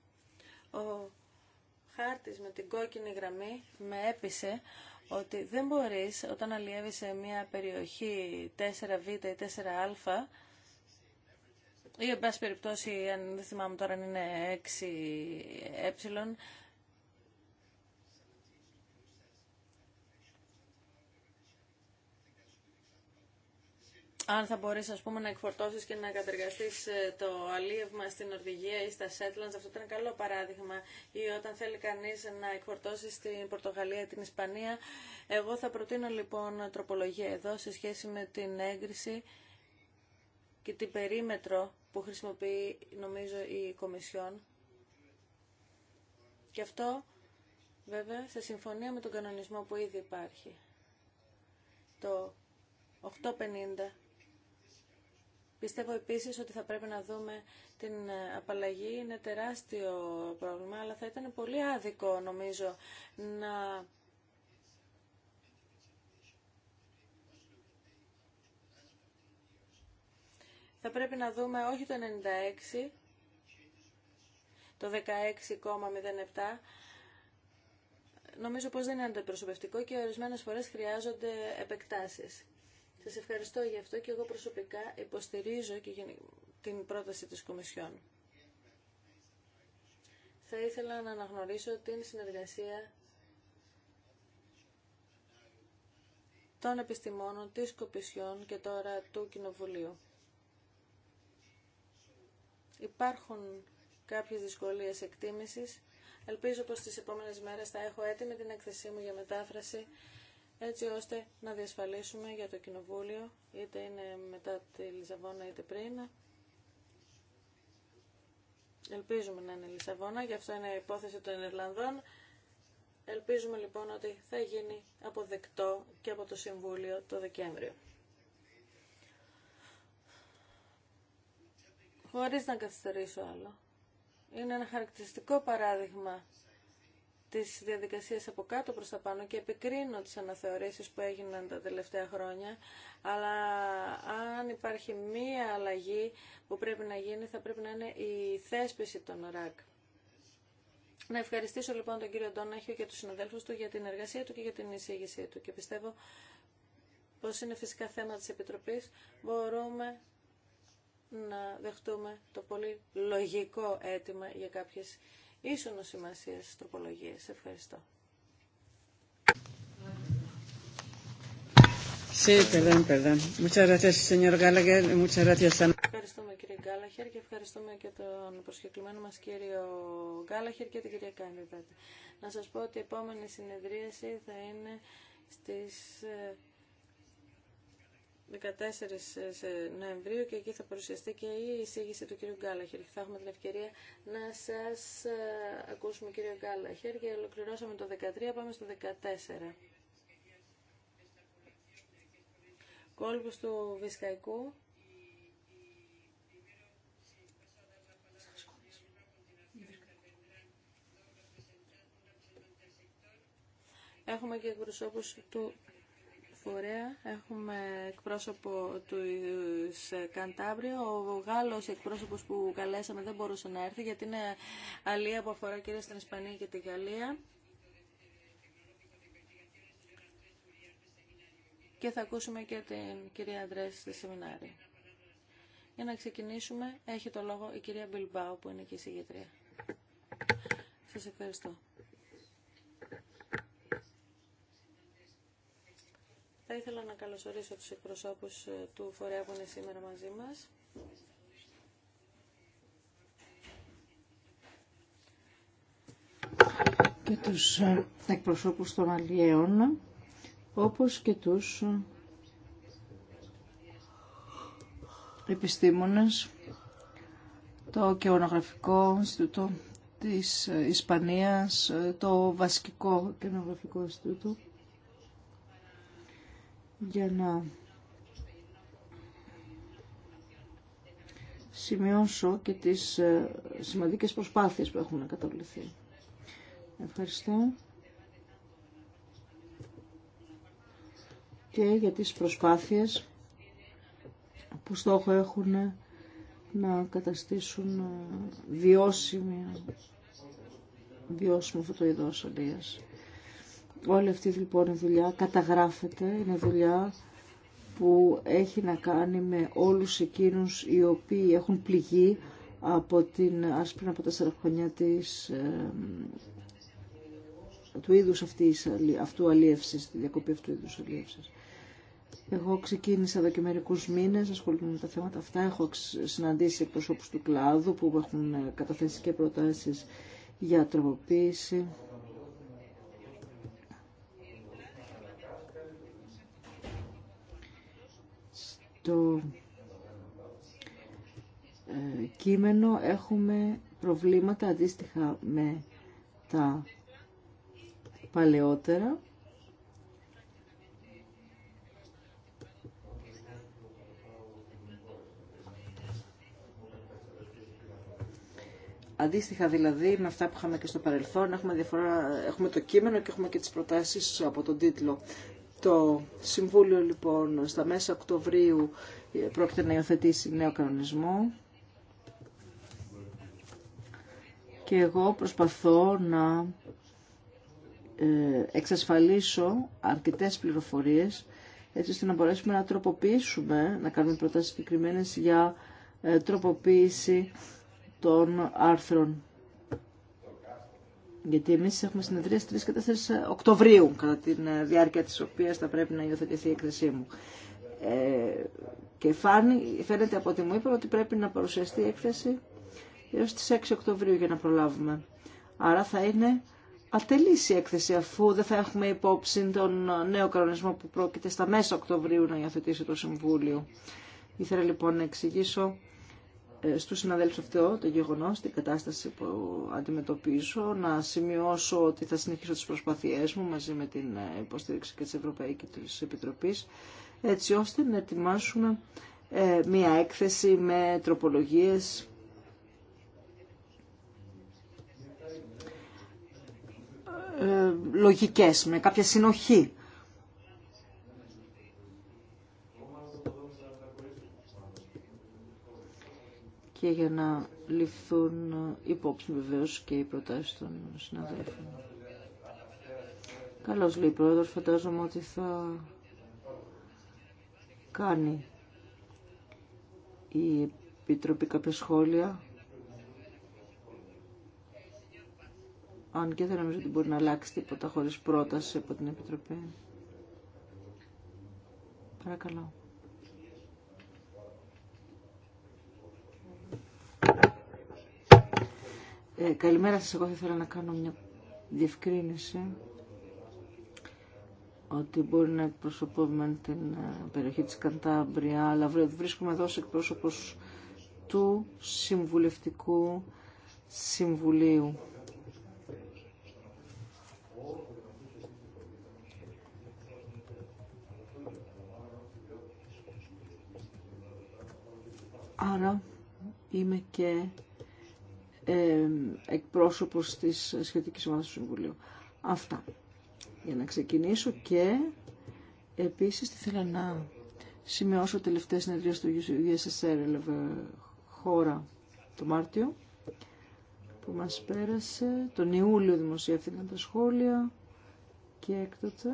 χάρτης με την κόκκινη γραμμή με έπεισε ότι δεν μπορείς όταν αλλιεύεις σε μια περιοχή 4β ή 4α ή εν πάση περιπτώσει αν δεν θυμάμαι τώρα αν είναι 6ε αν θα μπορείς ας πούμε να εκφορτώσει και να κατεργαστείς ε, το αλίευμα στην Νορβηγία ή στα Σέτλαντ, αυτό ήταν καλό παράδειγμα. Ή όταν θέλει κανεί να εκφορτώσει στην Πορτογαλία ή την Ισπανία. Εγώ θα προτείνω λοιπόν τροπολογία εδώ σε σχέση με την έγκριση και την περίμετρο που χρησιμοποιεί νομίζω η Κομισιόν. Και αυτό βέβαια σε συμφωνία με τον κανονισμό που ήδη υπάρχει. Το 850 Πιστεύω επίση ότι θα πρέπει να δούμε την ε, απαλλαγή. Είναι τεράστιο πρόβλημα, αλλά θα ήταν πολύ άδικο νομίζω να θα πρέπει να δούμε όχι το 96, το 16,07, Νομίζω πως δεν είναι αντιπροσωπευτικό και ορισμένες φορές χρειάζονται επεκτάσεις. Σας ευχαριστώ για αυτό και εγώ προσωπικά υποστηρίζω και την πρόταση της Κομισιόν. Θα ήθελα να αναγνωρίσω την συνεργασία των επιστημόνων της Κομισιόν και τώρα του Κοινοβουλίου. Υπάρχουν κάποιες δυσκολίες εκτίμησης. Ελπίζω πως τις επόμενες μέρες θα έχω έτοιμη την έκθεσή μου για μετάφραση έτσι ώστε να διασφαλίσουμε για το Κοινοβούλιο, είτε είναι μετά τη Λισαβόνα είτε πριν, ελπίζουμε να είναι Λισαβόνα, γι' αυτό είναι η υπόθεση των Ιρλανδών, ελπίζουμε λοιπόν ότι θα γίνει αποδεκτό και από το Συμβούλιο το Δεκέμβριο. Χωρίς να καθυστερήσω άλλο. Είναι ένα χαρακτηριστικό παράδειγμα της διαδικασίες από κάτω προς τα πάνω και επικρίνω τις αναθεωρήσεις που έγιναν τα τελευταία χρόνια, αλλά αν υπάρχει μία αλλαγή που πρέπει να γίνει, θα πρέπει να είναι η θέσπιση των ΡΑΚ. Να ευχαριστήσω λοιπόν τον κύριο Ντόναχιο και του συναδέλφους του για την εργασία του και για την εισήγησή του και πιστεύω πως είναι φυσικά θέμα της Επιτροπής, μπορούμε να δεχτούμε το πολύ λογικό αίτημα για κάποιες ίσονο σημασία στι τροπολογίες. Ευχαριστώ. Ευχαριστούμε κύριε Γκάλαχερ και ευχαριστούμε και τον προσκεκλημένο μας κύριο Γκάλαχερ και την κυρία Κάνιβατ. Να σας πω ότι η επόμενη συνεδρίαση θα είναι στις ε, 14 ε, Νοεμβρίου και εκεί θα παρουσιαστεί και η εισήγηση του κύριου Γκάλαχερ. Θα έχουμε την ευκαιρία να σας ε, ακούσουμε κύριο Γκάλαχερ και ολοκληρώσαμε το 13, πάμε στο 14. Κόλπος του Βυσκαϊκού. Έχουμε και εκπροσώπους του Ωραία. Έχουμε εκπρόσωπο του Καντάβριο. Ο Γάλλος εκπρόσωπος που καλέσαμε δεν μπορούσε να έρθει γιατί είναι αλία που αφορά κυρίως στην Ισπανία και τη Γαλλία. Και θα ακούσουμε και την κυρία Αντρέση στη σεμινάρια. Για να ξεκινήσουμε, έχει το λόγο η κυρία Μπιλμπάου που είναι και η συγγετρία. Σας ευχαριστώ. Θα ήθελα να καλωσορίσω τους εκπροσώπους ε, του φορέα που είναι σήμερα μαζί μας. και τους ε, εκπροσώπους των αλλιέων, όπως και τους ε, επιστήμονες, το Κεωνογραφικό Ινστιτούτο της Ισπανίας, το Βασικό Κεωνογραφικό Ινστιτούτο για να σημειώσω και τις ε, σημαντικές προσπάθειες που έχουν καταβληθεί. Ευχαριστώ. Και για τις προσπάθειες που στόχο έχουν να καταστήσουν ε, βιώσιμη, βιώσιμο αυτό το Όλη αυτή λοιπόν η δουλειά καταγράφεται, είναι δουλειά που έχει να κάνει με όλους εκείνους οι οποίοι έχουν πληγεί από την άσπρη από τέσσερα χρονιά της, του είδους αυτής, αυτού αλίευσης, τη διακοπή αυτού είδους αλίευσης. Εγώ ξεκίνησα εδώ και μερικού μήνε, ασχολούμαι με τα θέματα αυτά. Έχω συναντήσει εκπροσώπους του κλάδου που έχουν καταθέσει και προτάσεις για τροποποίηση. το ε, κείμενο έχουμε προβλήματα αντίστοιχα με τα παλαιότερα. Αντίστοιχα δηλαδή με αυτά που είχαμε και στο παρελθόν, έχουμε, διαφορά, έχουμε το κείμενο και έχουμε και τις προτάσεις από τον τίτλο. Το Συμβούλιο λοιπόν στα μέσα Οκτωβρίου ε, πρόκειται να υιοθετήσει νέο κανονισμό και εγώ προσπαθώ να ε, εξασφαλίσω αρκετές πληροφορίες έτσι ώστε να μπορέσουμε να τροποποιήσουμε, να κάνουμε προτάσεις συγκεκριμένε για ε, τροποποίηση των άρθρων γιατί εμεί έχουμε συνεδρία 3 και 4 ε, Οκτωβρίου, κατά τη ε, διάρκεια τη οποία θα πρέπει να υιοθετηθεί η έκθεσή μου. Ε, και φάνη, φαίνεται από ό,τι μου είπα ότι πρέπει να παρουσιαστεί η έκθεση έω τι 6 Οκτωβρίου για να προλάβουμε. Άρα θα είναι ατελής η έκθεση αφού δεν θα έχουμε υπόψη τον νέο κανονισμό που πρόκειται στα μέσα Οκτωβρίου να υιοθετήσει το Συμβούλιο. Ήθελα λοιπόν να εξηγήσω ε, στους συναδέλφους αυτό το γεγονός, την κατάσταση που αντιμετωπίζω, να σημειώσω ότι θα συνεχίσω τις προσπαθίες μου μαζί με την ε, υποστήριξη και της Ευρωπαϊκής Επιτροπής, έτσι ώστε να ετοιμάσουμε ε, μία έκθεση με τροπολογίες λογικές, με κάποια συνοχή για να ληφθούν υπόψη βεβαίως και οι προτάσεις των συναδέλφων. Καλώς λέει η πρόεδρος, φαντάζομαι ότι θα κάνει η Επιτροπή κάποια σχόλια. Αν και δεν νομίζω ότι μπορεί να αλλάξει τίποτα χωρίς πρόταση από την Επιτροπή. Παρακαλώ. Ε, καλημέρα σας. Εγώ θα ήθελα να κάνω μια διευκρίνηση ότι μπορεί να εκπροσωπούμε την ε, περιοχή της Καντάμπρια, αλλά βρίσκομαι εδώ ως εκπρόσωπος του Συμβουλευτικού Συμβουλίου. Άρα είμαι και εκπρόσωπος της σχετικής ομάδας του Συμβουλίου. Αυτά. Για να ξεκινήσω και επίσης θέλω να σημειώσω τελευταία συνεδρία στο USSR χώρα το Μάρτιο που μας πέρασε. Τον Ιούλιο δημοσιεύθηκαν τα σχόλια και έκτοτε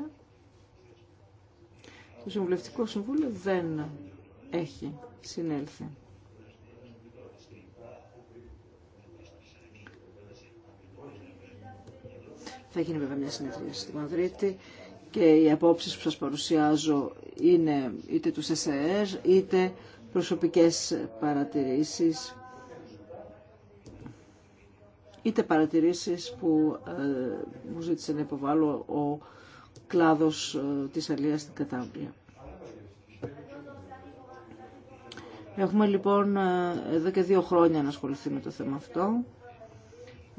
το Συμβουλευτικό Συμβούλιο δεν έχει συνέλθει. Θα γίνει βέβαια μια συνεδρία στη Μαδρίτη και οι απόψει που σας παρουσιάζω είναι είτε του ΣΕΣΕΡ είτε προσωπικές παρατηρήσεις είτε παρατηρήσεις που ε, μου ζήτησε να υποβάλω ο κλάδος ε, της Αλίας στην Κατάμπλια. Έχουμε λοιπόν ε, εδώ και δύο χρόνια να ασχοληθεί με το θέμα αυτό.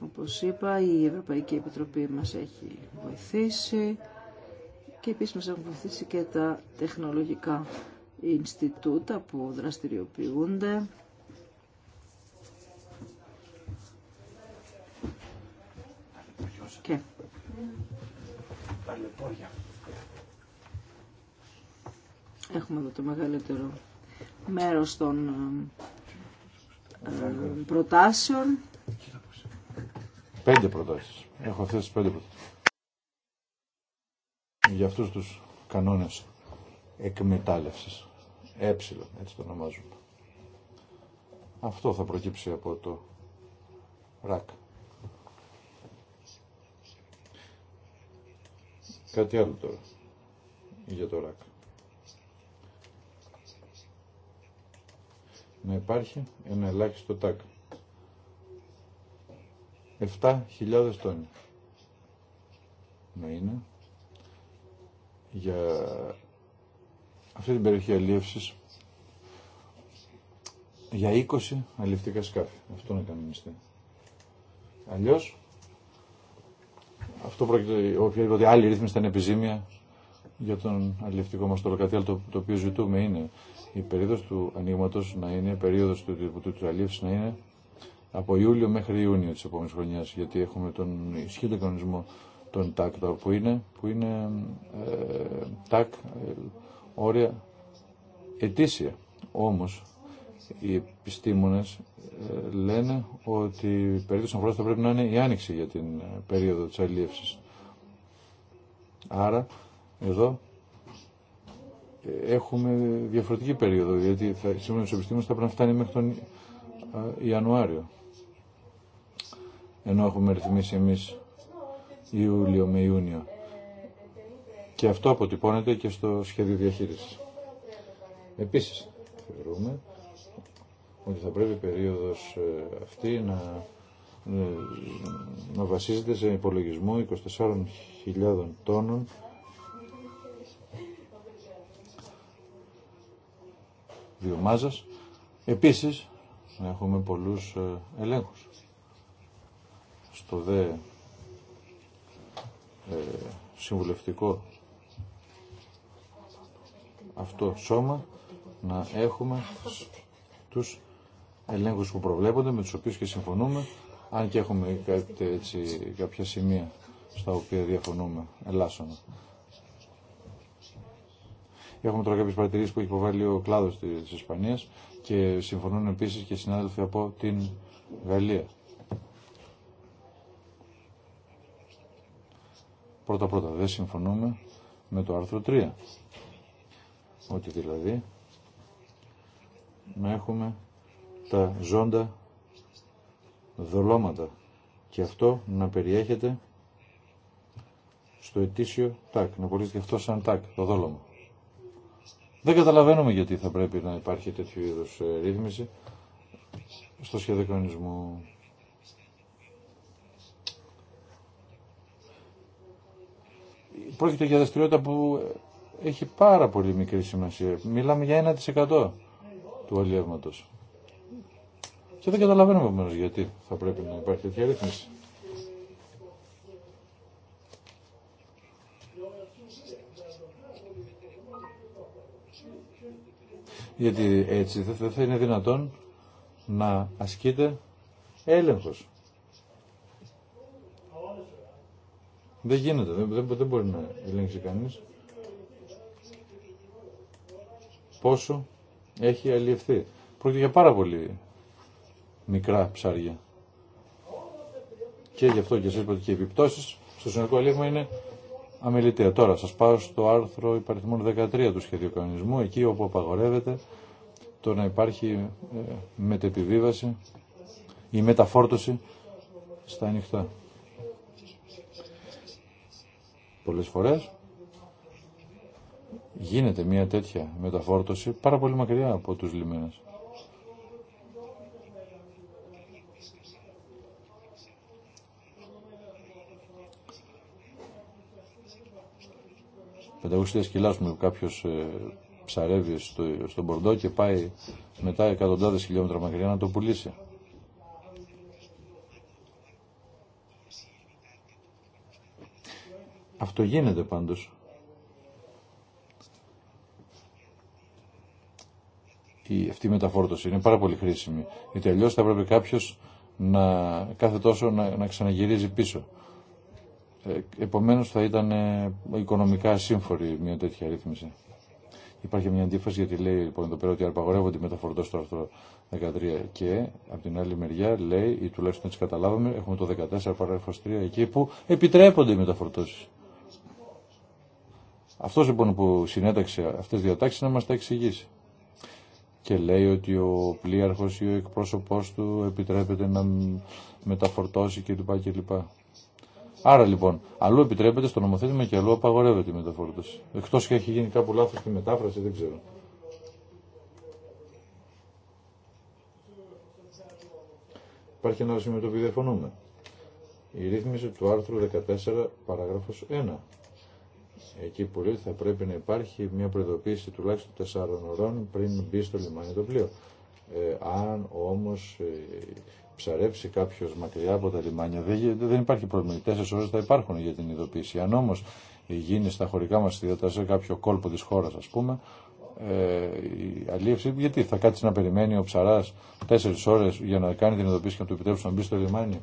Όπως είπα, η Ευρωπαϊκή Επιτροπή μας έχει βοηθήσει και επίσης μας έχουν βοηθήσει και τα τεχνολογικά Ινστιτούτα που δραστηριοποιούνται. Και... Έχουμε εδώ το μεγαλύτερο μέρος των ε, προτάσεων Πέντε προτάσεις. Έχω αυτές τις πέντε προτάσεις. Για αυτούς τους κανόνες εκμετάλλευσης. Έψιλον, ε, έτσι το ονομάζουμε. Αυτό θα προκύψει από το ρακ. Κάτι άλλο τώρα για το ρακ. Να υπάρχει ένα ελάχιστο τάκ. 7.000 τόνοι. Να είναι για αυτή την περιοχή αλίευσης για 20 αλλιευτικά σκάφη. Αυτό να κανονιστεί. Αλλιώς αυτό πρόκειται, οποιαδήποτε άλλη ρύθμιση είναι επιζήμια για τον αλληλευτικό μας τόλο. Κάτι άλλο το, το οποίο ζητούμε είναι η περίοδος του ανοίγματο να είναι, η περίοδος του, του, του, να είναι από Ιούλιο μέχρι Ιούνιο της επόμενης χρονιά γιατί έχουμε τον ισχύοντα κανονισμό των ΤΑΚ, που είναι, που είναι ε, ΤΑΚ, ε, όρια ετήσια. Όμως, οι επιστήμονες ε, λένε ότι η περίπτωση αγοράς θα πρέπει να είναι η άνοιξη για την ε, περίοδο της αλλιεύσης. Άρα, εδώ έχουμε διαφορετική περίοδο, γιατί θα, σήμερα τους επιστήμονες θα πρέπει να φτάνει μέχρι τον Ιανουάριο ενώ έχουμε ρυθμίσει εμείς Ιούλιο με Ιούνιο. Και αυτό αποτυπώνεται και στο σχέδιο διαχείρισης. Επίσης, θεωρούμε ότι θα πρέπει η περίοδος ε, αυτή να, ε, να βασίζεται σε υπολογισμό 24.000 τόνων βιομάζας. Επίσης, έχουμε πολλούς ε, ελέγχους στο δε ε, συμβουλευτικό αυτό σώμα να έχουμε τους ελέγχους που προβλέπονται, με τους οποίους και συμφωνούμε, αν και έχουμε κάποια σημεία στα οποία διαφωνούμε ελάσσονα. Έχουμε τώρα κάποιες παρατηρήσεις που έχει υποβάλει ο κλάδος της Ισπανίας και συμφωνούν επίσης και συνάδελφοι από την Γαλλία. Πρώτα-πρώτα δεν συμφωνούμε με το άρθρο 3. Ότι δηλαδή να έχουμε τα ζώντα δολώματα και αυτό να περιέχεται στο ετήσιο τάκ, να και αυτό σαν τάκ, το δόλωμα. Δεν καταλαβαίνουμε γιατί θα πρέπει να υπάρχει τέτοιου είδους ε, ρύθμιση στο σχέδιο πρόκειται για δραστηριότητα που έχει πάρα πολύ μικρή σημασία. Μιλάμε για 1% του αλλιεύματο. Και δεν καταλαβαίνουμε επομένω γιατί θα πρέπει να υπάρχει τέτοια ρύθμιση. Γιατί έτσι δεν θα είναι δυνατόν να ασκείται έλεγχος Δεν γίνεται, δεν, δεν, δεν μπορεί να ελέγξει κανείς πόσο έχει αλλιευθεί. Πρόκειται για πάρα πολύ μικρά ψάρια. Και γι' αυτό και εσείς ότι και οι επιπτώσεις στο συνολικό αλλιεύμα είναι αμεληταία. Τώρα σας πάω στο άρθρο υπαριθμών 13 του σχεδίου κανονισμού, εκεί όπου απαγορεύεται το να υπάρχει ε, μετεπιβίβαση ή μεταφόρτωση στα ανοιχτά πολλές φορές γίνεται μια τέτοια μεταφόρτωση πάρα πολύ μακριά από τους λιμένες. Πενταγουσίες κιλά που κάποιος ε, ψαρεύει στο, στον Πορντό και πάει μετά εκατοντάδες χιλιόμετρα μακριά να το πουλήσει. Αυτό γίνεται πάντως. Η, αυτή η μεταφόρτωση είναι πάρα πολύ χρήσιμη. Γιατί αλλιώ θα έπρεπε κάποιο να κάθε τόσο να, να ξαναγυρίζει πίσω. Ε, Επομένω θα ήταν ε, οικονομικά σύμφορη μια τέτοια ρύθμιση. Υπάρχει μια αντίφαση γιατί λέει λοιπόν εδώ πέρα ότι αρπαγορεύονται οι μεταφορτώσει στο άρθρο 13 και από την άλλη μεριά λέει, ή τουλάχιστον έτσι καταλάβαμε, έχουμε το 14 παράγραφο 3 εκεί που επιτρέπονται οι μεταφορτώσει. Αυτό λοιπόν που συνέταξε αυτέ τι διατάξει να μα τα εξηγήσει. Και λέει ότι ο πλοίαρχο ή ο εκπρόσωπό του επιτρέπεται να μεταφορτώσει κλπ. κλπ. Άρα λοιπόν, αλλού επιτρέπεται στο νομοθέτημα και αλλού απαγορεύεται η μεταφόρτωση. εκτο και έχει γίνει κάπου λάθο τη μετάφραση, δεν ξέρω. Υπάρχει ένα σημείο το οποίο διαφωνούμε. Η ρύθμιση του άρθρου 14 παράγραφος 1 Εκεί που λέει θα πρέπει να υπάρχει μια προειδοποίηση τουλάχιστον 4 ώρων πριν μπει στο λιμάνι το πλοίο. Ε, αν όμως ε, ψαρέψει κάποιος μακριά από τα λιμάνια, δεν, δεν υπάρχει πρόβλημα. Οι τέσσερις ώρες θα υπάρχουν για την ειδοποίηση. Αν όμως ε, γίνει στα χωρικά μας ιδιότητα σε κάποιο κόλπο της χώρας ας πούμε, ε, η αλίευση, γιατί θα κάτσει να περιμένει ο ψαράς τέσσερις ώρες για να κάνει την ειδοποίηση και να του επιτρέψουν να μπει στο λιμάνι.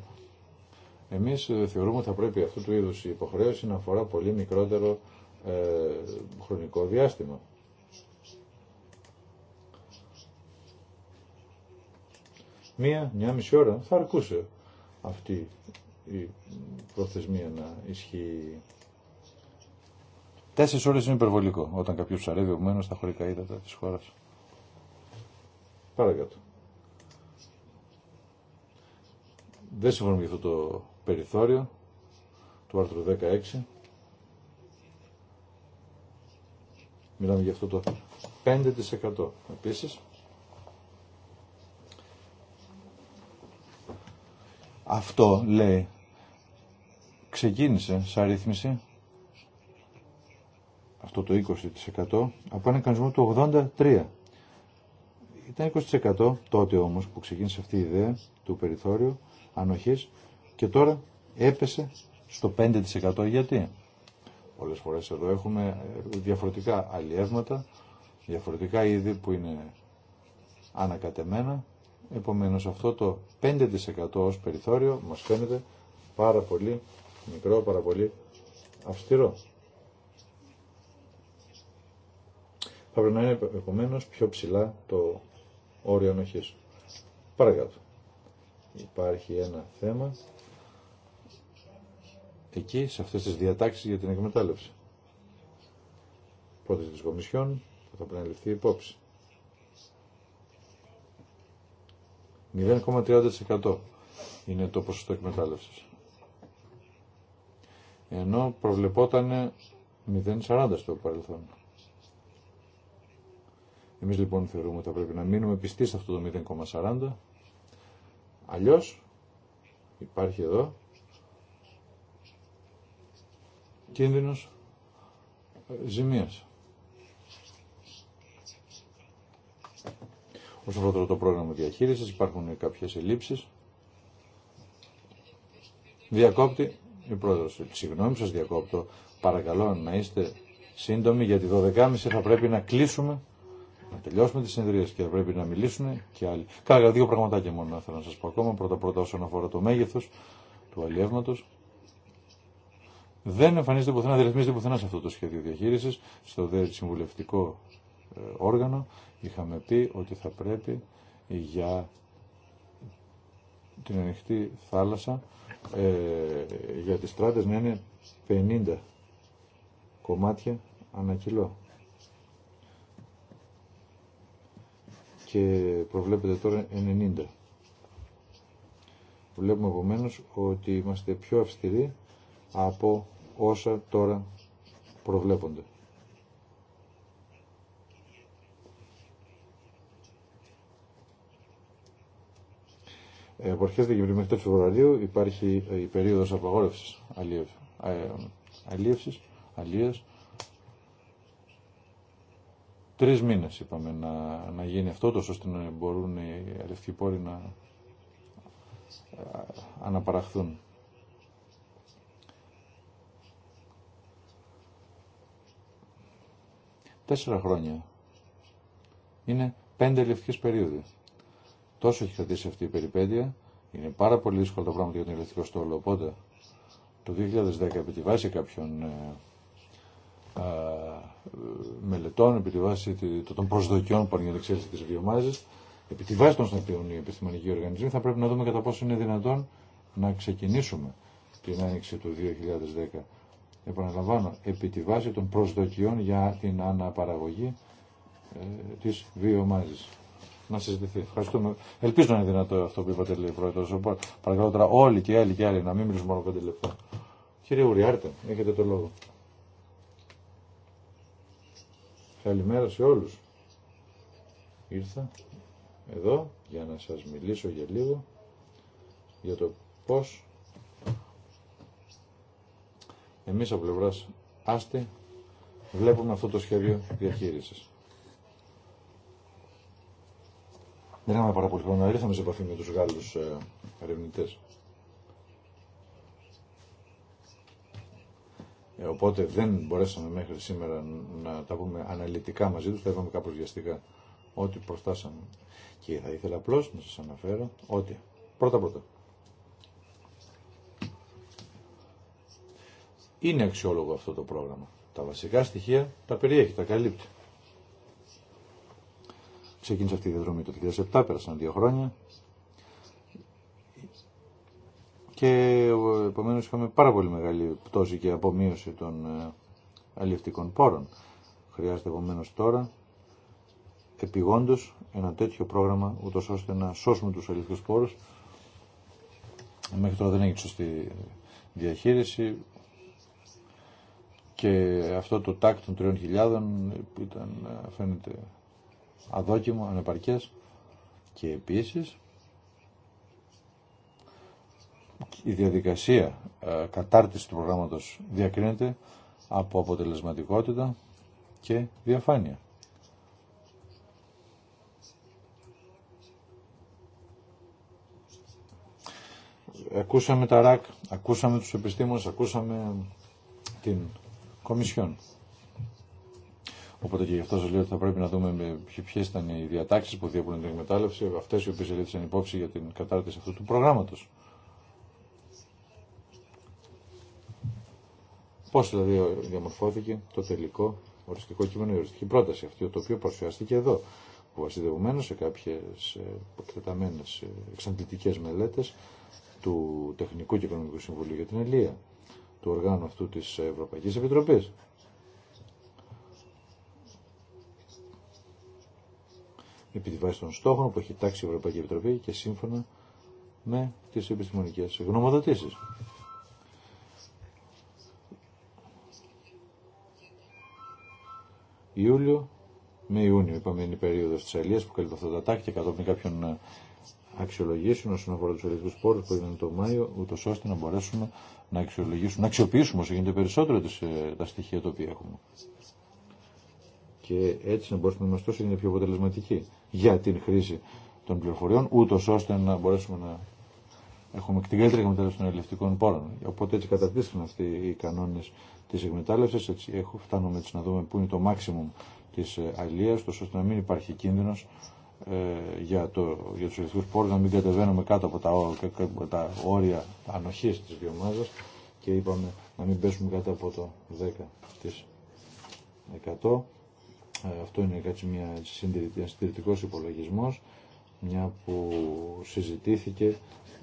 Εμείς ε, θεωρούμε ότι θα πρέπει αυτού του είδους η υποχρέωση να αφορά πολύ μικρότερο ε, χρονικό διάστημα. Μία, μία μισή ώρα θα αρκούσε αυτή η προθεσμία να ισχύει. Τέσσερι ώρες είναι υπερβολικό όταν κάποιος ψαρεύει ομένω στα χωρικά ύδατα της χώρα. Παρακάτω. Δεν συμφωνούμε για αυτό το περιθώριο του άρθρου 16. Μιλάμε για αυτό το 5% επίσης. Αυτό λέει ξεκίνησε σαν ρύθμιση αυτό το 20% από έναν κανονισμό του 83%. Ήταν 20% τότε όμως που ξεκίνησε αυτή η ιδέα του περιθώριου ανοχής και τώρα έπεσε στο 5% γιατί. Πολλές φορές εδώ έχουμε διαφορετικά αλλιεύματα, διαφορετικά είδη που είναι ανακατεμένα, επομένως αυτό το 5% ως περιθώριο μας φαίνεται πάρα πολύ μικρό, πάρα πολύ αυστηρό. Θα πρέπει να είναι επομένω πιο ψηλά το όριο ανοχής. Παρακάτω. Υπάρχει ένα θέμα εκεί σε αυτές τις διατάξεις για την εκμετάλλευση. Πρώτη της Κομισιόν που θα πρέπει να ληφθεί υπόψη. 0,30% είναι το ποσοστό εκμετάλλευσης. Ενώ προβλεπόταν 0,40% στο παρελθόν. Εμείς λοιπόν θεωρούμε ότι θα πρέπει να μείνουμε πιστοί σε αυτό το 0,40. Αλλιώς υπάρχει εδώ κίνδυνος ε, ζημίας. Όσο αφορά το πρόγραμμα διαχείρισης υπάρχουν κάποιες ελλείψεις. Διακόπτη η πρόεδρος. Συγγνώμη σας διακόπτω. Παρακαλώ να είστε σύντομοι γιατί 12.30 θα πρέπει να κλείσουμε. Να τελειώσουμε τι συνεδρίε και θα πρέπει να μιλήσουν και άλλοι. Κάρα δύο πραγματάκια μόνο θέλω να σα πω ακόμα. Πρώτα-πρώτα όσον αφορά το μέγεθο του αλλιεύματο δεν εμφανίζεται πουθενά, δεν ρυθμίζεται πουθενά σε αυτό το σχέδιο διαχείριση. Στο δε συμβουλευτικό ε, όργανο είχαμε πει ότι θα πρέπει για την ανοιχτή θάλασσα ε, για τις στράτες να είναι 50 κομμάτια ανά κιλό. Και προβλέπεται τώρα 90. Βλέπουμε επομένω ότι είμαστε πιο αυστηροί από όσα τώρα προβλέπονται. Ε, από αρχές Δεκεμβρίου μέχρι Φεβρουαρίου υπάρχει ε, η περίοδος απαγόρευσης αλίευσης, ε, αλίας. Τρεις μήνες είπαμε να, να γίνει αυτό, τόσο ώστε να μπορούν οι αλευτικοί πόροι να αναπαραχθούν. τέσσερα χρόνια. Είναι πέντε ελευθερικέ περίοδοι. Τόσο έχει κρατήσει αυτή η περιπέτεια. Είναι πάρα πολύ δύσκολο το πράγμα για τον ηλεκτρικό στόλο. Οπότε το 2010 επί τη βάση κάποιων ε, α, μελετών, επί τη βάση των προσδοκιών που ανοίγουν εξέλιξη της βιομάζης, επί τη βάση των οποίων οι επιστημονικοί οργανισμοί θα πρέπει να δούμε κατά πόσο είναι δυνατόν να ξεκινήσουμε την άνοιξη του 2010 επαναλαμβάνω, επί τη βάση των προσδοκιών για την αναπαραγωγή ε, της βιομάζης. Να συζητηθεί. Ευχαριστούμε. Ελπίζω να είναι δυνατό αυτό που είπατε, λέει πρόεδρος. Παρακαλώ τώρα όλοι και άλλοι και άλλοι να μην μιλήσουμε μόνο πέντε λεπτά. Κύριε Ουριάρτε, έχετε το λόγο. Καλημέρα σε όλους. Ήρθα εδώ για να σας μιλήσω για λίγο για το πώς εμείς από πλευράς άστε βλέπουμε αυτό το σχέδιο διαχείρισης. Δεν είχαμε πάρα πολύ χρόνο, ήρθαμε σε επαφή με τους Γάλλους ε, ερευνητέ. Ε, οπότε δεν μπορέσαμε μέχρι σήμερα να τα πούμε αναλυτικά μαζί τους, Θα είπαμε κάπως βιαστικά ό,τι προστάσαμε. Και θα ήθελα απλώ να σας αναφέρω ότι πρώτα πρώτα Είναι αξιόλογο αυτό το πρόγραμμα. Τα βασικά στοιχεία τα περιέχει, τα καλύπτει. Ξεκίνησε αυτή η διαδρομή το 2007, πέρασαν δύο χρόνια και ε, επομένω είχαμε πάρα πολύ μεγάλη πτώση και απομείωση των ε, αλληλευτικών πόρων. Χρειάζεται επομένω τώρα επιγόντω ένα τέτοιο πρόγραμμα, ούτω ώστε να σώσουμε του αλληλευτικού πόρου. Μέχρι τώρα δεν έχει σωστή διαχείριση και αυτό το τάκ των 3.000 που ήταν ε, φαίνεται αδόκιμο, ανεπαρκές και επίσης η διαδικασία ε, κατάρτισης του προγράμματος διακρίνεται από αποτελεσματικότητα και διαφάνεια. Ακούσαμε τα ΡΑΚ, ακούσαμε τους επιστήμονες, ακούσαμε την Κομισιόν. Οπότε και γι' αυτό σα λέω ότι θα πρέπει να δούμε ποιε ήταν οι διατάξει που διέπουν την εκμετάλλευση, αυτέ οι οποίε ελήφθησαν υπόψη για την κατάρτιση αυτού του προγράμματο. Πώ δηλαδή διαμορφώθηκε το τελικό οριστικό κείμενο, η οριστική πρόταση αυτή, το οποίο παρουσιάστηκε εδώ, που βασιδευμένο σε κάποιε εκτεταμένε εξαντλητικέ μελέτε του Τεχνικού και Οικονομικού Συμβουλίου για την Ελία του οργάνου αυτού της Ευρωπαϊκής Επιτροπής. Επί τη βάση των στόχων που έχει τάξει η Ευρωπαϊκή Επιτροπή και σύμφωνα με τις επιστημονικές γνωμοδοτήσεις. Ιούλιο με Ιούνιο είπαμε είναι η περίοδος της Αλίας που καλύπτει αυτά τα και κατόπιν κάποιων ε, αξιολογήσουν όσον αφορά του ελληνικού πόρου που έγιναν το Μάιο, ούτω ώστε να μπορέσουμε να αξιολογήσουμε, να αξιοποιήσουμε όσο γίνεται περισσότερο ε, τα στοιχεία τα οποία έχουμε. Και έτσι να μπορέσουμε να είμαστε όσο γίνεται πιο αποτελεσματικοί για την χρήση των πληροφοριών, ούτω ώστε να μπορέσουμε να έχουμε την καλύτερη εκμετάλλευση των ελληνικών πόρων. Οπότε έτσι καταρτίστηκαν αυτοί οι κανόνε τη εκμετάλλευση. Έτσι έχω, φτάνουμε έτσι να δούμε πού είναι το maximum τη αλεία, ώστε να μην υπάρχει κίνδυνο ε, για, το, για τους ελληνικούς πόρους, να μην κατεβαίνουμε κάτω από τα, τα όρια ανοχής της βιομάζας και είπαμε να μην πέσουμε κάτω από το 10%. Ε, αυτό είναι κάτι μια συντηρητικός υπολογισμός, μια που συζητήθηκε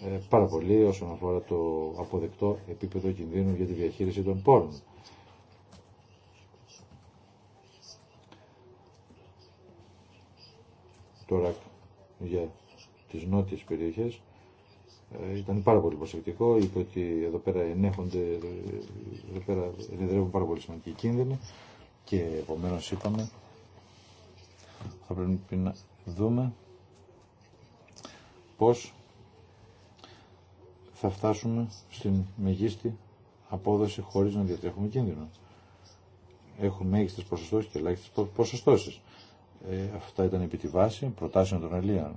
ε, πάρα πολύ όσον αφορά το αποδεκτό επίπεδο κινδύνου για τη διαχείριση των πόρων. τώρα για τις νότιες περιοχές ε, ήταν πάρα πολύ προσεκτικό, είπε ότι εδώ πέρα ενέχονται, εδώ πέρα ενεδρεύουν πάρα πολύ σημαντικοί κίνδυνοι και επομένω είπαμε θα πρέπει να δούμε πώς θα φτάσουμε στην μεγίστη απόδοση χωρίς να διατρέχουμε κίνδυνο. Έχουν μέγιστες ποσοστώσεις και ελάχιστες ποσοστώσεις. Ε, αυτά ήταν επί τη βάση προτάσεων των Ελλήνων.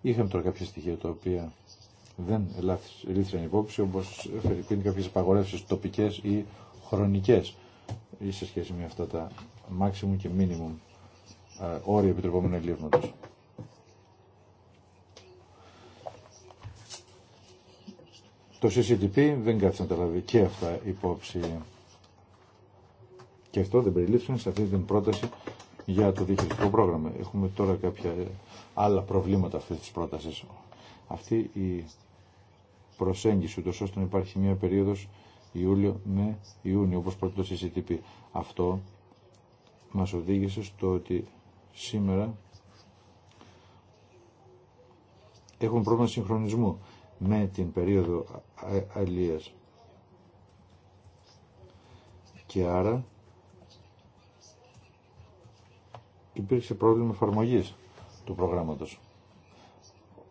Είχαμε τώρα κάποια στοιχεία τα οποία δεν ελήφθησαν υπόψη, όπως υπήρχαν κάποιε απαγορεύσεις τοπικές ή χρονικές σε σχέση με αυτά τα maximum και minimum ε, όρια επιτρεπόμενου ελλείμματο. Το CCTP δεν κάθισε να τα λάβει και αυτά υπόψη. Και αυτό δεν περιλήφθηκε σε αυτή την πρόταση για το διοικητικό πρόγραμμα. Έχουμε τώρα κάποια άλλα προβλήματα αυτή της πρότασης. Αυτή η προσέγγιση, ούτω ώστε να υπάρχει μια περίοδος Ιούλιο με Ιούνιο, όπω πρώτο το CCTP. Αυτό μα οδήγησε στο ότι σήμερα έχουμε πρόβλημα συγχρονισμού με την περίοδο αλίας. Και άρα υπήρξε πρόβλημα εφαρμογή του προγράμματος.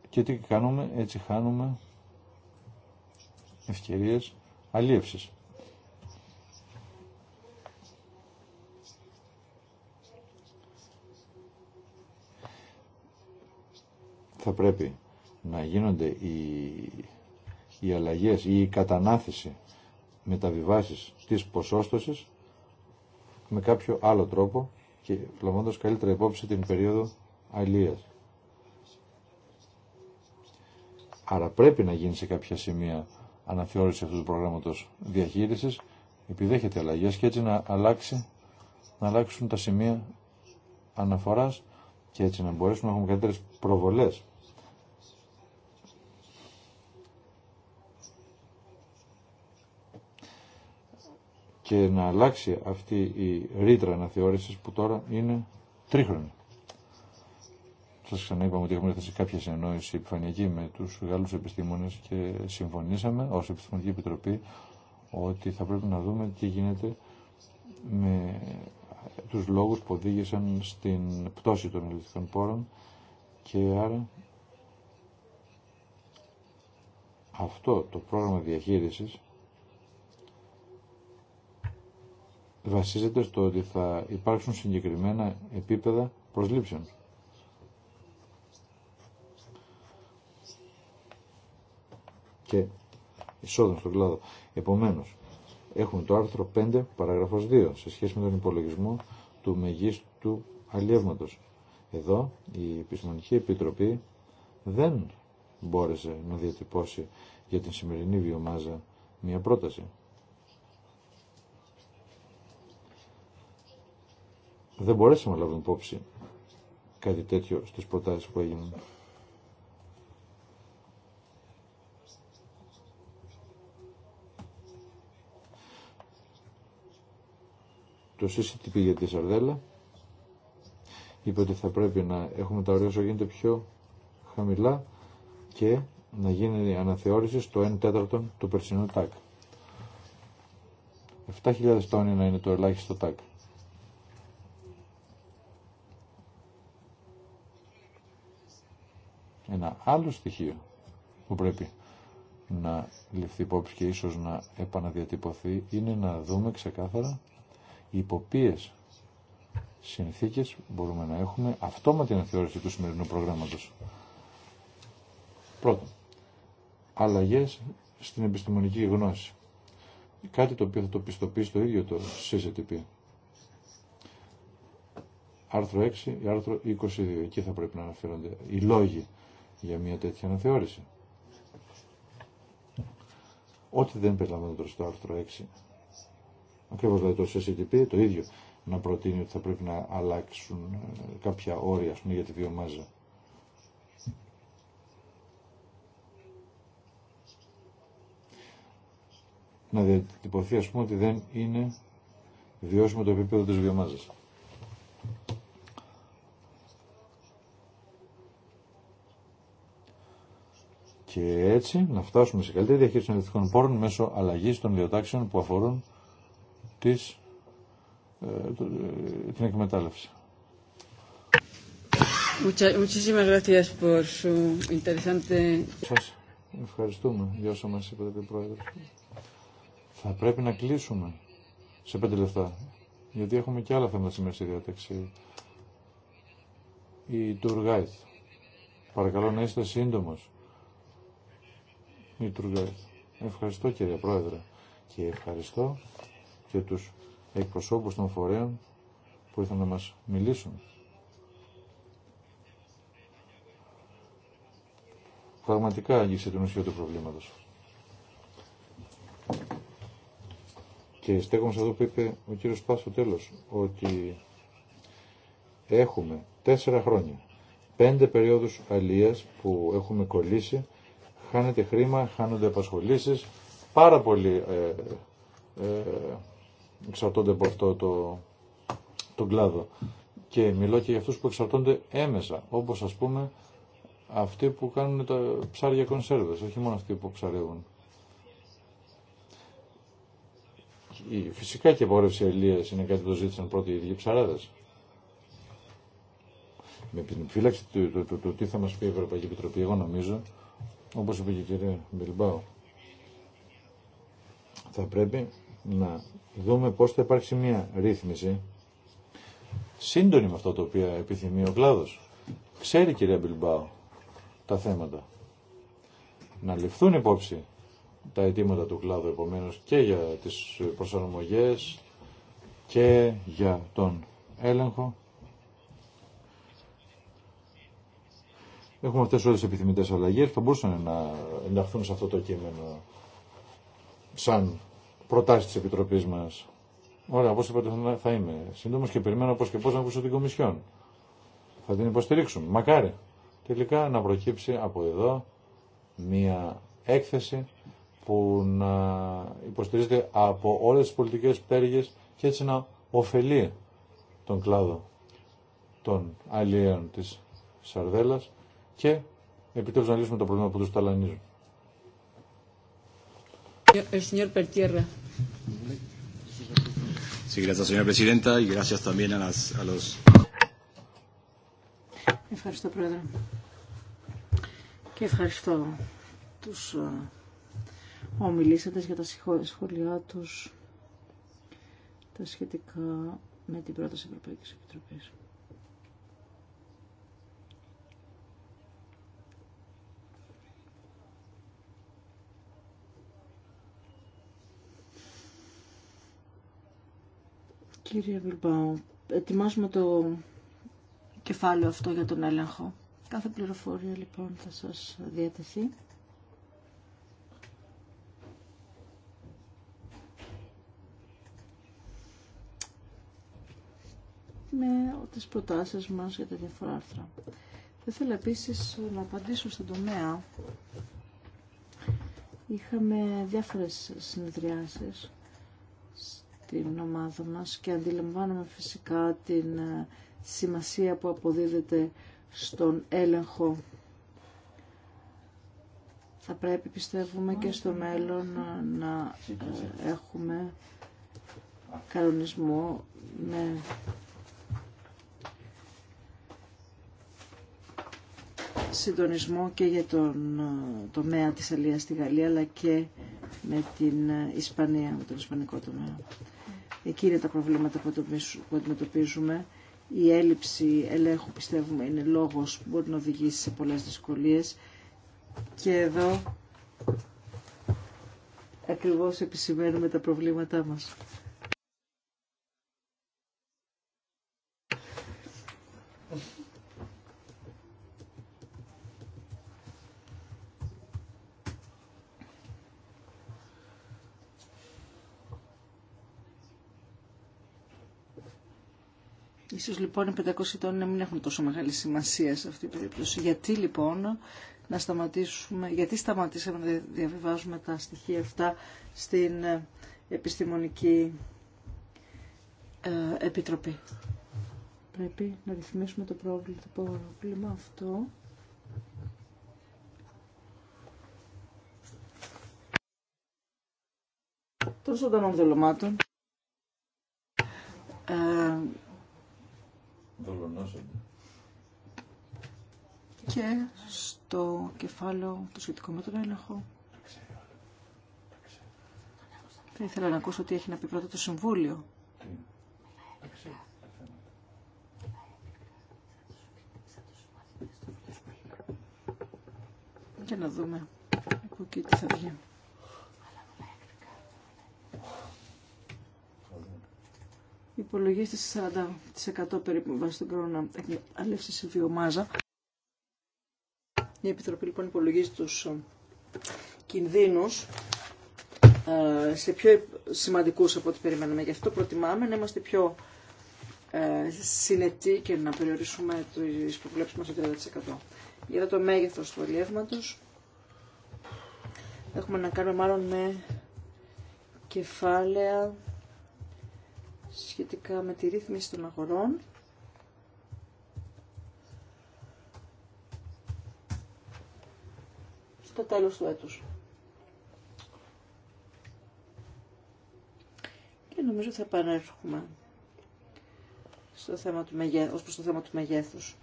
Και τι κάνουμε, έτσι χάνουμε ευκαιρίες αλίευσης. Θα πρέπει να γίνονται οι, οι αλλαγές ή η η τα μεταβιβάσεις της ποσόστοσης με κάποιο άλλο τρόπο και λαμβάνοντας καλύτερα υπόψη την περίοδο αλίας. Άρα πρέπει να γίνει σε κάποια σημεία αναθεώρηση αυτού του προγράμματο διαχείρισης, επιδέχεται αλλαγές και έτσι να, αλλάξει, να αλλάξουν τα σημεία αναφοράς και έτσι να μπορέσουμε να έχουμε καλύτερες προβολές. και να αλλάξει αυτή η ρήτρα αναθεώρηση που τώρα είναι τρίχρονη. Σας ξαναείπαμε ότι έχουμε έρθει σε κάποια συνεννόηση επιφανειακή με τους Γάλλου επιστήμονε και συμφωνήσαμε ω Επιστημονική Επιτροπή ότι θα πρέπει να δούμε τι γίνεται με τους λόγους που οδήγησαν στην πτώση των ελληνικών πόρων και άρα αυτό το πρόγραμμα διαχείρισης βασίζεται στο ότι θα υπάρξουν συγκεκριμένα επίπεδα προσλήψεων. Και εισόδων στον κλάδο. Επομένως, έχουμε το άρθρο 5, παραγραφός 2, σε σχέση με τον υπολογισμό του μεγίστου αλλιεύματος. Εδώ η Επιστημονική Επιτροπή δεν μπόρεσε να διατυπώσει για την σημερινή βιομάζα μια πρόταση. δεν μπορέσαμε να λάβουμε υπόψη κάτι τέτοιο στις προτάσεις που έγιναν. Το CCTV για τη Σαρδέλα είπε ότι θα πρέπει να έχουμε τα ωραία όσο γίνεται πιο χαμηλά και να γίνει αναθεώρηση στο 1 τέταρτον του περσινού τάκ. 7.000 τόνοι να είναι το ελάχιστο τάκ. ένα άλλο στοιχείο που πρέπει να ληφθεί υπόψη και ίσως να επαναδιατυπωθεί είναι να δούμε ξεκάθαρα υπό ποιες συνθήκες μπορούμε να έχουμε την αναθεώρηση του σημερινού προγράμματος. Πρώτον, αλλαγές στην επιστημονική γνώση. Κάτι το οποίο θα το πιστοποιήσει το ίδιο το CCTP. Άρθρο 6 ή άρθρο 22, εκεί θα πρέπει να αναφέρονται οι λόγοι για μια τέτοια αναθεώρηση. Ό,τι δεν περιλαμβάνεται στο άρθρο 6. Ακριβώς δηλαδή το CCTP το ίδιο να προτείνει ότι θα πρέπει να αλλάξουν ε, κάποια όρια ας πούμε, για τη βιομάζα. Να διατυπωθεί ας πούμε ότι δεν είναι βιώσιμο το επίπεδο της βιομάζας. και έτσι να φτάσουμε σε καλύτερη διαχείριση των ιδιωτικών πόρων μέσω αλλαγή των διατάξεων που αφορούν τις, ε, ε την εκμετάλλευση. Σας ευχαριστούμε για όσα μα είπατε, Πρόεδρε. Θα πρέπει να κλείσουμε σε πέντε λεπτά, γιατί έχουμε και άλλα θέματα σήμερα στη διάταξη. Η Guide. Παρακαλώ να είστε σύντομος. Ευχαριστώ κύριε Πρόεδρε και ευχαριστώ και τους εκπροσώπους των φορέων που ήρθαν να μας μιλήσουν. Πραγματικά άγγιξε την ουσία του προβλήματος. Και στέκομαι σε αυτό που είπε ο κύριος Πάς στο τέλος, ότι έχουμε τέσσερα χρόνια, πέντε περίοδους αλίας που έχουμε κολλήσει χάνεται χρήμα, χάνονται απασχολήσεις, πάρα πολύ ε, ε, εξαρτώνται από αυτό το, κλάδο. Και μιλώ και για αυτούς που εξαρτώνται έμεσα, όπως ας πούμε αυτοί που κάνουν τα ψάρια κονσέρβες, όχι μόνο αυτοί που ψαρεύουν. Φυσικά και η απόρρευση ελίας είναι κάτι που το ζήτησαν πρώτοι οι ίδιοι ψαράδες. Με την φύλαξη του, τι θα μας πει η Ευρωπαϊκή Επιτροπή, εγώ νομίζω όπως είπε και η κυρία Μπιλμπάου, θα πρέπει να δούμε πώς θα υπάρξει μια ρύθμιση σύντονη με αυτό το οποίο επιθυμεί ο κλάδος. Ξέρει η κυρία Μπιλμπάου τα θέματα. Να ληφθούν υπόψη τα αιτήματα του κλάδου επομένως και για τις προσαρμογές και για τον έλεγχο Έχουμε αυτέ όλε τι επιθυμητέ αλλαγέ που θα μπορούσαν να ενταχθούν σε αυτό το κείμενο σαν προτάσει τη επιτροπή μα. Ωραία, όπω είπατε θα είμαι σύντομο και περιμένω πώς και πώς να ακούσω την Κομισιόν. Θα την υποστηρίξουν, Μακάρι. Τελικά να προκύψει από εδώ μία έκθεση που να υποστηρίζεται από όλε τι πολιτικέ πτέρυγε και έτσι να ωφελεί τον κλάδο των αλλιέων της Σαρδέλας και επιτέλους να λύσουμε το πρόβλημα που τους ταλανίζουν. Ε, ευχαριστώ, Πρόεδρε. Και ευχαριστώ τους ε, ομιλήσαντες για τα σχόλιά τους τα σχετικά με την πρόταση Ευρωπαϊκής Επιτροπής. Κύριε Βιλμπάου, ετοιμάζουμε το κεφάλαιο αυτό για τον έλεγχο. Κάθε πληροφορία λοιπόν θα σας διατεθεί. με τις προτάσεις μας για τα διάφορα άρθρα. Θα ήθελα επίσης να απαντήσω στον τομέα. Είχαμε διάφορες συνεδριάσεις την ομάδα μας και αντιλαμβάνομαι φυσικά την ε, σημασία που αποδίδεται στον έλεγχο. Θα πρέπει πιστεύουμε και στο μέλλον ε, να ε, έχουμε κανονισμό με συντονισμό και για τον τομέα της Αλίας στη Γαλλία αλλά και με την ε, Ισπανία, με τον Ισπανικό τομέα. Εκεί είναι τα προβλήματα που αντιμετωπίζουμε. Η έλλειψη ελέγχου πιστεύουμε είναι λόγος που μπορεί να οδηγήσει σε πολλές δυσκολίες και εδώ ακριβώς επισημαίνουμε τα προβλήματά μας. Ίσως λοιπόν οι 500 ετών να μην έχουν τόσο μεγάλη σημασία σε αυτή την περίπτωση. Γιατί λοιπόν να σταματήσουμε, γιατί σταματήσαμε να διαβιβάζουμε τα στοιχεία αυτά στην ε, επιστημονική ε, επιτροπή. Πρέπει να ρυθμίσουμε το πρόβλημα αυτό. των ζωντανών δολωμάτων. Ε, και στο κεφάλαιο του σχετικό με τον έλεγχο. Θα ήθελα να ακούσω τι έχει να πει πρώτα το Συμβούλιο. Και να δούμε από εκεί τι θα βγει. Υπολογίστε σε 40% περίπου βάσει τον κορώνα εκμεταλλεύση σε βιομάζα. Η Επιτροπή λοιπόν υπολογίζει τους ε, κινδύνους ε, σε πιο σημαντικούς από ό,τι περιμέναμε. Γι' αυτό προτιμάμε να είμαστε πιο ε, συνετοί και να περιορίσουμε τι προβλέψεις μας στο 30%. Για το μέγεθος του αλλιεύματος έχουμε να κάνουμε μάλλον με κεφάλαια σχετικά με τη ρύθμιση των αγορών. στο τέλος του έτους. Και νομίζω θα επανέρχομαι στο θέμα ως το θέμα του μεγέθους.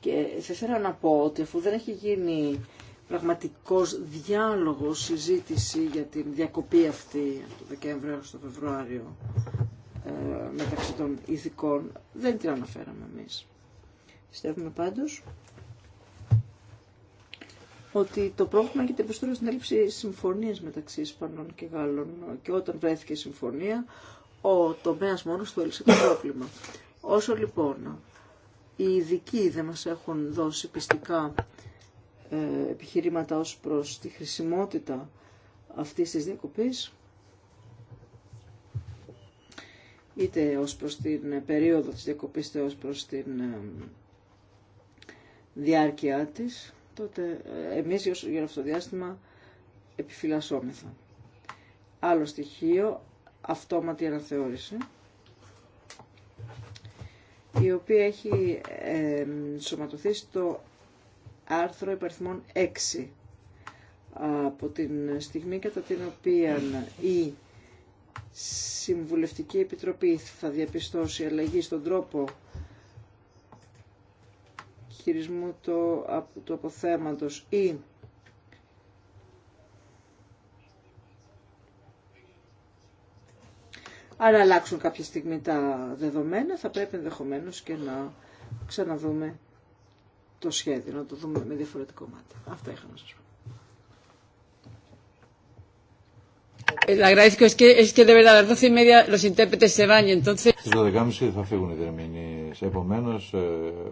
Και θα ήθελα να πω ότι αφού δεν έχει γίνει πραγματικός διάλογος, συζήτηση για την διακοπή αυτή από το Δεκέμβριο στο Φεβρουάριο ε, μεταξύ των ηθικών. Δεν την αναφέραμε εμείς. Πιστεύουμε πάντως ότι το πρόβλημα και την επιστροφή στην έλλειψη συμφωνίας μεταξύ Ισπανών και Γάλλων και όταν βρέθηκε συμφωνία, ο τομέας μόνος του έλυσε το πρόβλημα. Όσο λοιπόν οι ειδικοί δεν μας έχουν δώσει πιστικά ε, επιχειρήματα ως προς τη χρησιμότητα αυτής της διακοπής είτε ως προς την ε, περίοδο της διακοπής είτε ως προς την ε, διάρκεια της τότε εμείς για αυτό το διάστημα επιφυλασσόμεθα. Άλλο στοιχείο, αυτόματη αναθεώρηση η οποία έχει σωματωθεί στο άρθρο υπαριθμών 6 από την στιγμή κατά την οποία η Συμβουλευτική Επιτροπή θα διαπιστώσει αλλαγή στον τρόπο χειρισμού του το αποθέματος ή αν αλλάξουν κάποια στιγμή τα δεδομένα θα πρέπει ενδεχομένως και να ξαναδούμε το σχέδιο, να το δούμε με διαφορετικό μάτι. Αυτά είχα να σας πω. Le agradezco, es que, es que de verdad a las doce y media los intérpretes se van y entonces... Στις 12.30 θα φύγουν οι δερμήνες. Επομένως, ε,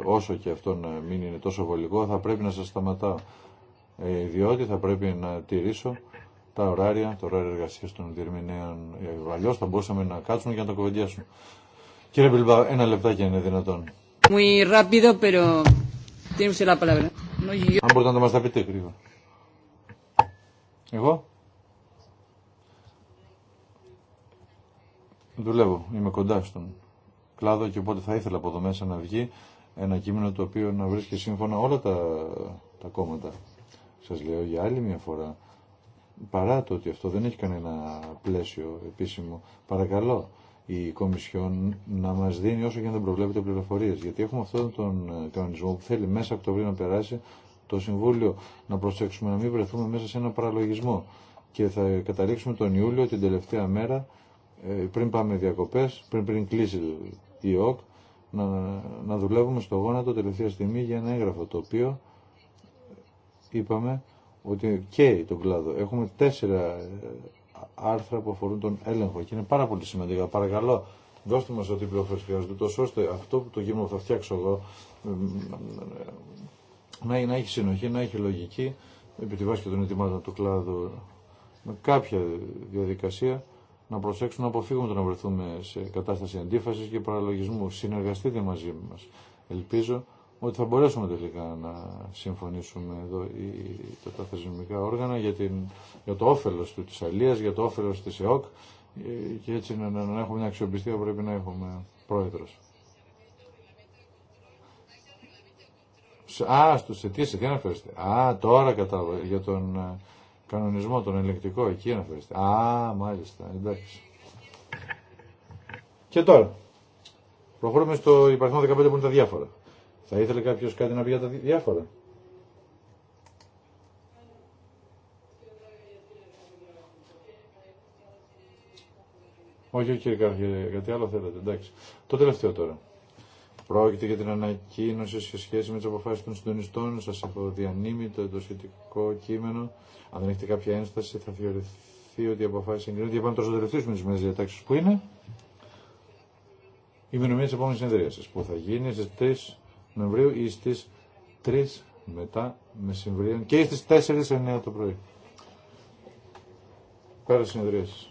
όσο και αυτό να μην είναι τόσο βολικό, θα πρέπει να σας σταματάω. Ε, διότι θα πρέπει να τηρήσω τα ωράρια, τα ωράρια εργασίας των διερμηνέων. Ε, αλλιώς θα μπορούσαμε να κάτσουμε και να τα κουβεντιάσουμε. Κύριε Μπιλμπά, ένα λεπτάκι αν είναι δυνατόν. Muy rápido, pero... Αν μπορείτε να το μας τα πείτε γρήγορα. Εγώ. Δουλεύω, είμαι κοντά στον κλάδο και οπότε θα ήθελα από εδώ μέσα να βγει ένα κείμενο το οποίο να βρίσκει σύμφωνα όλα τα, τα κόμματα. Σας λέω για άλλη μια φορά, παρά το ότι αυτό δεν έχει κανένα πλαίσιο επίσημο, παρακαλώ η Κομισιόν να μας δίνει όσο και να δεν προβλέπεται πληροφορίες. Γιατί έχουμε αυτόν τον ε, κανονισμό που θέλει μέσα από το να περάσει το Συμβούλιο να προσέξουμε να μην βρεθούμε μέσα σε ένα παραλογισμό. Και θα καταλήξουμε τον Ιούλιο την τελευταία μέρα ε, πριν πάμε διακοπές, πριν, πριν κλείσει η ΟΚ, να, να δουλεύουμε στο γόνατο τελευταία στιγμή για ένα έγγραφο το οποίο είπαμε ότι καίει τον κλάδο. Έχουμε τέσσερα ε, άρθρα που αφορούν τον έλεγχο και είναι πάρα πολύ σημαντικά. Παρακαλώ, δώστε μας ό,τι πληροφορίες χρειάζονται, τόσο ώστε αυτό που το κείμενο θα φτιάξω εγώ να, να έχει συνοχή, να έχει λογική, επί τη βάση και των ετοιμάτων του κλάδου, με κάποια διαδικασία, να προσέξουμε να αποφύγουμε το να βρεθούμε σε κατάσταση αντίφασης και παραλογισμού. Συνεργαστείτε μαζί μας. Ελπίζω ότι θα μπορέσουμε τελικά να συμφωνήσουμε εδώ οι τα, θεσμικά όργανα για, την, για το όφελος του της Αλίας, για το όφελος της ΕΟΚ ε, και έτσι να, να έχουμε μια αξιοπιστία που πρέπει να έχουμε πρόεδρος. Α, στο σε τι, σε τι αναφέρεστε. Α, τώρα κατάλαβα, για τον ε, κανονισμό, τον ελεκτικό, εκεί αναφέρεστε. Α, μάλιστα, εντάξει. Και τώρα, προχωρούμε στο υπαριθμό 15 που είναι τα διάφορα. Θα ήθελε κάποιος κάτι να πει για τα διάφορα. Όχι, όχι κύριε κάτι άλλο θέλετε, εντάξει. Το τελευταίο τώρα. Πρόκειται για την ανακοίνωση σε σχέση με τι αποφάσει των συντονιστών. Σα έχω διανύμει το, σχετικό κείμενο. Αν δεν έχετε κάποια ένσταση, θα θεωρηθεί ότι οι αποφάσει εγκρίνονται. Για πάνω τόσο τελευταίο με τι μέρε διατάξει που είναι η μηνομία τη επόμενη συνεδρίαση που θα γίνει στι Νοεμβρίου ή στι 3 μετά μεσημβρίων και στι 4 9 το πρωί. Πέρα συνεδρίασης.